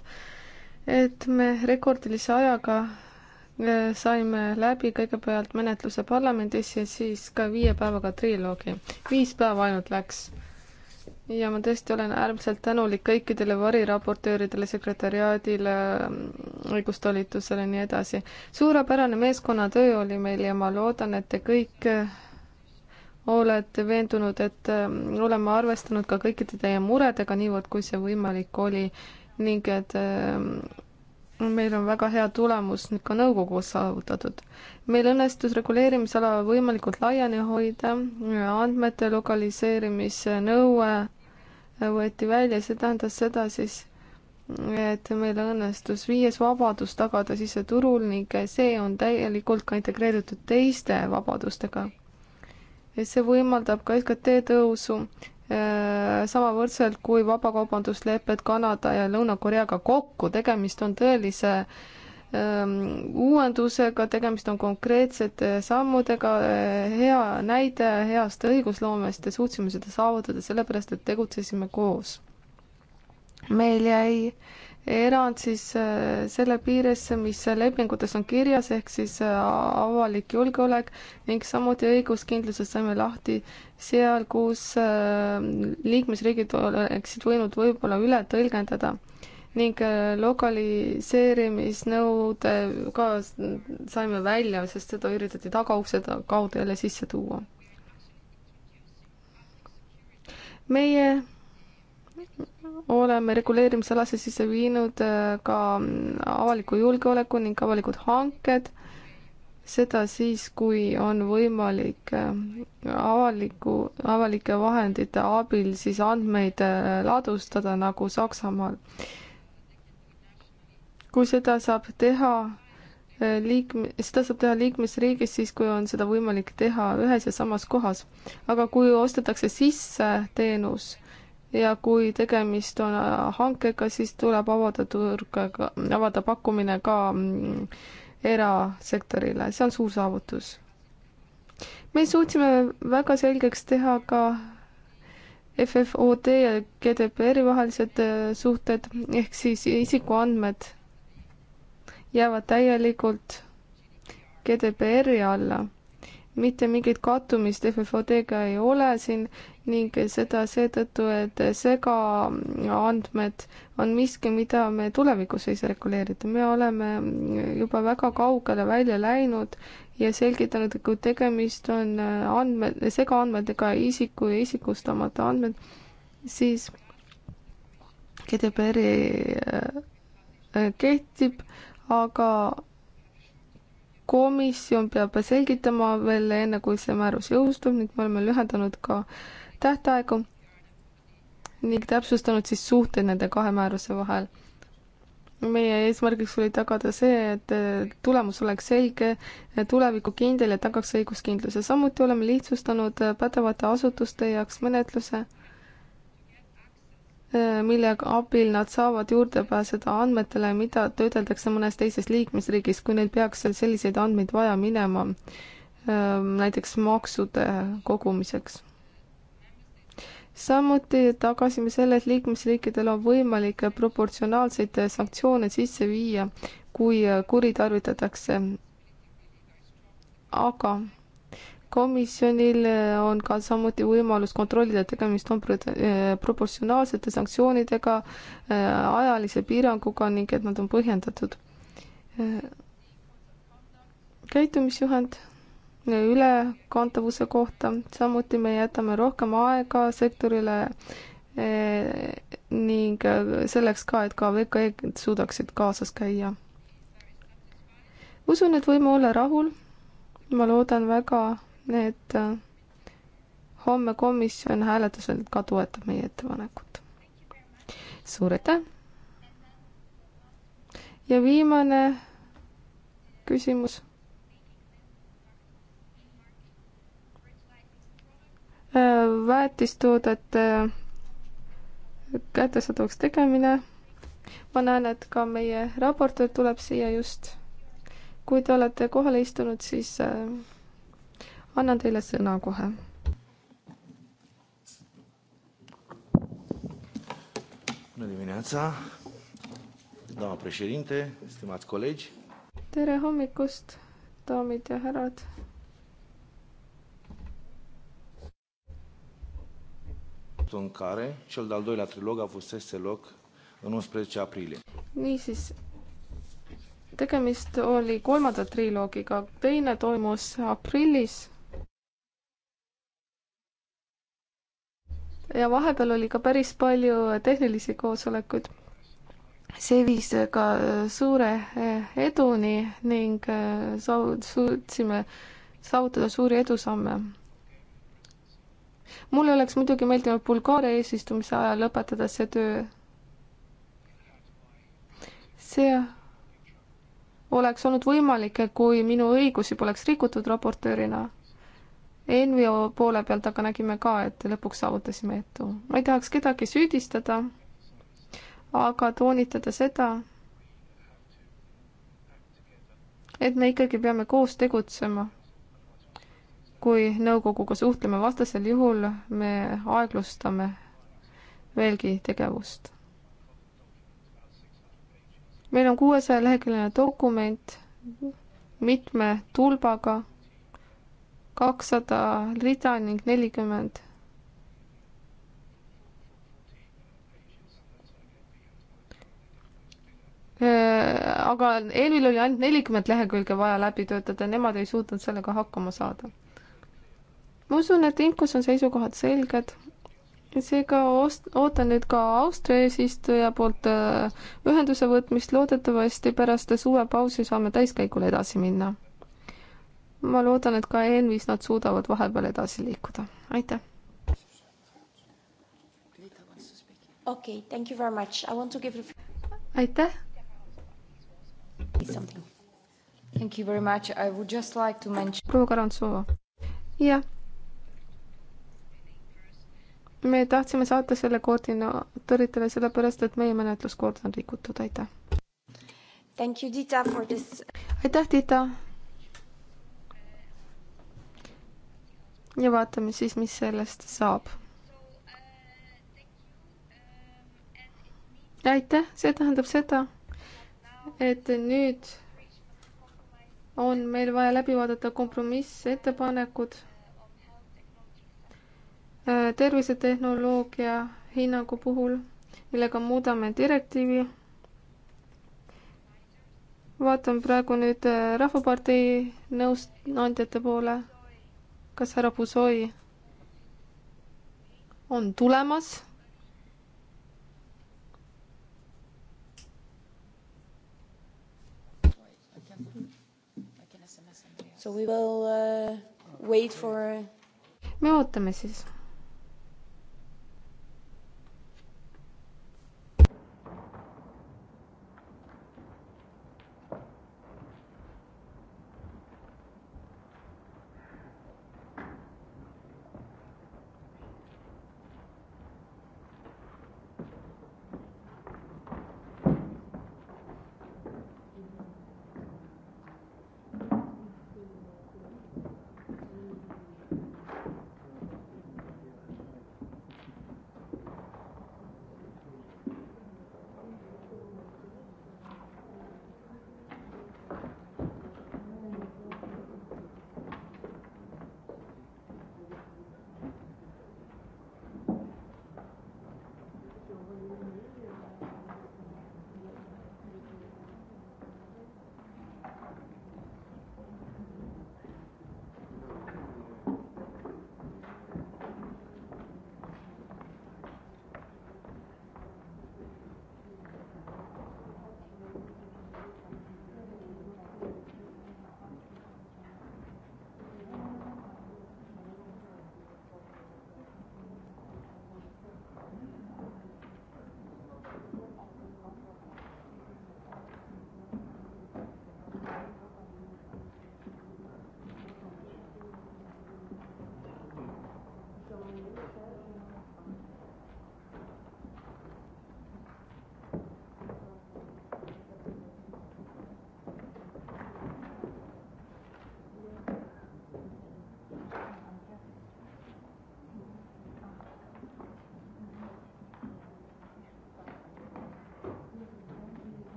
et me rekordilise ajaga äh, saime läbi kõigepealt menetluse parlamendis ja siis ka viie päevaga triloogi. viis päeva ainult läks ja ma tõesti olen äärmiselt tänulik kõikidele variraportööridele, sekretäriaadile, õigustalitusele, nii edasi. suurepärane meeskonnatöö oli meil ja ma loodan, et te kõik olete veendunud, et ähm, oleme arvestanud ka kõikide teie muredega, niivõrd kui see võimalik oli ning et ähm, meil on väga hea tulemus nüüd ka nõukogus saavutatud. meil õnnestus reguleerimisala võimalikult laiani hoida, andmete lokaliseerimise nõue võeti välja, see tähendas seda siis, et meil õnnestus viies vabadus tagada siseturul ning see on täielikult ka integreeritud teiste vabadustega. see võimaldab ka SKT tõusu äh, samavõrdselt kui vabakaubanduslepped Kanada ja Lõuna-Koreaga kokku, tegemist on tõelise äh, Ehm, uuendusega, tegemist on konkreetsete sammudega, eh, hea näide heast õigusloomest ja suutsime seda saavutada sellepärast, et tegutsesime koos. meil jäi erand siis eh, selle piiresse, mis lepingutes on kirjas, ehk siis eh, avalik julgeolek ning samuti õiguskindlusest saime lahti seal, kus liikmesriigid oleksid võinud võib-olla üle tõlgendada äh, ning äh, lokaliseerimisnõude ka saime välja, sest seda üritati tagaukse kaudu jälle sisse tuua. meie oleme reguleerimisalasse sisse viinud äh, ka avaliku julgeoleku ning avalikud hanked, seda siis, kui on võimalik äh, avaliku, avalike vahendite abil siis andmeid ladustada, nagu Saksamaal kui seda saab teha eh, liikme, seda saab teha liikmesriigis siis, kui on seda võimalik teha ühes ja samas kohas. aga kui ostetakse sisse teenus ja kui tegemist on äh, hankega, siis tuleb avada turg, avada pakkumine ka mm, erasektorile, see on suur saavutus. me suutsime väga selgeks teha ka FFOD ja GDPR-i vahelised äh, suhted ehk siis isikuandmed jäävad täielikult GDPR-i alla. mitte mingit kattumist FFOD-ga ei ole siin ning seda seetõttu, et segaandmed on miski, mida me tulevikus ei saa reguleerida. me oleme juba väga kaugele välja läinud ja selgitanud, et kui tegemist on andmed, segaandmetega isiku ja isikustamata andmed, siis GDPR-i äh, kehtib aga komisjon peab selgitama veel enne, kui see määrus jõustub ning me oleme lühendanud ka tähtaegu ning täpsustanud siis suhteid nende kahe määruse vahel. meie eesmärgiks oli tagada see, et tulemus oleks selge, tulevikukindel ja tagaks õiguskindluse. samuti oleme lihtsustanud pädevate asutuste jaoks menetluse mille abil nad saavad juurde pääseda andmetele, mida töödeldakse mõnes teises liikmesriigis, kui neil peaks seal selliseid andmeid vaja minema, ähm, näiteks maksude kogumiseks. samuti tagasime selle, et liikmesriikidel on võimalik proportsionaalseid sanktsioone sisse viia, kui kuritarvitatakse. aga komisjonil äh, on ka samuti võimalus kontrollida, et tegemist on äh, proportsionaalsete sanktsioonidega, äh, ajalise piiranguga ning et nad on põhjendatud. käitumisjuhend ülekantavuse kohta, samuti me jätame rohkem aega sektorile ning selleks ka, et ka VKE-d suudaksid kaasas käia. usun, et võime olla rahul. ma loodan väga et äh, homme komisjon hääletusel ka toetab meie ettepanekut. suur aitäh! ja viimane küsimus. Äh, väetistoodete kättesaadavaks tegemine. ma näen, et ka meie raportöör tuleb siia just. kui te olete kohale istunud, siis äh, annan teile sõna kohe. Bună dimineața, doamna președinte, stimați colegi. Tere hommikust, daamid ja härrad. în care cel de-al doilea trilog a fusese loc în 11 aprilie. Niisiis, tegemist oli kolmanda triloogiga, teine toimus aprillis ja vahepeal oli ka päris palju äh, tehnilisi koosolekuid. see viis äh, ka äh, suure eduni ning sau-, suutsime saavutada suuri edusamme mulle oleks muidugi meeldinud Bulgaaria eesistumise ajal lõpetada see töö. see oleks olnud võimalik, kui minu õigusi poleks rikutud raportöörina. Envio poole pealt aga nägime ka, et lõpuks saavutasime edu. ma ei tahaks kedagi süüdistada, aga toonitada seda, et me ikkagi peame koos tegutsema. kui nõukoguga suhtleme, vastasel juhul me aeglustame veelgi tegevust. meil on kuuesaja leheküljeline dokument mitme tulbaga kakssada rida ning nelikümmend äh, aga Elvil oli ainult nelikümmend lehekülge vaja läbi töötada, nemad ei suutnud sellega hakkama saada. ma usun, et Inkos on seisukohad selged. seega ootan nüüd ka Austria eesistuja poolt äh, ühenduse võtmist, loodetavasti pärast suvepausi saame täiskäigule edasi minna ma loodan, et ka ENV-is nad suudavad vahepeal edasi liikuda, aitäh. okei okay,, thank you very much, I want to give. aitäh. Thank you very much, I would just like to mention. proua Karantsova. jah. me tahtsime saata selle koordinaatoritele sellepärast, et meie menetluskord on rikutud, aitäh. Thank you, Dita, for this. aitäh, Dita ja vaatame siis, mis sellest saab. aitäh, see tähendab seda, et nüüd on meil vaja läbi vaadata kompromissettepanekud tervisetehnoloogia hinnangu puhul, millega muudame direktiivi. vaatan praegu nüüd Rahvapartei nõusandjate poole kas härra Pusoi on tulemas? So we will uh, wait for me ootame siis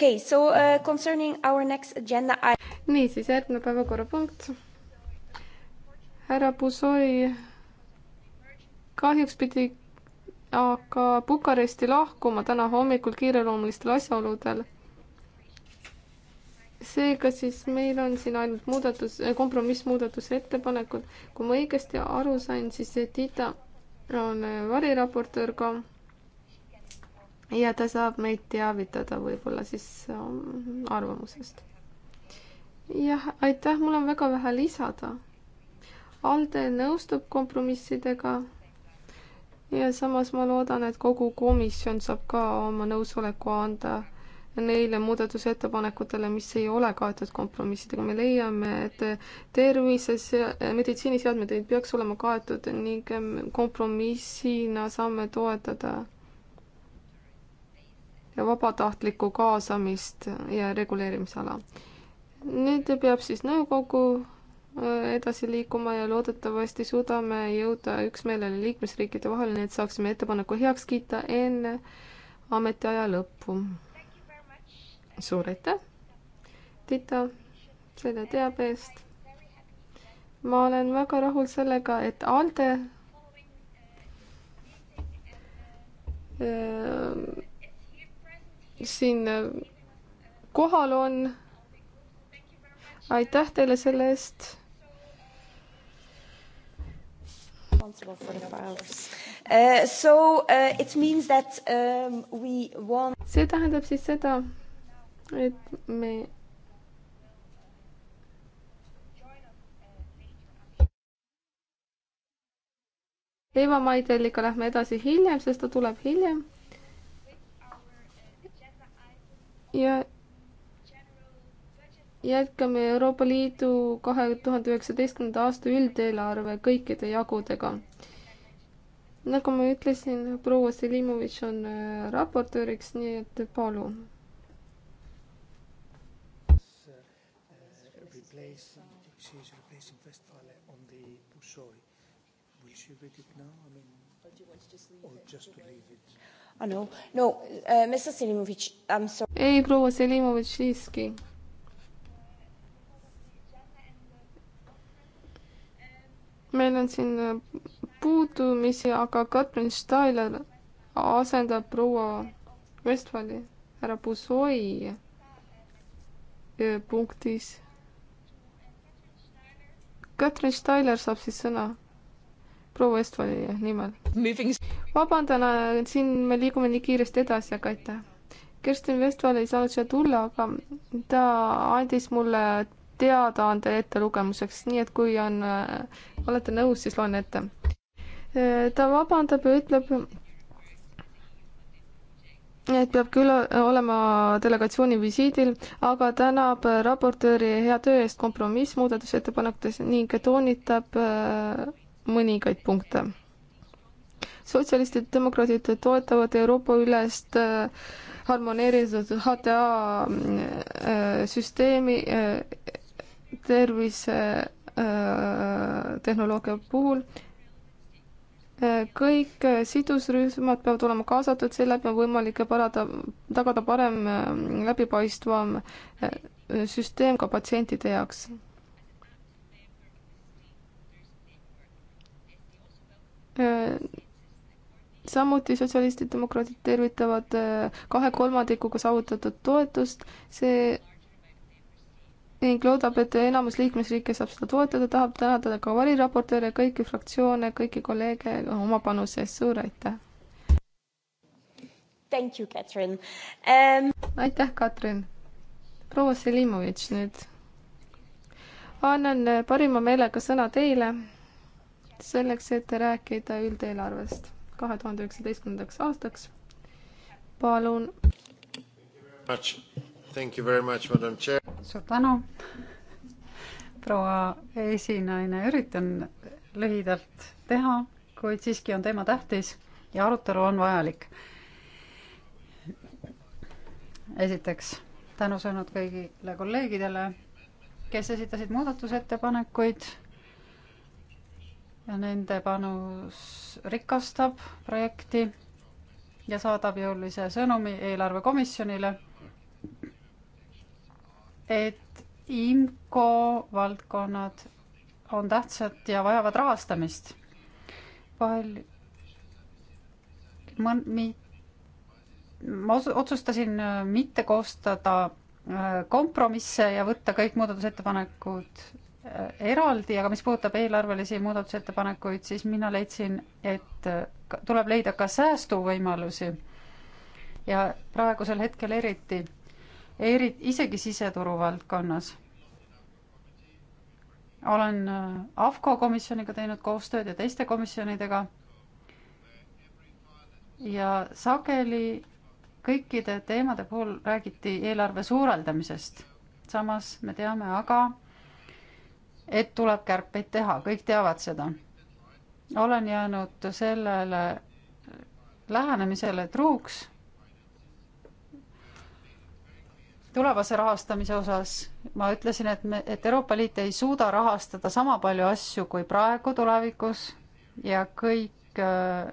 okei okay,, so uh, concerning our next agenda I.... nii, siis järgmine päevakorrapunkt. härra Buzoi kahjuks pidi aga Bukaresti lahkuma täna hommikul kiireloomulistel asjaoludel. seega siis meil on siin ainult muudatus, kompromissmuudatuse ettepanekud. kui ma õigesti aru sain, siis Tiita on äh, variraportöör ka ja ta saab meid teavitada võib-olla siis ähm, arvamusest. jah, aitäh, mul on väga vähe lisada. Alde nõustub kompromissidega ja samas ma loodan, et kogu komisjon saab ka oma nõusoleku anda neile muudatusettepanekutele, mis ei ole kaetud kompromissidega, me leiame, et tervises, meditsiiniseadmed ei peaks olema kaetud ning ähm, kompromissina saame toetada ja vabatahtlikku kaasamist ja reguleerimisala. nüüd peab siis nõukogu äh, edasi liikuma ja loodetavasti suudame jõuda üksmeelele liikmesriikide vahel, nii et saaksime ettepaneku heaks kiita enne ametiaja lõppu. suur aitäh, Tita, selle teabe eest. ma olen väga rahul sellega, et ALDE äh, siin äh, kohal on. aitäh teile selle eest. Uh, uh, um, see tähendab siis seda, et me Eva Maideliga lähme edasi hiljem, sest ta tuleb hiljem ja jätkame Euroopa Liidu kahe tuhande üheksateistkümnenda aasta üldeelarve kõikide jagudega. nagu ma ütlesin, proua Selimovitš on äh, raportööriks, nii et palun. Will she read it now? I mean, or do you want to just leave or it? Just to leave it. Ah, no, no uh,, Mr Selimovic, I m sorry. ei, proua Selimovitš siiski. meil on siin äh, puudumisi, aga Katrin Steiler asendab proua Westfali, härra Pusoi äh, punktis. Katrin Steiler saab siis sõna proua Estvali nimel. vabandan, siin me liigume nii kiiresti edasi, aga aitäh. Kersten Vestval ei saanud siia tulla, aga ta andis mulle teadaande ettelugemuseks, nii et kui on, äh, olete nõus, siis loen ette. Äh, ta vabandab ja ütleb, et peab küll olema delegatsiooni visiidil, aga tänab äh, raportööri hea töö eest kompromissmuudatusettepanekutes ning toonitab äh, mõningaid punkte. sotsialistid, demokraadid toetavad Euroopa ülest äh, harmoneeritud HTA äh, süsteemi äh, tervisetehnoloogia puhul kõik sidusrühmad peavad olema kaasatud, seeläbi on võimalik parada, tagada parem läbipaistvam süsteem ka patsientide jaoks. samuti sotsialistid, demokraadid tervitavad äh, kahe kolmandikuga saavutatud toetust, see ning loodab, et enamus liikmesriike saab seda toetada, tahab tänada ka variraportööre, kõiki fraktsioone, kõiki kolleege oma panuse eest, suur aitäh! Thank you, Katrin um.... aitäh, Katrin. proua Selimovitš nüüd. annan äh, parima meelega sõna teile selleks, et rääkida üldeelarvest kahe tuhande üheksateistkümnendaks aastaks. palun. suur tänu, proua esinaine, üritan lühidalt teha, kuid siiski on teema tähtis ja arutelu on vajalik. esiteks tänusõnad kõigile kolleegidele, kes esitasid muudatusettepanekuid ja nende panus rikastab projekti ja saadab jõulise sõnumi eelarvekomisjonile, et IMCO valdkonnad on tähtsad ja vajavad rahastamist. palju, mõn-, mi-, ma otsustasin äh, mitte koostada äh, kompromisse ja võtta kõik muudatusettepanekud eraldi, aga mis puudutab eelarvelisi muudatusettepanekuid, siis mina leidsin, et tuleb leida ka säästuvõimalusi. ja praegusel hetkel eriti, eri, isegi siseturu valdkonnas. olen äh, AFCO komisjoniga teinud koostööd ja teiste komisjonidega. ja sageli kõikide teemade puhul räägiti eelarve suureldamisest. samas me teame aga, et tuleb kärpeid teha, kõik teavad seda. olen jäänud sellele lähenemisele truuks tulevase rahastamise osas ma ütlesin, et me, et Euroopa Liit ei suuda rahastada sama palju asju kui praegu tulevikus ja kõik äh,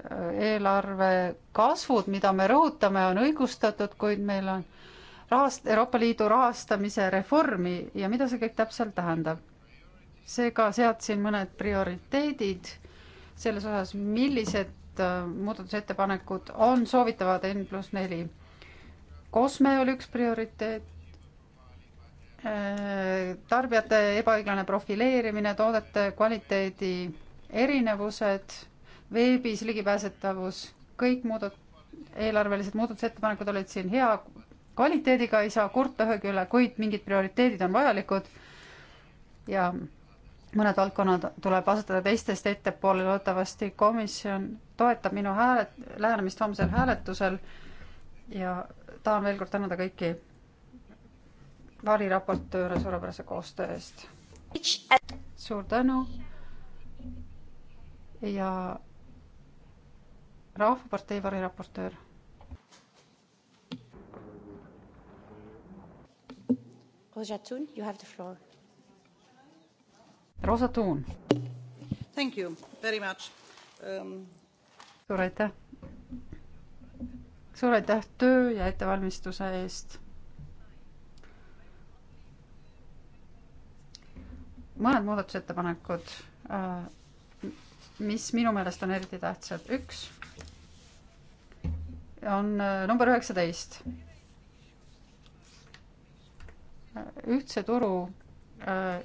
eelarve kasvud, mida me rõhutame, on õigustatud, kuid meil on rahast-, Euroopa Liidu rahastamise reformi ja mida see kõik täpselt tähendab seega seadsin mõned prioriteedid selles osas, millised äh, muudatusettepanekud on soovitavad N pluss neli. kosme oli üks prioriteet, äh, tarbijate ebaõiglane profileerimine, toodete kvaliteedi erinevused, veebis ligipääsetavus, kõik muudat-, eelarvelised muudatusettepanekud olid siin hea kvaliteediga, ei saa kurta ühegi üle, kuid mingid prioriteedid on vajalikud ja mõned valdkonnad tuleb asetada teistest ettepoole, loodetavasti komisjon toetab minu hääle, lähenemist homsel hääletusel ja tahan veel kord tänada kõiki variraportööre suurepärase koostöö eest. suur tänu ja Rahvapartei variraportöör. Rosatun, you have the floor Rosa Tuun. Thank you very much um.... suur aitäh. suur aitäh töö ja ettevalmistuse eest. mõned muudatusettepanekud, äh, mis minu meelest on eriti tähtsad. üks on äh, number üheksateist. ühtse turu äh,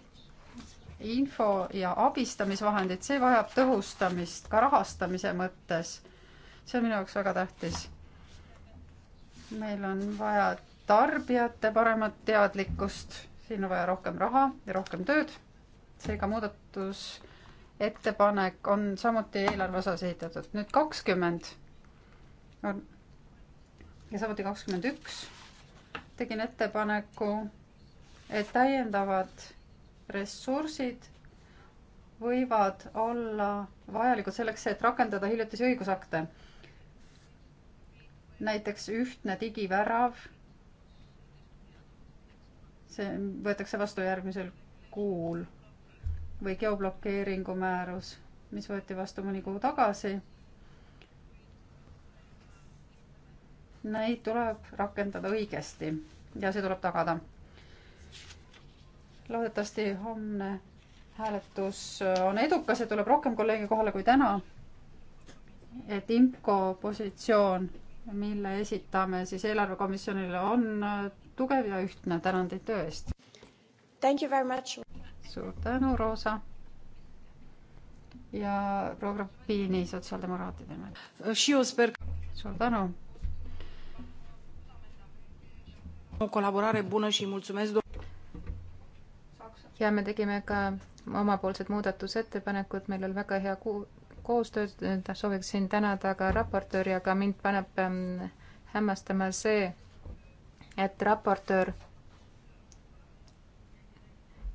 info ja abistamisvahendid, see vajab tõhustamist ka rahastamise mõttes. see on minu jaoks väga tähtis. meil on vaja tarbijate paremat teadlikkust, siin on vaja rohkem raha ja rohkem tööd. seega muudatusettepanek on samuti eelarve osas ehitatud. nüüd kakskümmend on ja samuti kakskümmend üks tegin ettepaneku, et täiendavad ressursid võivad olla vajalikud selleks, et rakendada hiljutisi õigusakte. näiteks ühtne digivärav. see võetakse vastu järgmisel kuul või geoblokeeringu määrus, mis võeti vastu mõni kuu tagasi. Neid tuleb rakendada õigesti ja see tuleb tagada loodetavasti homne hääletus on edukas ja tuleb rohkem kolleege kohale kui täna. et IMCO positsioon, mille esitame siis eelarvekomisjonile, on tugev ja ühtne. tänan teid töö eest. suur tänu, Roosa. ja proua Grafini sotsiaaldemokraatide nimel. suur tänu. o colaborare bună și mulțumesc ja me tegime ka omapoolsed muudatusettepanekud, meil oli väga hea ku-, koostööd, sooviksin tänada ka raportööri, aga mind paneb ähm, hämmastama see, et raportöör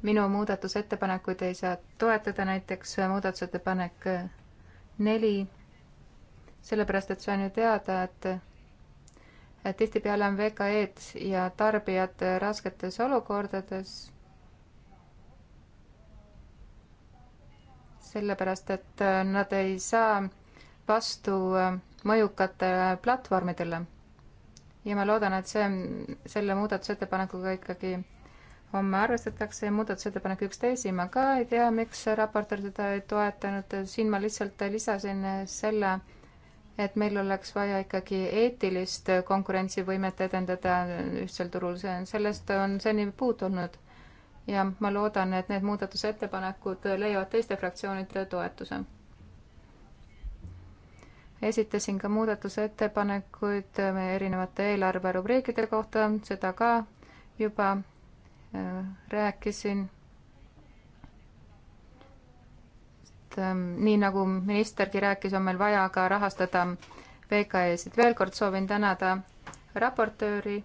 minu muudatusettepanekuid ei saa toetada, näiteks muudatusettepanek äh, neli, sellepärast et see on ju teada, et tihtipeale on VKE-d ja tarbijad äh, rasketes olukordades sellepärast et äh, nad ei saa vastu äh, mõjukatele äh, platvormidele. ja ma loodan, et see, selle muudatusettepanekuga ikkagi homme arvestatakse ja muudatusettepanek üksteisi ma ka ei tea, miks raportöör seda ei toetanud, siin ma lihtsalt lisasin selle, et meil oleks vaja ikkagi eetilist konkurentsivõimet edendada ühtsel turul, see on, sellest on seni puudu olnud ja ma loodan, et need muudatusettepanekud leiavad teiste fraktsioonide toetuse. esitasin ka muudatusettepanekuid meie erinevate eelarverubriikide kohta, seda ka juba äh, rääkisin. Ähm, nii nagu ministergi rääkis, on meil vaja ka rahastada VKE-sid. veel kord soovin tänada raportööri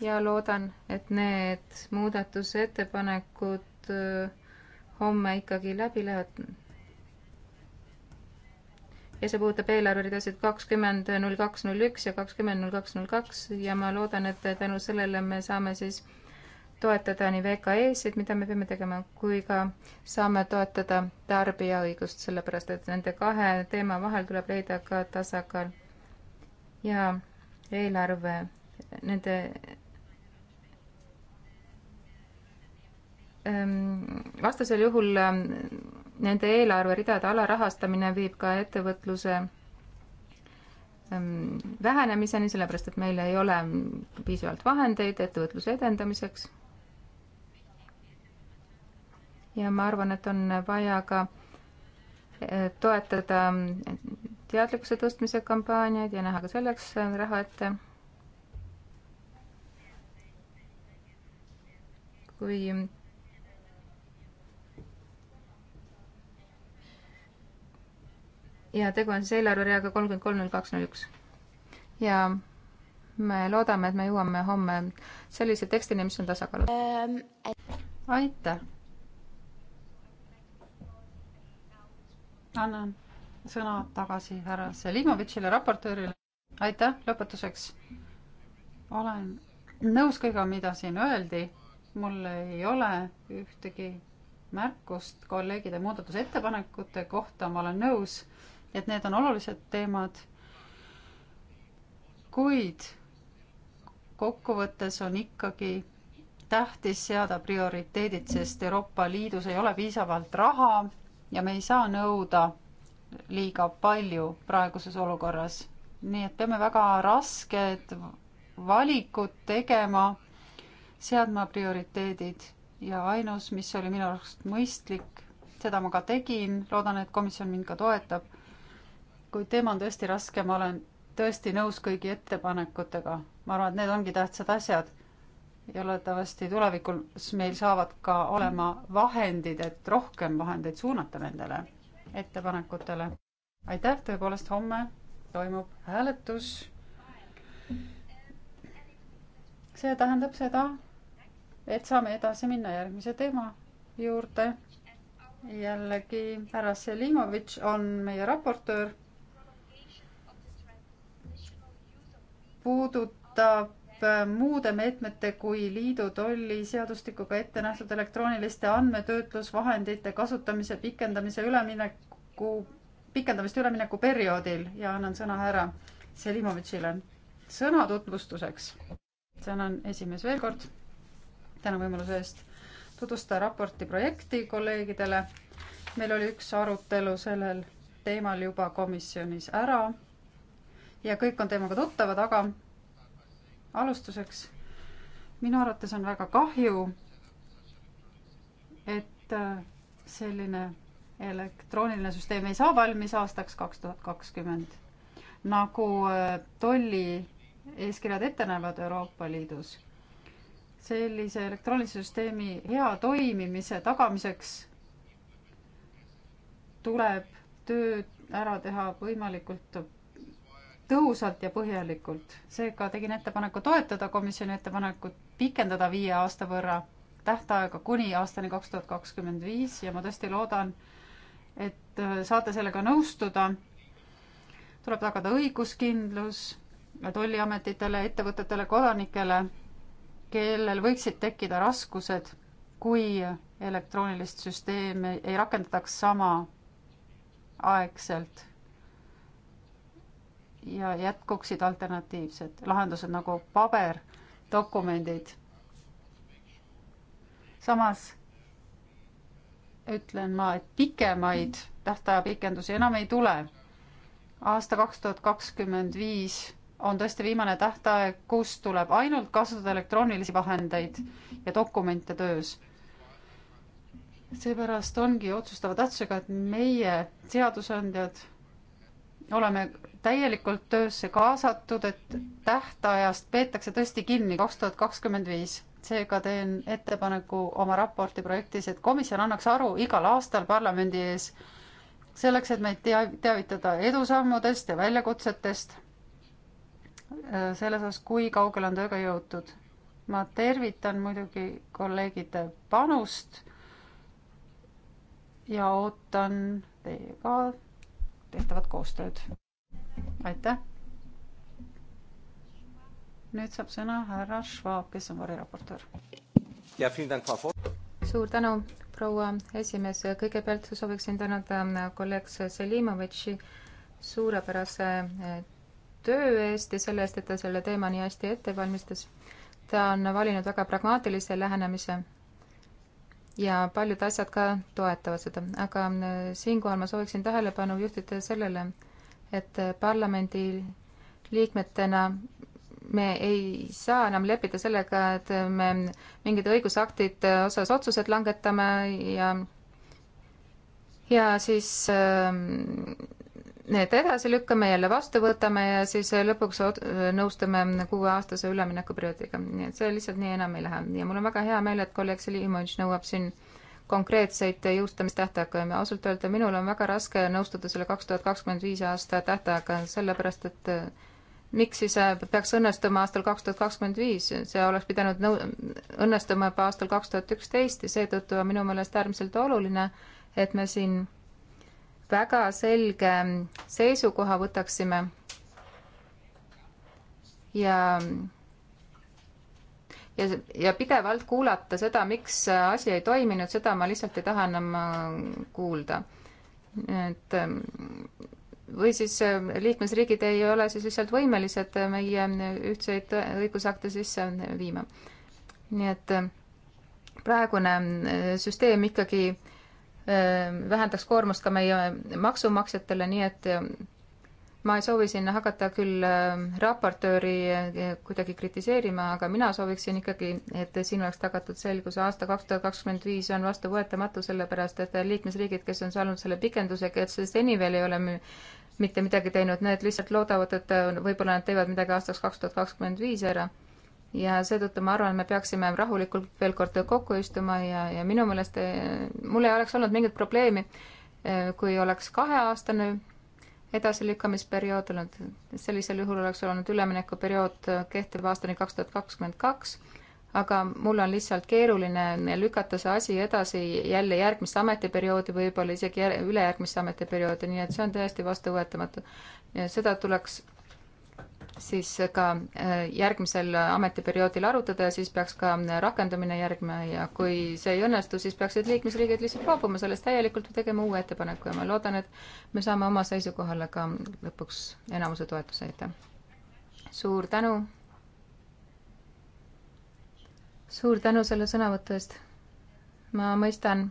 ja loodan, et need muudatusettepanekud äh, homme ikkagi läbi lähevad. ja see puudutab eelarveridasid kakskümmend null kaks null üks ja kakskümmend null kaks null kaks ja ma loodan, et tänu sellele me saame siis toetada nii VKE-sid, mida me peame tegema, kui ka saame toetada tarbija õigust, sellepärast et nende kahe teema vahel tuleb leida ka tasakaal. ja eelarve nende Ehm, vastasel juhul ehm, nende eelarveridade alarahastamine viib ka ettevõtluse ehm, vähenemiseni, sellepärast et meil ei ole piisavalt vahendeid ettevõtluse edendamiseks. ja ma arvan, et on vaja ka eh, toetada teadlikkuse tõstmise kampaaniaid ja näha ka selleks eh, raha ette. kui ja tegu on siis eelarvereaga kolmkümmend kolm null kaks null üks. ja me loodame, et me jõuame homme sellise tekstini, mis on tasakaalus ähm,. aitäh. annan sõna tagasi härra Selimovitšile, raportöörile. aitäh, lõpetuseks. olen nõus kõigega, mida siin öeldi. mul ei ole ühtegi märkust kolleegide muudatusettepanekute kohta, ma olen nõus et need on olulised teemad, kuid kokkuvõttes on ikkagi tähtis seada prioriteedid, sest Euroopa Liidus ei ole piisavalt raha ja me ei saa nõuda liiga palju praeguses olukorras. nii et peame väga rasked valikud tegema, seadma prioriteedid ja ainus, mis oli minu arust mõistlik, seda ma ka tegin, loodan, et komisjon mind ka toetab kuid teema on tõesti raske, ma olen tõesti nõus kõigi ettepanekutega. ma arvan, et need ongi tähtsad asjad. ja loodetavasti tulevikus meil saavad ka olema vahendid, et rohkem vahendeid suunata nendele ettepanekutele. aitäh, tõepoolest homme toimub hääletus. see tähendab seda, et saame edasi minna järgmise teema juurde. jällegi härra Selimovitš on meie raportöör puudutab äh, muude meetmete kui liidu tolliseadustikuga ette nähtud elektrooniliste andmetöötlusvahendite kasutamise pikendamise ülemineku, pikendamist üleminekuperioodil ja annan sõna härra Selimovitšile. sõna tutvustuseks. tänan esimees veel kord. tänan võimaluse eest tutvustada raporti projekti kolleegidele. meil oli üks arutelu sellel teemal juba komisjonis ära ja kõik on teemaga tuttavad, aga alustuseks minu arvates on väga kahju, et äh, selline elektrooniline süsteem ei saa valmis aastaks kaks tuhat kakskümmend, nagu äh, tolli eeskirjad ette näevad Euroopa Liidus. sellise elektroonilise süsteemi hea toimimise tagamiseks tuleb töö ära teha võimalikult tõhusalt ja põhjalikult. seega tegin ettepaneku toetada komisjoni ettepanekut pikendada viie aasta võrra tähtaega kuni aastani kaks tuhat kakskümmend viis ja ma tõesti loodan, et äh, saate sellega nõustuda. tuleb tagada õiguskindlus tolliametitele, ettevõtetele, kodanikele, kellel võiksid tekkida raskused, kui elektroonilist süsteemi ei rakendataks samaaegselt ja jätkuksid alternatiivsed lahendused nagu paber, dokumendid. samas ütlen ma, et pikemaid tähtajapikendusi enam ei tule. aasta kaks tuhat kakskümmend viis on tõesti viimane tähtaeg, kus tuleb ainult kasutada elektroonilisi vahendeid ja dokumente töös. seepärast ongi otsustava tähtsusega, et meie seadusandjad oleme täielikult töösse kaasatud, et tähtajast peetakse tõesti kinni kaks tuhat kakskümmend viis. seega teen ettepaneku oma raporti projektis, et komisjon annaks aru igal aastal parlamendi ees selleks, et meid teavitada edusammudest ja väljakutsetest äh, selles osas, kui kaugele on tööga jõutud. ma tervitan muidugi kolleegide panust ja ootan teiega tehtavat koostööd aitäh. nüüd saab sõna härra Schwab, kes on variraportöör. suur tänu, proua esimees, kõigepealt sooviksin tänada kolleeg Selimovitši suurepärase eh, töö eest ja selle eest, et ta selle teema nii hästi ette valmistas. ta on valinud väga pragmaatilise lähenemise ja paljud asjad ka toetavad seda, aga eh, siinkohal ma sooviksin tähelepanu juhtida sellele, et parlamendi liikmetena me ei saa enam leppida sellega, et me mingid õigusaktid osas otsused langetame ja ja siis ähm, need edasi lükkame, jälle vastu võtame ja siis lõpuks nõustume kuueaastase üleminekuperioodiga, nii et see lihtsalt nii enam ei lähe ja mul on väga hea meel, et kolleeg Selimovitš nõuab siin äh, konkreetseid jõustamistähtaegu ja ausalt öelda minul on väga raske nõustuda selle kaks tuhat kakskümmend viis aasta tähtaega, sellepärast et eh, miks siis eh, peaks õnnestuma aastal kaks tuhat kakskümmend viis, see oleks pidanud nõu-, õnnestuma juba aastal kaks tuhat üksteist ja seetõttu on minu meelest äärmiselt oluline, et me siin väga selge seisukoha võtaksime ja ja, ja pidevalt kuulata seda, miks asi ei toiminud, seda ma lihtsalt ei taha enam äh, kuulda. et ähm, või siis äh, liikmesriigid ei ole siis lihtsalt võimelised äh, meie ühtseid õigusakte sisse viima. nii et praegune süsteem ikkagi vähendaks koormust ka meie maksumaksjatele, nii et ma soovisin hakata küll ähm, raportööri äh, kuidagi kritiseerima, aga mina sooviksin ikkagi, et siin oleks tagatud selgus. aasta kaks tuhat kakskümmend viis on vastuvõetamatu, sellepärast et liikmesriigid, kes on saanud selle pikendusega, et seni veel ei ole mitte midagi teinud, need lihtsalt loodavad, et äh, võib-olla nad teevad midagi aastaks kaks tuhat kakskümmend viis ära. ja seetõttu ma arvan, me peaksime rahulikult veel kord kokku istuma ja, ja minu meelest äh, mul ei oleks olnud mingit probleemi, kui oleks kaheaastane edasilükkamisperiood olnud, sellisel juhul oleks olnud üleminekuperiood kehtiv aastani kaks tuhat kakskümmend kaks, aga mul on lihtsalt keeruline lükata see asi edasi jälle järgmisse ametiperioodi, võib-olla isegi ülejärgmisse ametiperioodi, nii et see on täiesti vastuvõetamatu. seda tuleks siis ka äh, järgmisel äh, ametiperioodil arutada ja siis peaks ka äh, rakendamine järgma ja kui see ei õnnestu, siis peaksid liikmesriigid lihtsalt loobuma sellest täielikult või tegema uue ettepaneku ja ma loodan, et me saame oma seisukohale ka lõpuks enamuse toetuse, aitäh. suur tänu. suur tänu selle sõnavõtu eest. ma mõistan,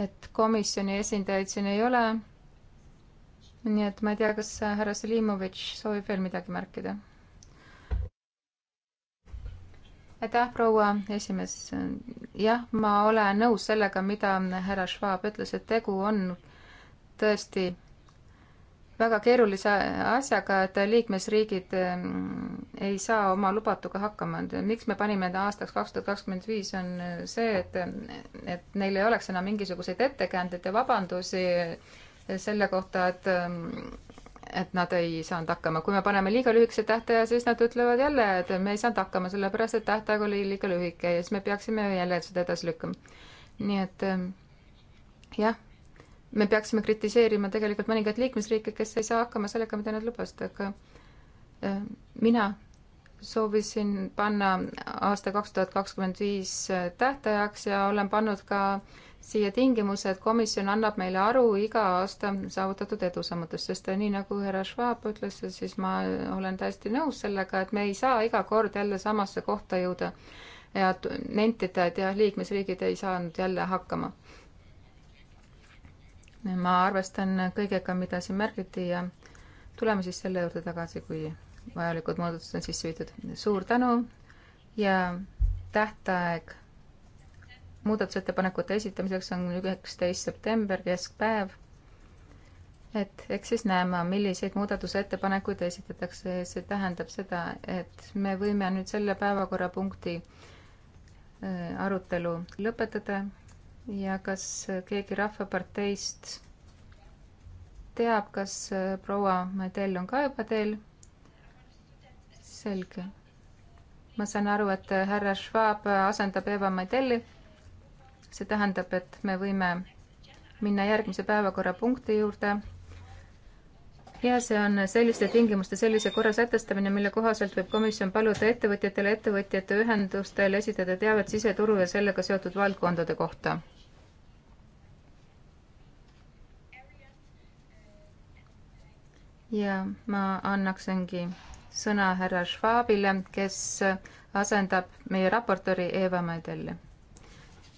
et komisjoni esindajaid siin ei ole nii et ma ei tea, kas härra Selimovitš soovib veel midagi märkida? aitäh, proua esimees. jah, ma olen nõus sellega, mida härra Schwab ütles, et tegu on tõesti väga keerulise asjaga, et liikmesriigid mm, ei saa oma lubatuga hakkama. miks me panime ta aastaks kaks tuhat kakskümmend viis, on see, et, et neil ei oleks enam mingisuguseid ettekäändeid ja vabandusi selle kohta, et ähm, et nad ei saanud hakkama. kui me paneme liiga lühikese tähtaja, siis nad ütlevad jälle, et me ei saanud hakkama, sellepärast et tähtaeg oli liiga lühike ja siis me peaksime jälle seda edasi lükkama. nii et ähm, jah, me peaksime kritiseerima tegelikult mõningaid liikmesriike, kes ei saa hakkama sellega, mida nad lubasid, aga ähm, mina soovisin panna aasta kaks tuhat kakskümmend viis äh, tähtajaks ja olen pannud ka äh, siia tingimuse, et komisjon annab meile aru iga aasta saavutatud edusammudest, sest nii nagu härra Schwab ütles, siis ma olen täiesti nõus sellega, et me ei saa iga kord jälle samasse kohta jõuda ja nentida, et jah, liikmesriigid ei saanud jälle hakkama. ma arvestan kõigega, mida siin märgiti ja tuleme siis selle juurde tagasi, kui vajalikud muudatused on sisse viidud. suur tänu ja tähtaeg muudatusettepanekute esitamiseks on üheksateist september, keskpäev. et eks siis näeme, milliseid muudatusettepanekuid esitatakse, see tähendab seda, et me võime nüüd selle päevakorrapunkti äh, arutelu lõpetada ja kas keegi Rahvaparteist teab, kas äh, proua Madel on ka juba teel? selge. ma saan aru, et äh, härra Schwab asendab Eva Madeli see tähendab, et me võime minna järgmise päevakorrapunkti juurde. ja see on selliste tingimuste sellise korra sätestamine, mille kohaselt võib komisjon paluda ettevõtjatele, ettevõtjate ühendustel esitada teavet siseturu ja sellega seotud valdkondade kohta. ja ma annaksingi sõna härra Schwabile, kes asendab meie raportööri Eva Mädelli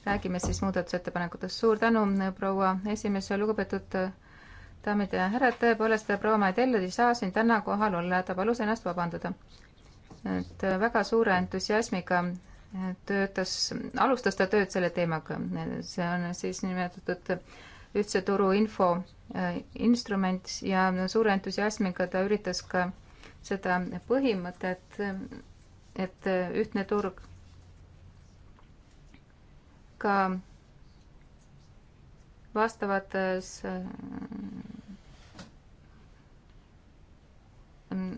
räägime siis muudatusettepanekutest. suur tänu, proua esimees, lugupeetud äh, daamid ja härrad, tõepoolest äh, proua Madel ei saa siin täna kohal olla, ta palus ennast vabandada. et äh, väga suure entusiasmiga töötas, alustas ta tööd selle teemaga, see on siis nimetatud ühtse turu info instrument ja suure entusiasmiga ta üritas ka seda põhimõtet, et ühtne turg ka vastavates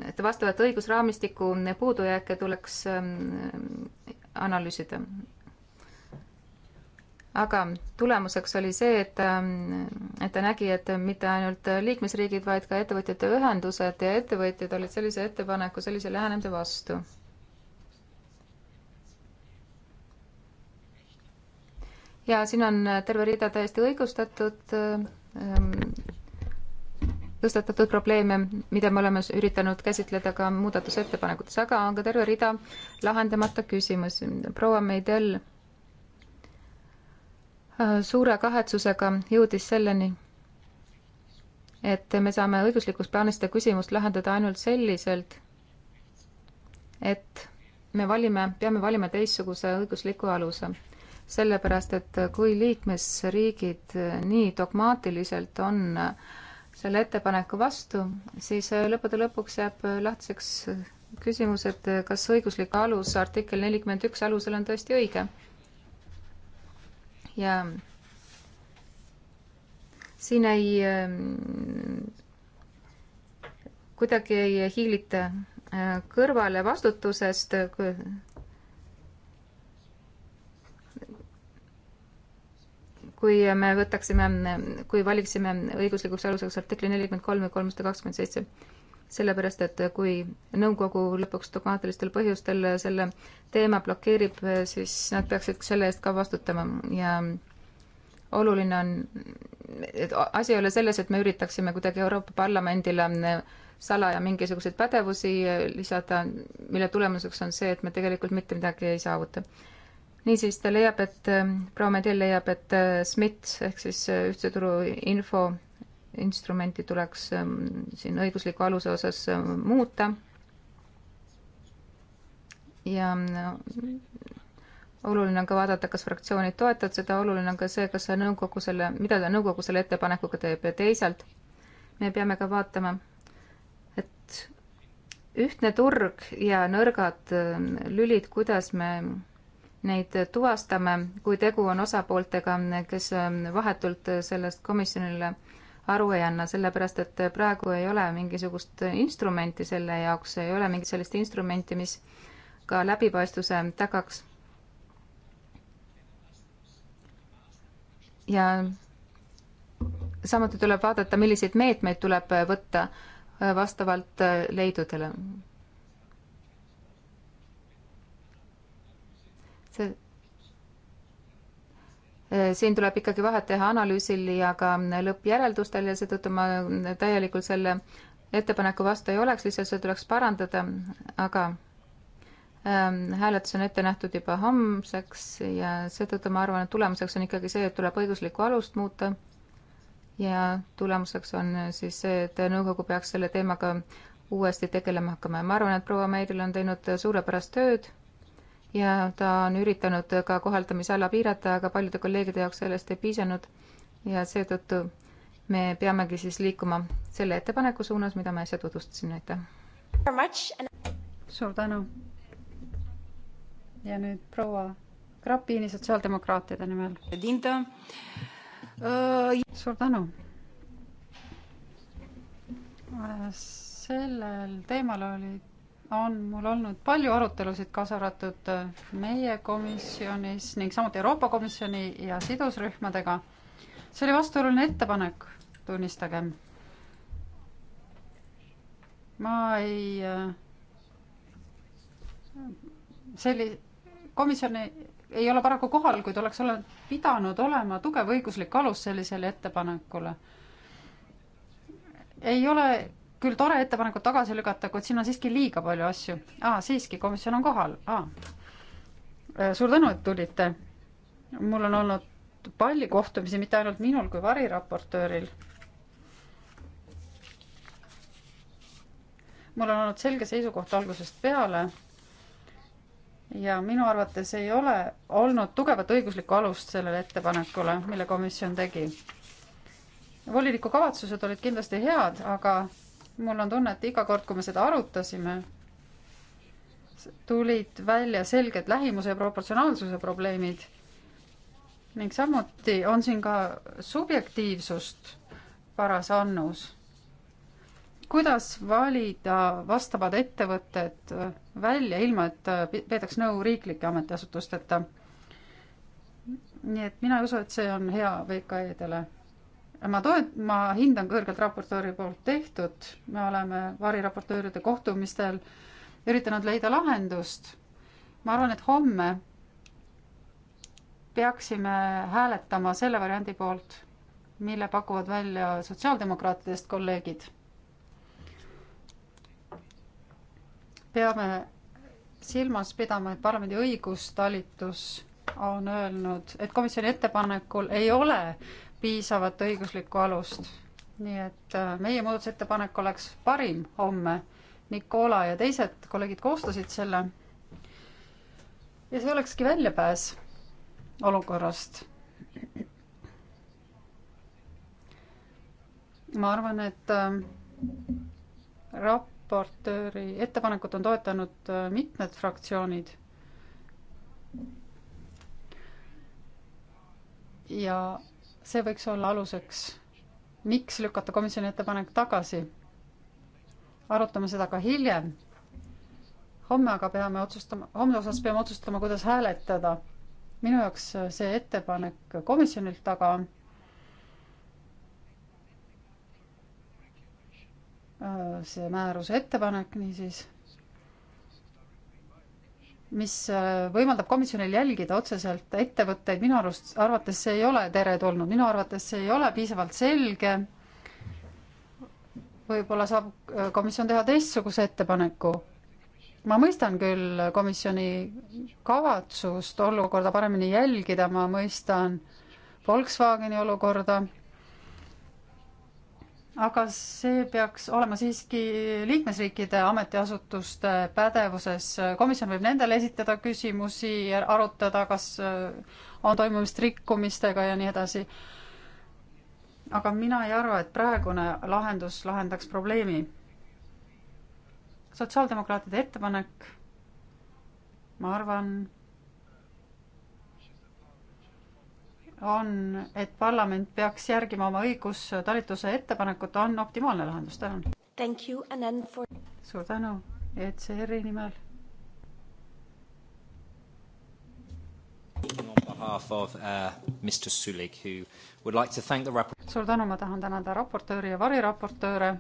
et vastavat õigusraamistiku puudujääke tuleks ähm, analüüsida. aga tulemuseks oli see, et, ähm, et ta nägi, et mitte ainult liikmesriigid, vaid ka ettevõtjate ühendused ja ettevõtjad olid sellise ettepaneku, sellise lähenemise vastu ja siin on äh, terve rida täiesti õigustatud ähm, tõstatatud probleeme, mida me oleme üritanud käsitleda ka muudatusettepanekutes, aga on ka terve rida lahendamata küsimusi. proua Meidel äh, suure kahetsusega jõudis selleni, et me saame õiguslikus plaanis seda küsimust lahendada ainult selliselt, et me valime, peame valima teistsuguse õigusliku aluse sellepärast et kui liikmesriigid nii dogmaatiliselt on selle ettepaneku vastu, siis lõppude lõpuks jääb lahtiseks küsimus, et kas õiguslik alus artikkel nelikümmend üks alusel on tõesti õige. ja siin ei, kuidagi ei hiilita kõrvale vastutusest, kui me võtaksime, kui valiksime õiguslikuks aluseks artikli nelikümmend kolm ja kolmsada kakskümmend seitse. sellepärast, et kui nõukogu lõpuks dogmaatilistel põhjustel selle teema blokeerib, siis nad peaksid selle eest ka vastutama ja oluline on, et asi ei ole selles, et me üritaksime kuidagi Euroopa Parlamendile salaja mingisuguseid pädevusi lisada, mille tulemuseks on see, et me tegelikult mitte midagi ei saavuta niisiis ta leiab, et äh, proua Medel leiab, et äh, SMIT ehk siis äh, ühtse turu info instrumenti tuleks ähm, siin õigusliku aluse osas ähm, muuta. ja oluline on ka vaadata, kas fraktsioonid toetavad seda, oluline on ka see, kas see nõukogu selle, mida ta nõukogu selle ettepanekuga teeb ja teisalt me peame ka vaatama, et ühtne turg ja nõrgad ähm, lülid, kuidas me neid tuvastame, kui tegu on osapooltega, kes ähm, vahetult sellest komisjonile aru ei anna, sellepärast et praegu ei ole mingisugust instrumenti selle jaoks, ei ole mingit sellist instrumenti, mis ka läbipaistvuse tagaks. ja samuti tuleb vaadata, milliseid meetmeid tuleb võtta äh, vastavalt äh, leidudele see, äh, siin tuleb ikkagi vahet teha analüüsil ja ka lõppjäreldustel ja seetõttu ma täielikult selle ettepaneku vastu ei oleks, lihtsalt see tuleks parandada, aga ähm, hääletus on ette nähtud juba homseks ja seetõttu ma arvan, et tulemuseks on ikkagi see, et tuleb õiguslikku alust muuta ja tulemuseks on siis see, et nõukogu peaks selle teemaga uuesti tegelema hakkama ja ma arvan, et proua Meiril on teinud suurepärast tööd ja ta on üritanud ka kohaldamisala piirata, aga paljude kolleegide jaoks sellest ei piisanud ja seetõttu me peamegi siis liikuma selle ettepaneku suunas, mida ma äsja tutvustasin, aitäh. suur tänu. ja nüüd proua Krapini sotsiaaldemokraatide nimel. Äh, suur tänu. Äh, sellel teemal olid on mul olnud palju arutelusid, kaasa arvatud äh, meie komisjonis ning samuti Euroopa Komisjoni ja sidusrühmadega. see oli vastuoluline ettepanek, tunnistagem. ma ei, äh, selli-, komisjon ei, ei ole paraku kohal, kuid oleks ole-, pidanud olema tugev õiguslik alus sellisele ettepanekule. ei ole küll tore ettepanekut tagasi lükata, kuid siin on siiski liiga palju asju. aa, siiski, komisjon on kohal, aa. Äh, suur tänu, et tulite. mul on olnud palju kohtumisi, mitte ainult minul kui variraportööril. mul on olnud selge seisukoht algusest peale ja minu arvates ei ole olnud tugevat õiguslikku alust sellele ettepanekule, mille komisjon tegi voliniku kavatsused olid kindlasti head, aga mul on tunne, et iga kord, kui me seda arutasime, tulid välja selged lähimuse ja proportsionaalsuse probleemid ning samuti on siin ka subjektiivsust paras annus. kuidas valida vastavad ettevõtted välja, ilma et peetaks nõu riiklike ametiasutusteta? nii et mina ei usu, et see on hea VKE-dele ma toet-, ma hindan kõrgelt raportööri poolt tehtud, me oleme variraportööride kohtumistel üritanud leida lahendust. ma arvan, et homme peaksime hääletama selle variandi poolt, mille pakuvad välja sotsiaaldemokraatidest kolleegid. peame silmas pidama, et parlamendi õigustalitus on öelnud, et komisjoni ettepanekul ei ole piisavat õiguslikku alust. nii et äh, meie muudatusettepanek oleks parim homme. Nikola ja teised kolleegid koostasid selle. ja see olekski väljapääs olukorrast. ma arvan, et äh, raportööri ettepanekut on toetanud äh, mitmed fraktsioonid ja see võiks olla aluseks, miks lükata komisjoni ettepanek tagasi. arutame seda ka hiljem. homme aga peame otsustama, homse osas peame otsustama, kuidas hääletada. minu jaoks see ettepanek komisjonilt aga see määruse ettepanek niisiis mis äh, võimaldab komisjonil jälgida otseselt ettevõtteid, minu arust, arvates see ei ole teretulnud, minu arvates see ei ole piisavalt selge. võib-olla saab äh, komisjon teha teistsuguse ettepaneku. ma mõistan küll komisjoni kavatsust olukorda paremini jälgida, ma mõistan Volkswageni olukorda aga see peaks olema siiski liikmesriikide ametiasutuste pädevuses. komisjon võib nendele esitada küsimusi, arutada, kas äh, on toimumist rikkumistega ja nii edasi. aga mina ei arva, et praegune lahendus lahendaks probleemi. sotsiaaldemokraatide ettepanek, ma arvan on, et parlament peaks järgima oma õigustalituse ettepanekut, on optimaalne lahendus, tänan. For... suur tänu, ECR-i nimel. Uh, suur tänu, ma tahan tänada raportööri ja variraportööre.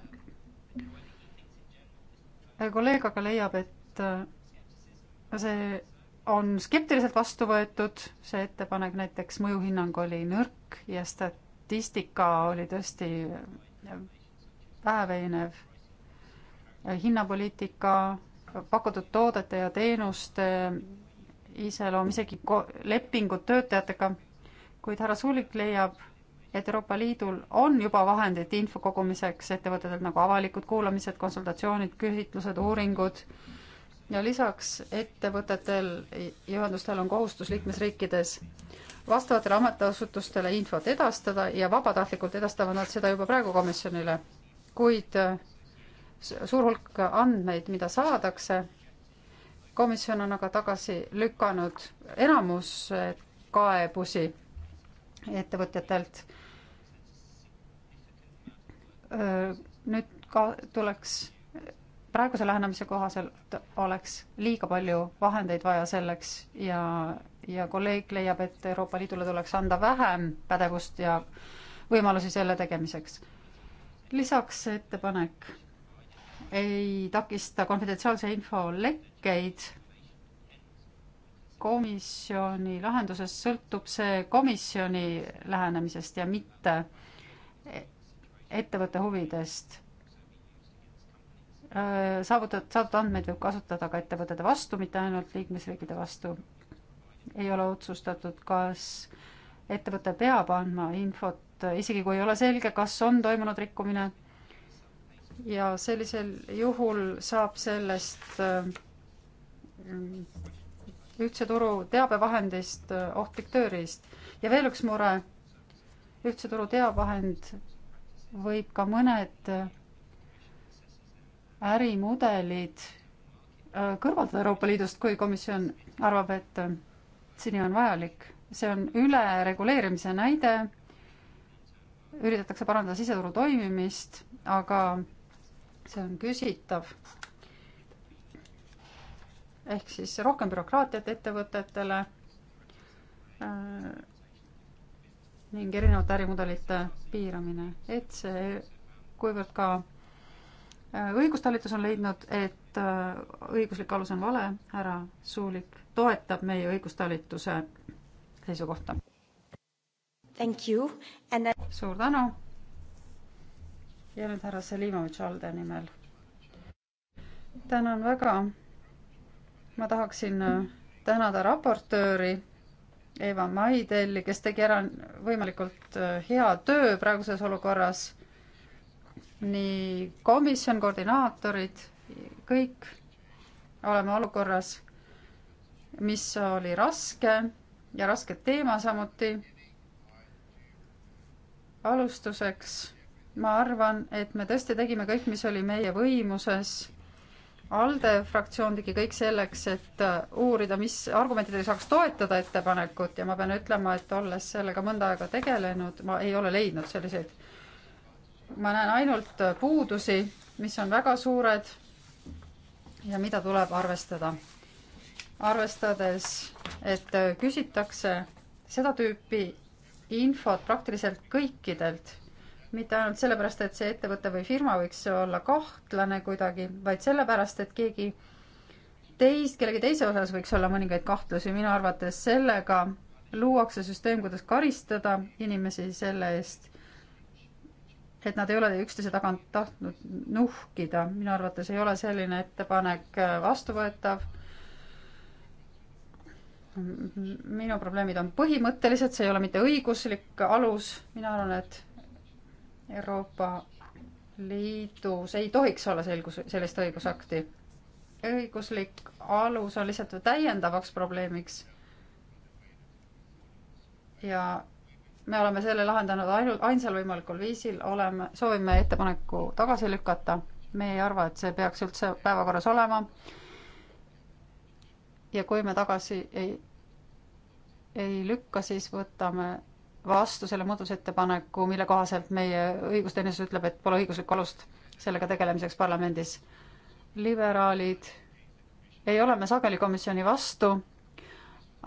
kolleeg aga leiab, et äh, see on skeptiliselt vastu võetud, see ettepanek näiteks mõjuhinnang oli nõrk ja statistika oli tõesti väeveinev. hinnapoliitika, pakutud toodete ja teenuste iseloom, isegi lepingud töötajatega, kuid härra Sulik leiab, et Euroopa Liidul on juba vahendid info kogumiseks ettevõtetelt nagu avalikud kuulamised, konsultatsioonid, küsitlused, uuringud ja lisaks ettevõtetel ja ühendustel on kohustus liikmesriikides vastavatele ametiasutustele infot edastada ja vabatahtlikult edastavad nad seda juba praegu komisjonile, kuid äh, suur hulk andmeid, mida saadakse, komisjon on aga tagasi lükanud enamus äh, kaebusi ettevõtjatelt. Äh, nüüd ka tuleks praeguse lähenemise kohaselt oleks liiga palju vahendeid vaja selleks ja, ja kolleeg leiab, et Euroopa Liidule tuleks anda vähem pädevust ja võimalusi selle tegemiseks. lisaks ettepanek ei takista konfidentsiaalse info lekkeid. komisjoni lahenduses sõltub see komisjoni lähenemisest ja mitte ettevõtte huvidest Äh, saavutat-, saadud andmeid võib kasutada ka ettevõtete vastu, mitte ainult liikmesriikide vastu. ei ole otsustatud, kas ettevõte peab andma infot, isegi kui ei ole selge, kas on toimunud rikkumine. ja sellisel juhul saab sellest äh, ühtse turu teabevahendist äh, ohtlik tööriist. ja veel üks mure, ühtse turu teabevahend võib ka mõned ärimudelid äh, kõrvaldada Euroopa Liidust, kui komisjon arvab, et äh, see nii on vajalik. see on ülereguleerimise näide, üritatakse parandada siseturu toimimist, aga see on küsitav. ehk siis rohkem bürokraatiat ettevõtetele äh, ning erinevate ärimudelite piiramine, et see, kuivõrd ka Äh, õigustalitus on leidnud, et äh, õiguslik alus on vale, härra Suulik toetab meie õigustalituse seisukohta. Thank you and then... Äh, suur tänu. ja nüüd härra Selimovitš Alde nimel. tänan väga. ma tahaksin tänada raportööri Eva Maidelli, kes tegi ära võimalikult hea töö praeguses olukorras nii komisjon, koordinaatorid, kõik oleme olukorras, mis oli raske ja raske teema samuti. alustuseks ma arvan, et me tõesti tegime kõik, mis oli meie võimuses. ALDE fraktsioon tegi kõik selleks, et uh, uurida, mis argumentidega saaks toetada ettepanekut ja ma pean ütlema, et olles sellega mõnda aega tegelenud, ma ei ole leidnud selliseid ma näen ainult puudusi, mis on väga suured ja mida tuleb arvestada. arvestades, et küsitakse seda tüüpi infot praktiliselt kõikidelt, mitte ainult sellepärast, et see ettevõte või firma võiks olla kahtlane kuidagi, vaid sellepärast, et keegi teist, kellegi teise osas võiks olla mõningaid kahtlusi, minu arvates sellega luuakse süsteem, kuidas karistada inimesi selle eest et nad ei ole üksteise tagant tahtnud nuhkida. minu arvates ei ole selline ettepanek äh, vastuvõetav. minu probleemid on põhimõttelised, see ei ole mitte õiguslik alus. mina arvan, et Euroopa Liidus ei tohiks olla selgus, sellist õigusakti. õiguslik alus on lihtsalt täiendavaks probleemiks. ja me oleme selle lahendanud ainult ainsal võimalikul viisil, oleme, soovime ettepaneku tagasi lükata. me ei arva, et see peaks üldse päevakorras olema. ja kui me tagasi ei, ei lükka, siis võtame vastu selle muudatusettepaneku, mille kohaselt meie õigusteenistus ütleb, et pole õiguslikku alust sellega tegelemiseks parlamendis. liberaalid ei ole me sageli komisjoni vastu,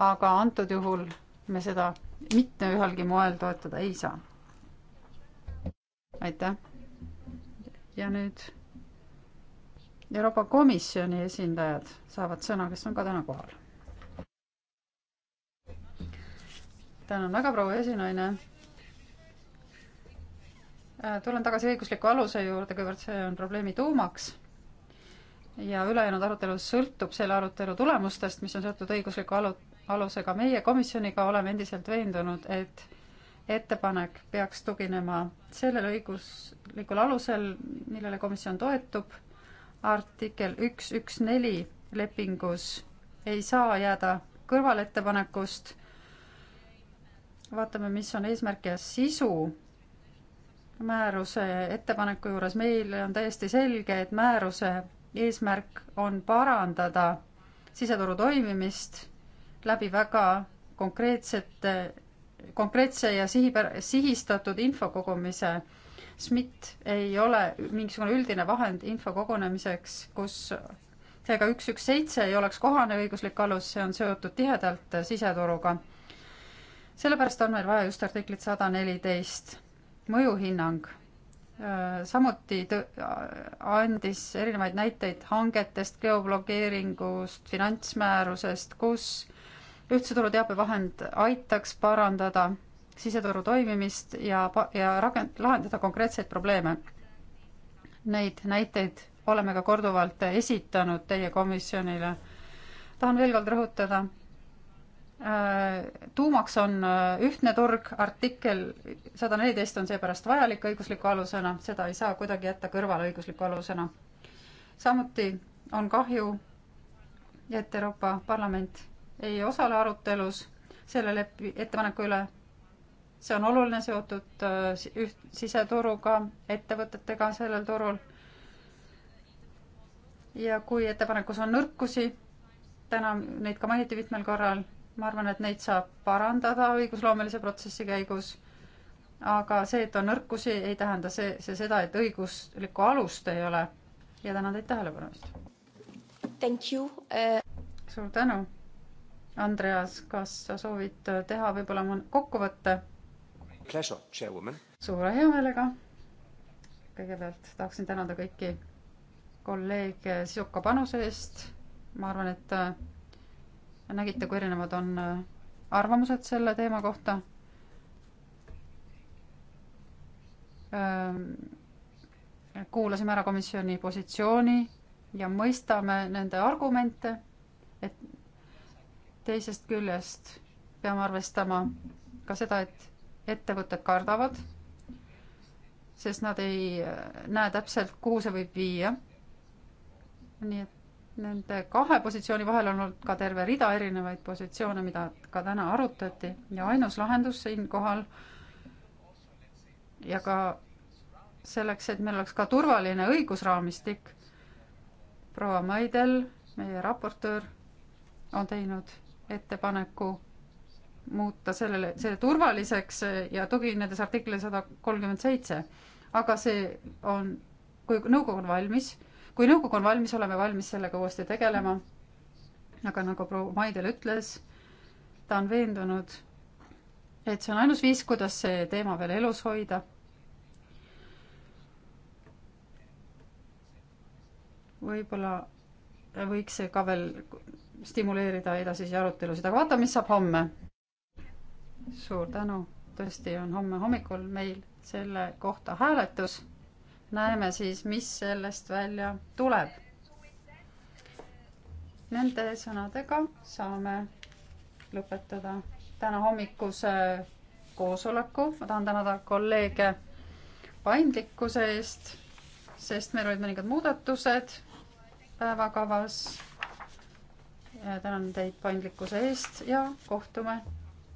aga antud juhul me seda mitte ühelgi moel toetada ei saa. aitäh. ja nüüd Euroopa Komisjoni esindajad saavad sõna, kes on ka täna kohal. tänan väga, proua esinaine. Äh, tulen tagasi õigusliku aluse juurde, kuivõrd see on probleemi tuumaks ja ülejäänud arutelu sõltub selle arutelu tulemustest, mis on seotud õigusliku alu-, alusega. meie komisjoniga oleme endiselt veendunud, et ettepanek peaks tuginema sellel õiguslikul alusel, millele komisjon toetub. artikkel üks, üks, neli lepingus ei saa jääda kõrvalettepanekust. vaatame, mis on eesmärk ja sisu määruse ettepaneku juures. meile on täiesti selge, et määruse eesmärk on parandada siseturu toimimist läbi väga konkreetsete, konkreetse ja sihipär-, sihistatud info kogumise. SMIT ei ole mingisugune üldine vahend info kogunemiseks, kus seega üks, üks, seitse ei oleks kohane õiguslik alus, see on seotud tihedalt siseturuga. sellepärast on meil vaja just artiklit sada neliteist, mõjuhinnang äh, samuti andis erinevaid näiteid hangetest, geoblokeeringust, finantsmäärusest, kus ühtse turu teabevahend aitaks parandada siseturu toimimist ja, ja rakend-, lahendada konkreetseid probleeme. Neid näiteid oleme ka korduvalt esitanud teie komisjonile. tahan veel kord rõhutada, äh, tuumaks on äh, ühtne turg, artikkel sada neliteist on seepärast vajalik õigusliku alusena, seda ei saa kuidagi jätta kõrvale õigusliku alusena. samuti on kahju, et Euroopa Parlament ei osale arutelus selle lepi, ettepaneku üle. see on oluline seotud äh, üht-, siseturuga, ettevõtetega sellel turul. ja kui ettepanekus on nõrkusi, täna neid ka mainiti mitmel korral, ma arvan, et neid saab parandada õigusloomelise protsessi käigus, aga see, et on nõrkusi, ei tähenda see, see seda, et õiguslikku alust ei ole. ja tänan teid tähelepanu eest! Thank you uh...! suur tänu! Andreas, kas sa soovid teha võib-olla mõne kokkuvõtte? suure heameelega. kõigepealt tahaksin tänada kõiki kolleege sisuka panuse eest. ma arvan, et äh, nägite, kui erinevad on äh, arvamused selle teema kohta. Ähm, kuulasime ära komisjoni positsiooni ja mõistame nende argumente teisest küljest peame arvestama ka seda, et ettevõtted kardavad, sest nad ei äh, näe täpselt, kuhu see võib viia. nii et nende kahe positsiooni vahel on olnud ka terve rida erinevaid positsioone, mida ka täna arutati ja ainus lahendus siinkohal ja ka selleks, et meil oleks ka turvaline õigusraamistik, proua Maidel, meie raportöör, on teinud ettepaneku muuta sellele, selle turvaliseks ja tuginedes artiklile sada kolmkümmend seitse. aga see on, kui nõukogu on valmis, kui nõukogu on valmis, oleme valmis sellega uuesti tegelema. aga nagu proua Maidel ütles, ta on veendunud, et see on ainus viis, kuidas see teema veel elus hoida. võib-olla võiks see ka veel stimuleerida edasisi arutelusid, aga vaatame, mis saab homme. suur tänu, tõesti on homme hommikul meil selle kohta hääletus. näeme siis, mis sellest välja tuleb. Nende sõnadega saame lõpetada täna hommikuse koosoleku, ma tahan tänada kolleege paindlikkuse eest, sest meil olid mõningad muudatused päevakavas Äh, tänan teid paindlikkuse eest ja kohtume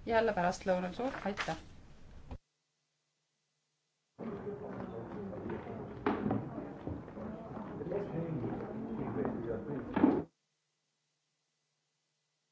jälle pärastlõunal. suur aitäh!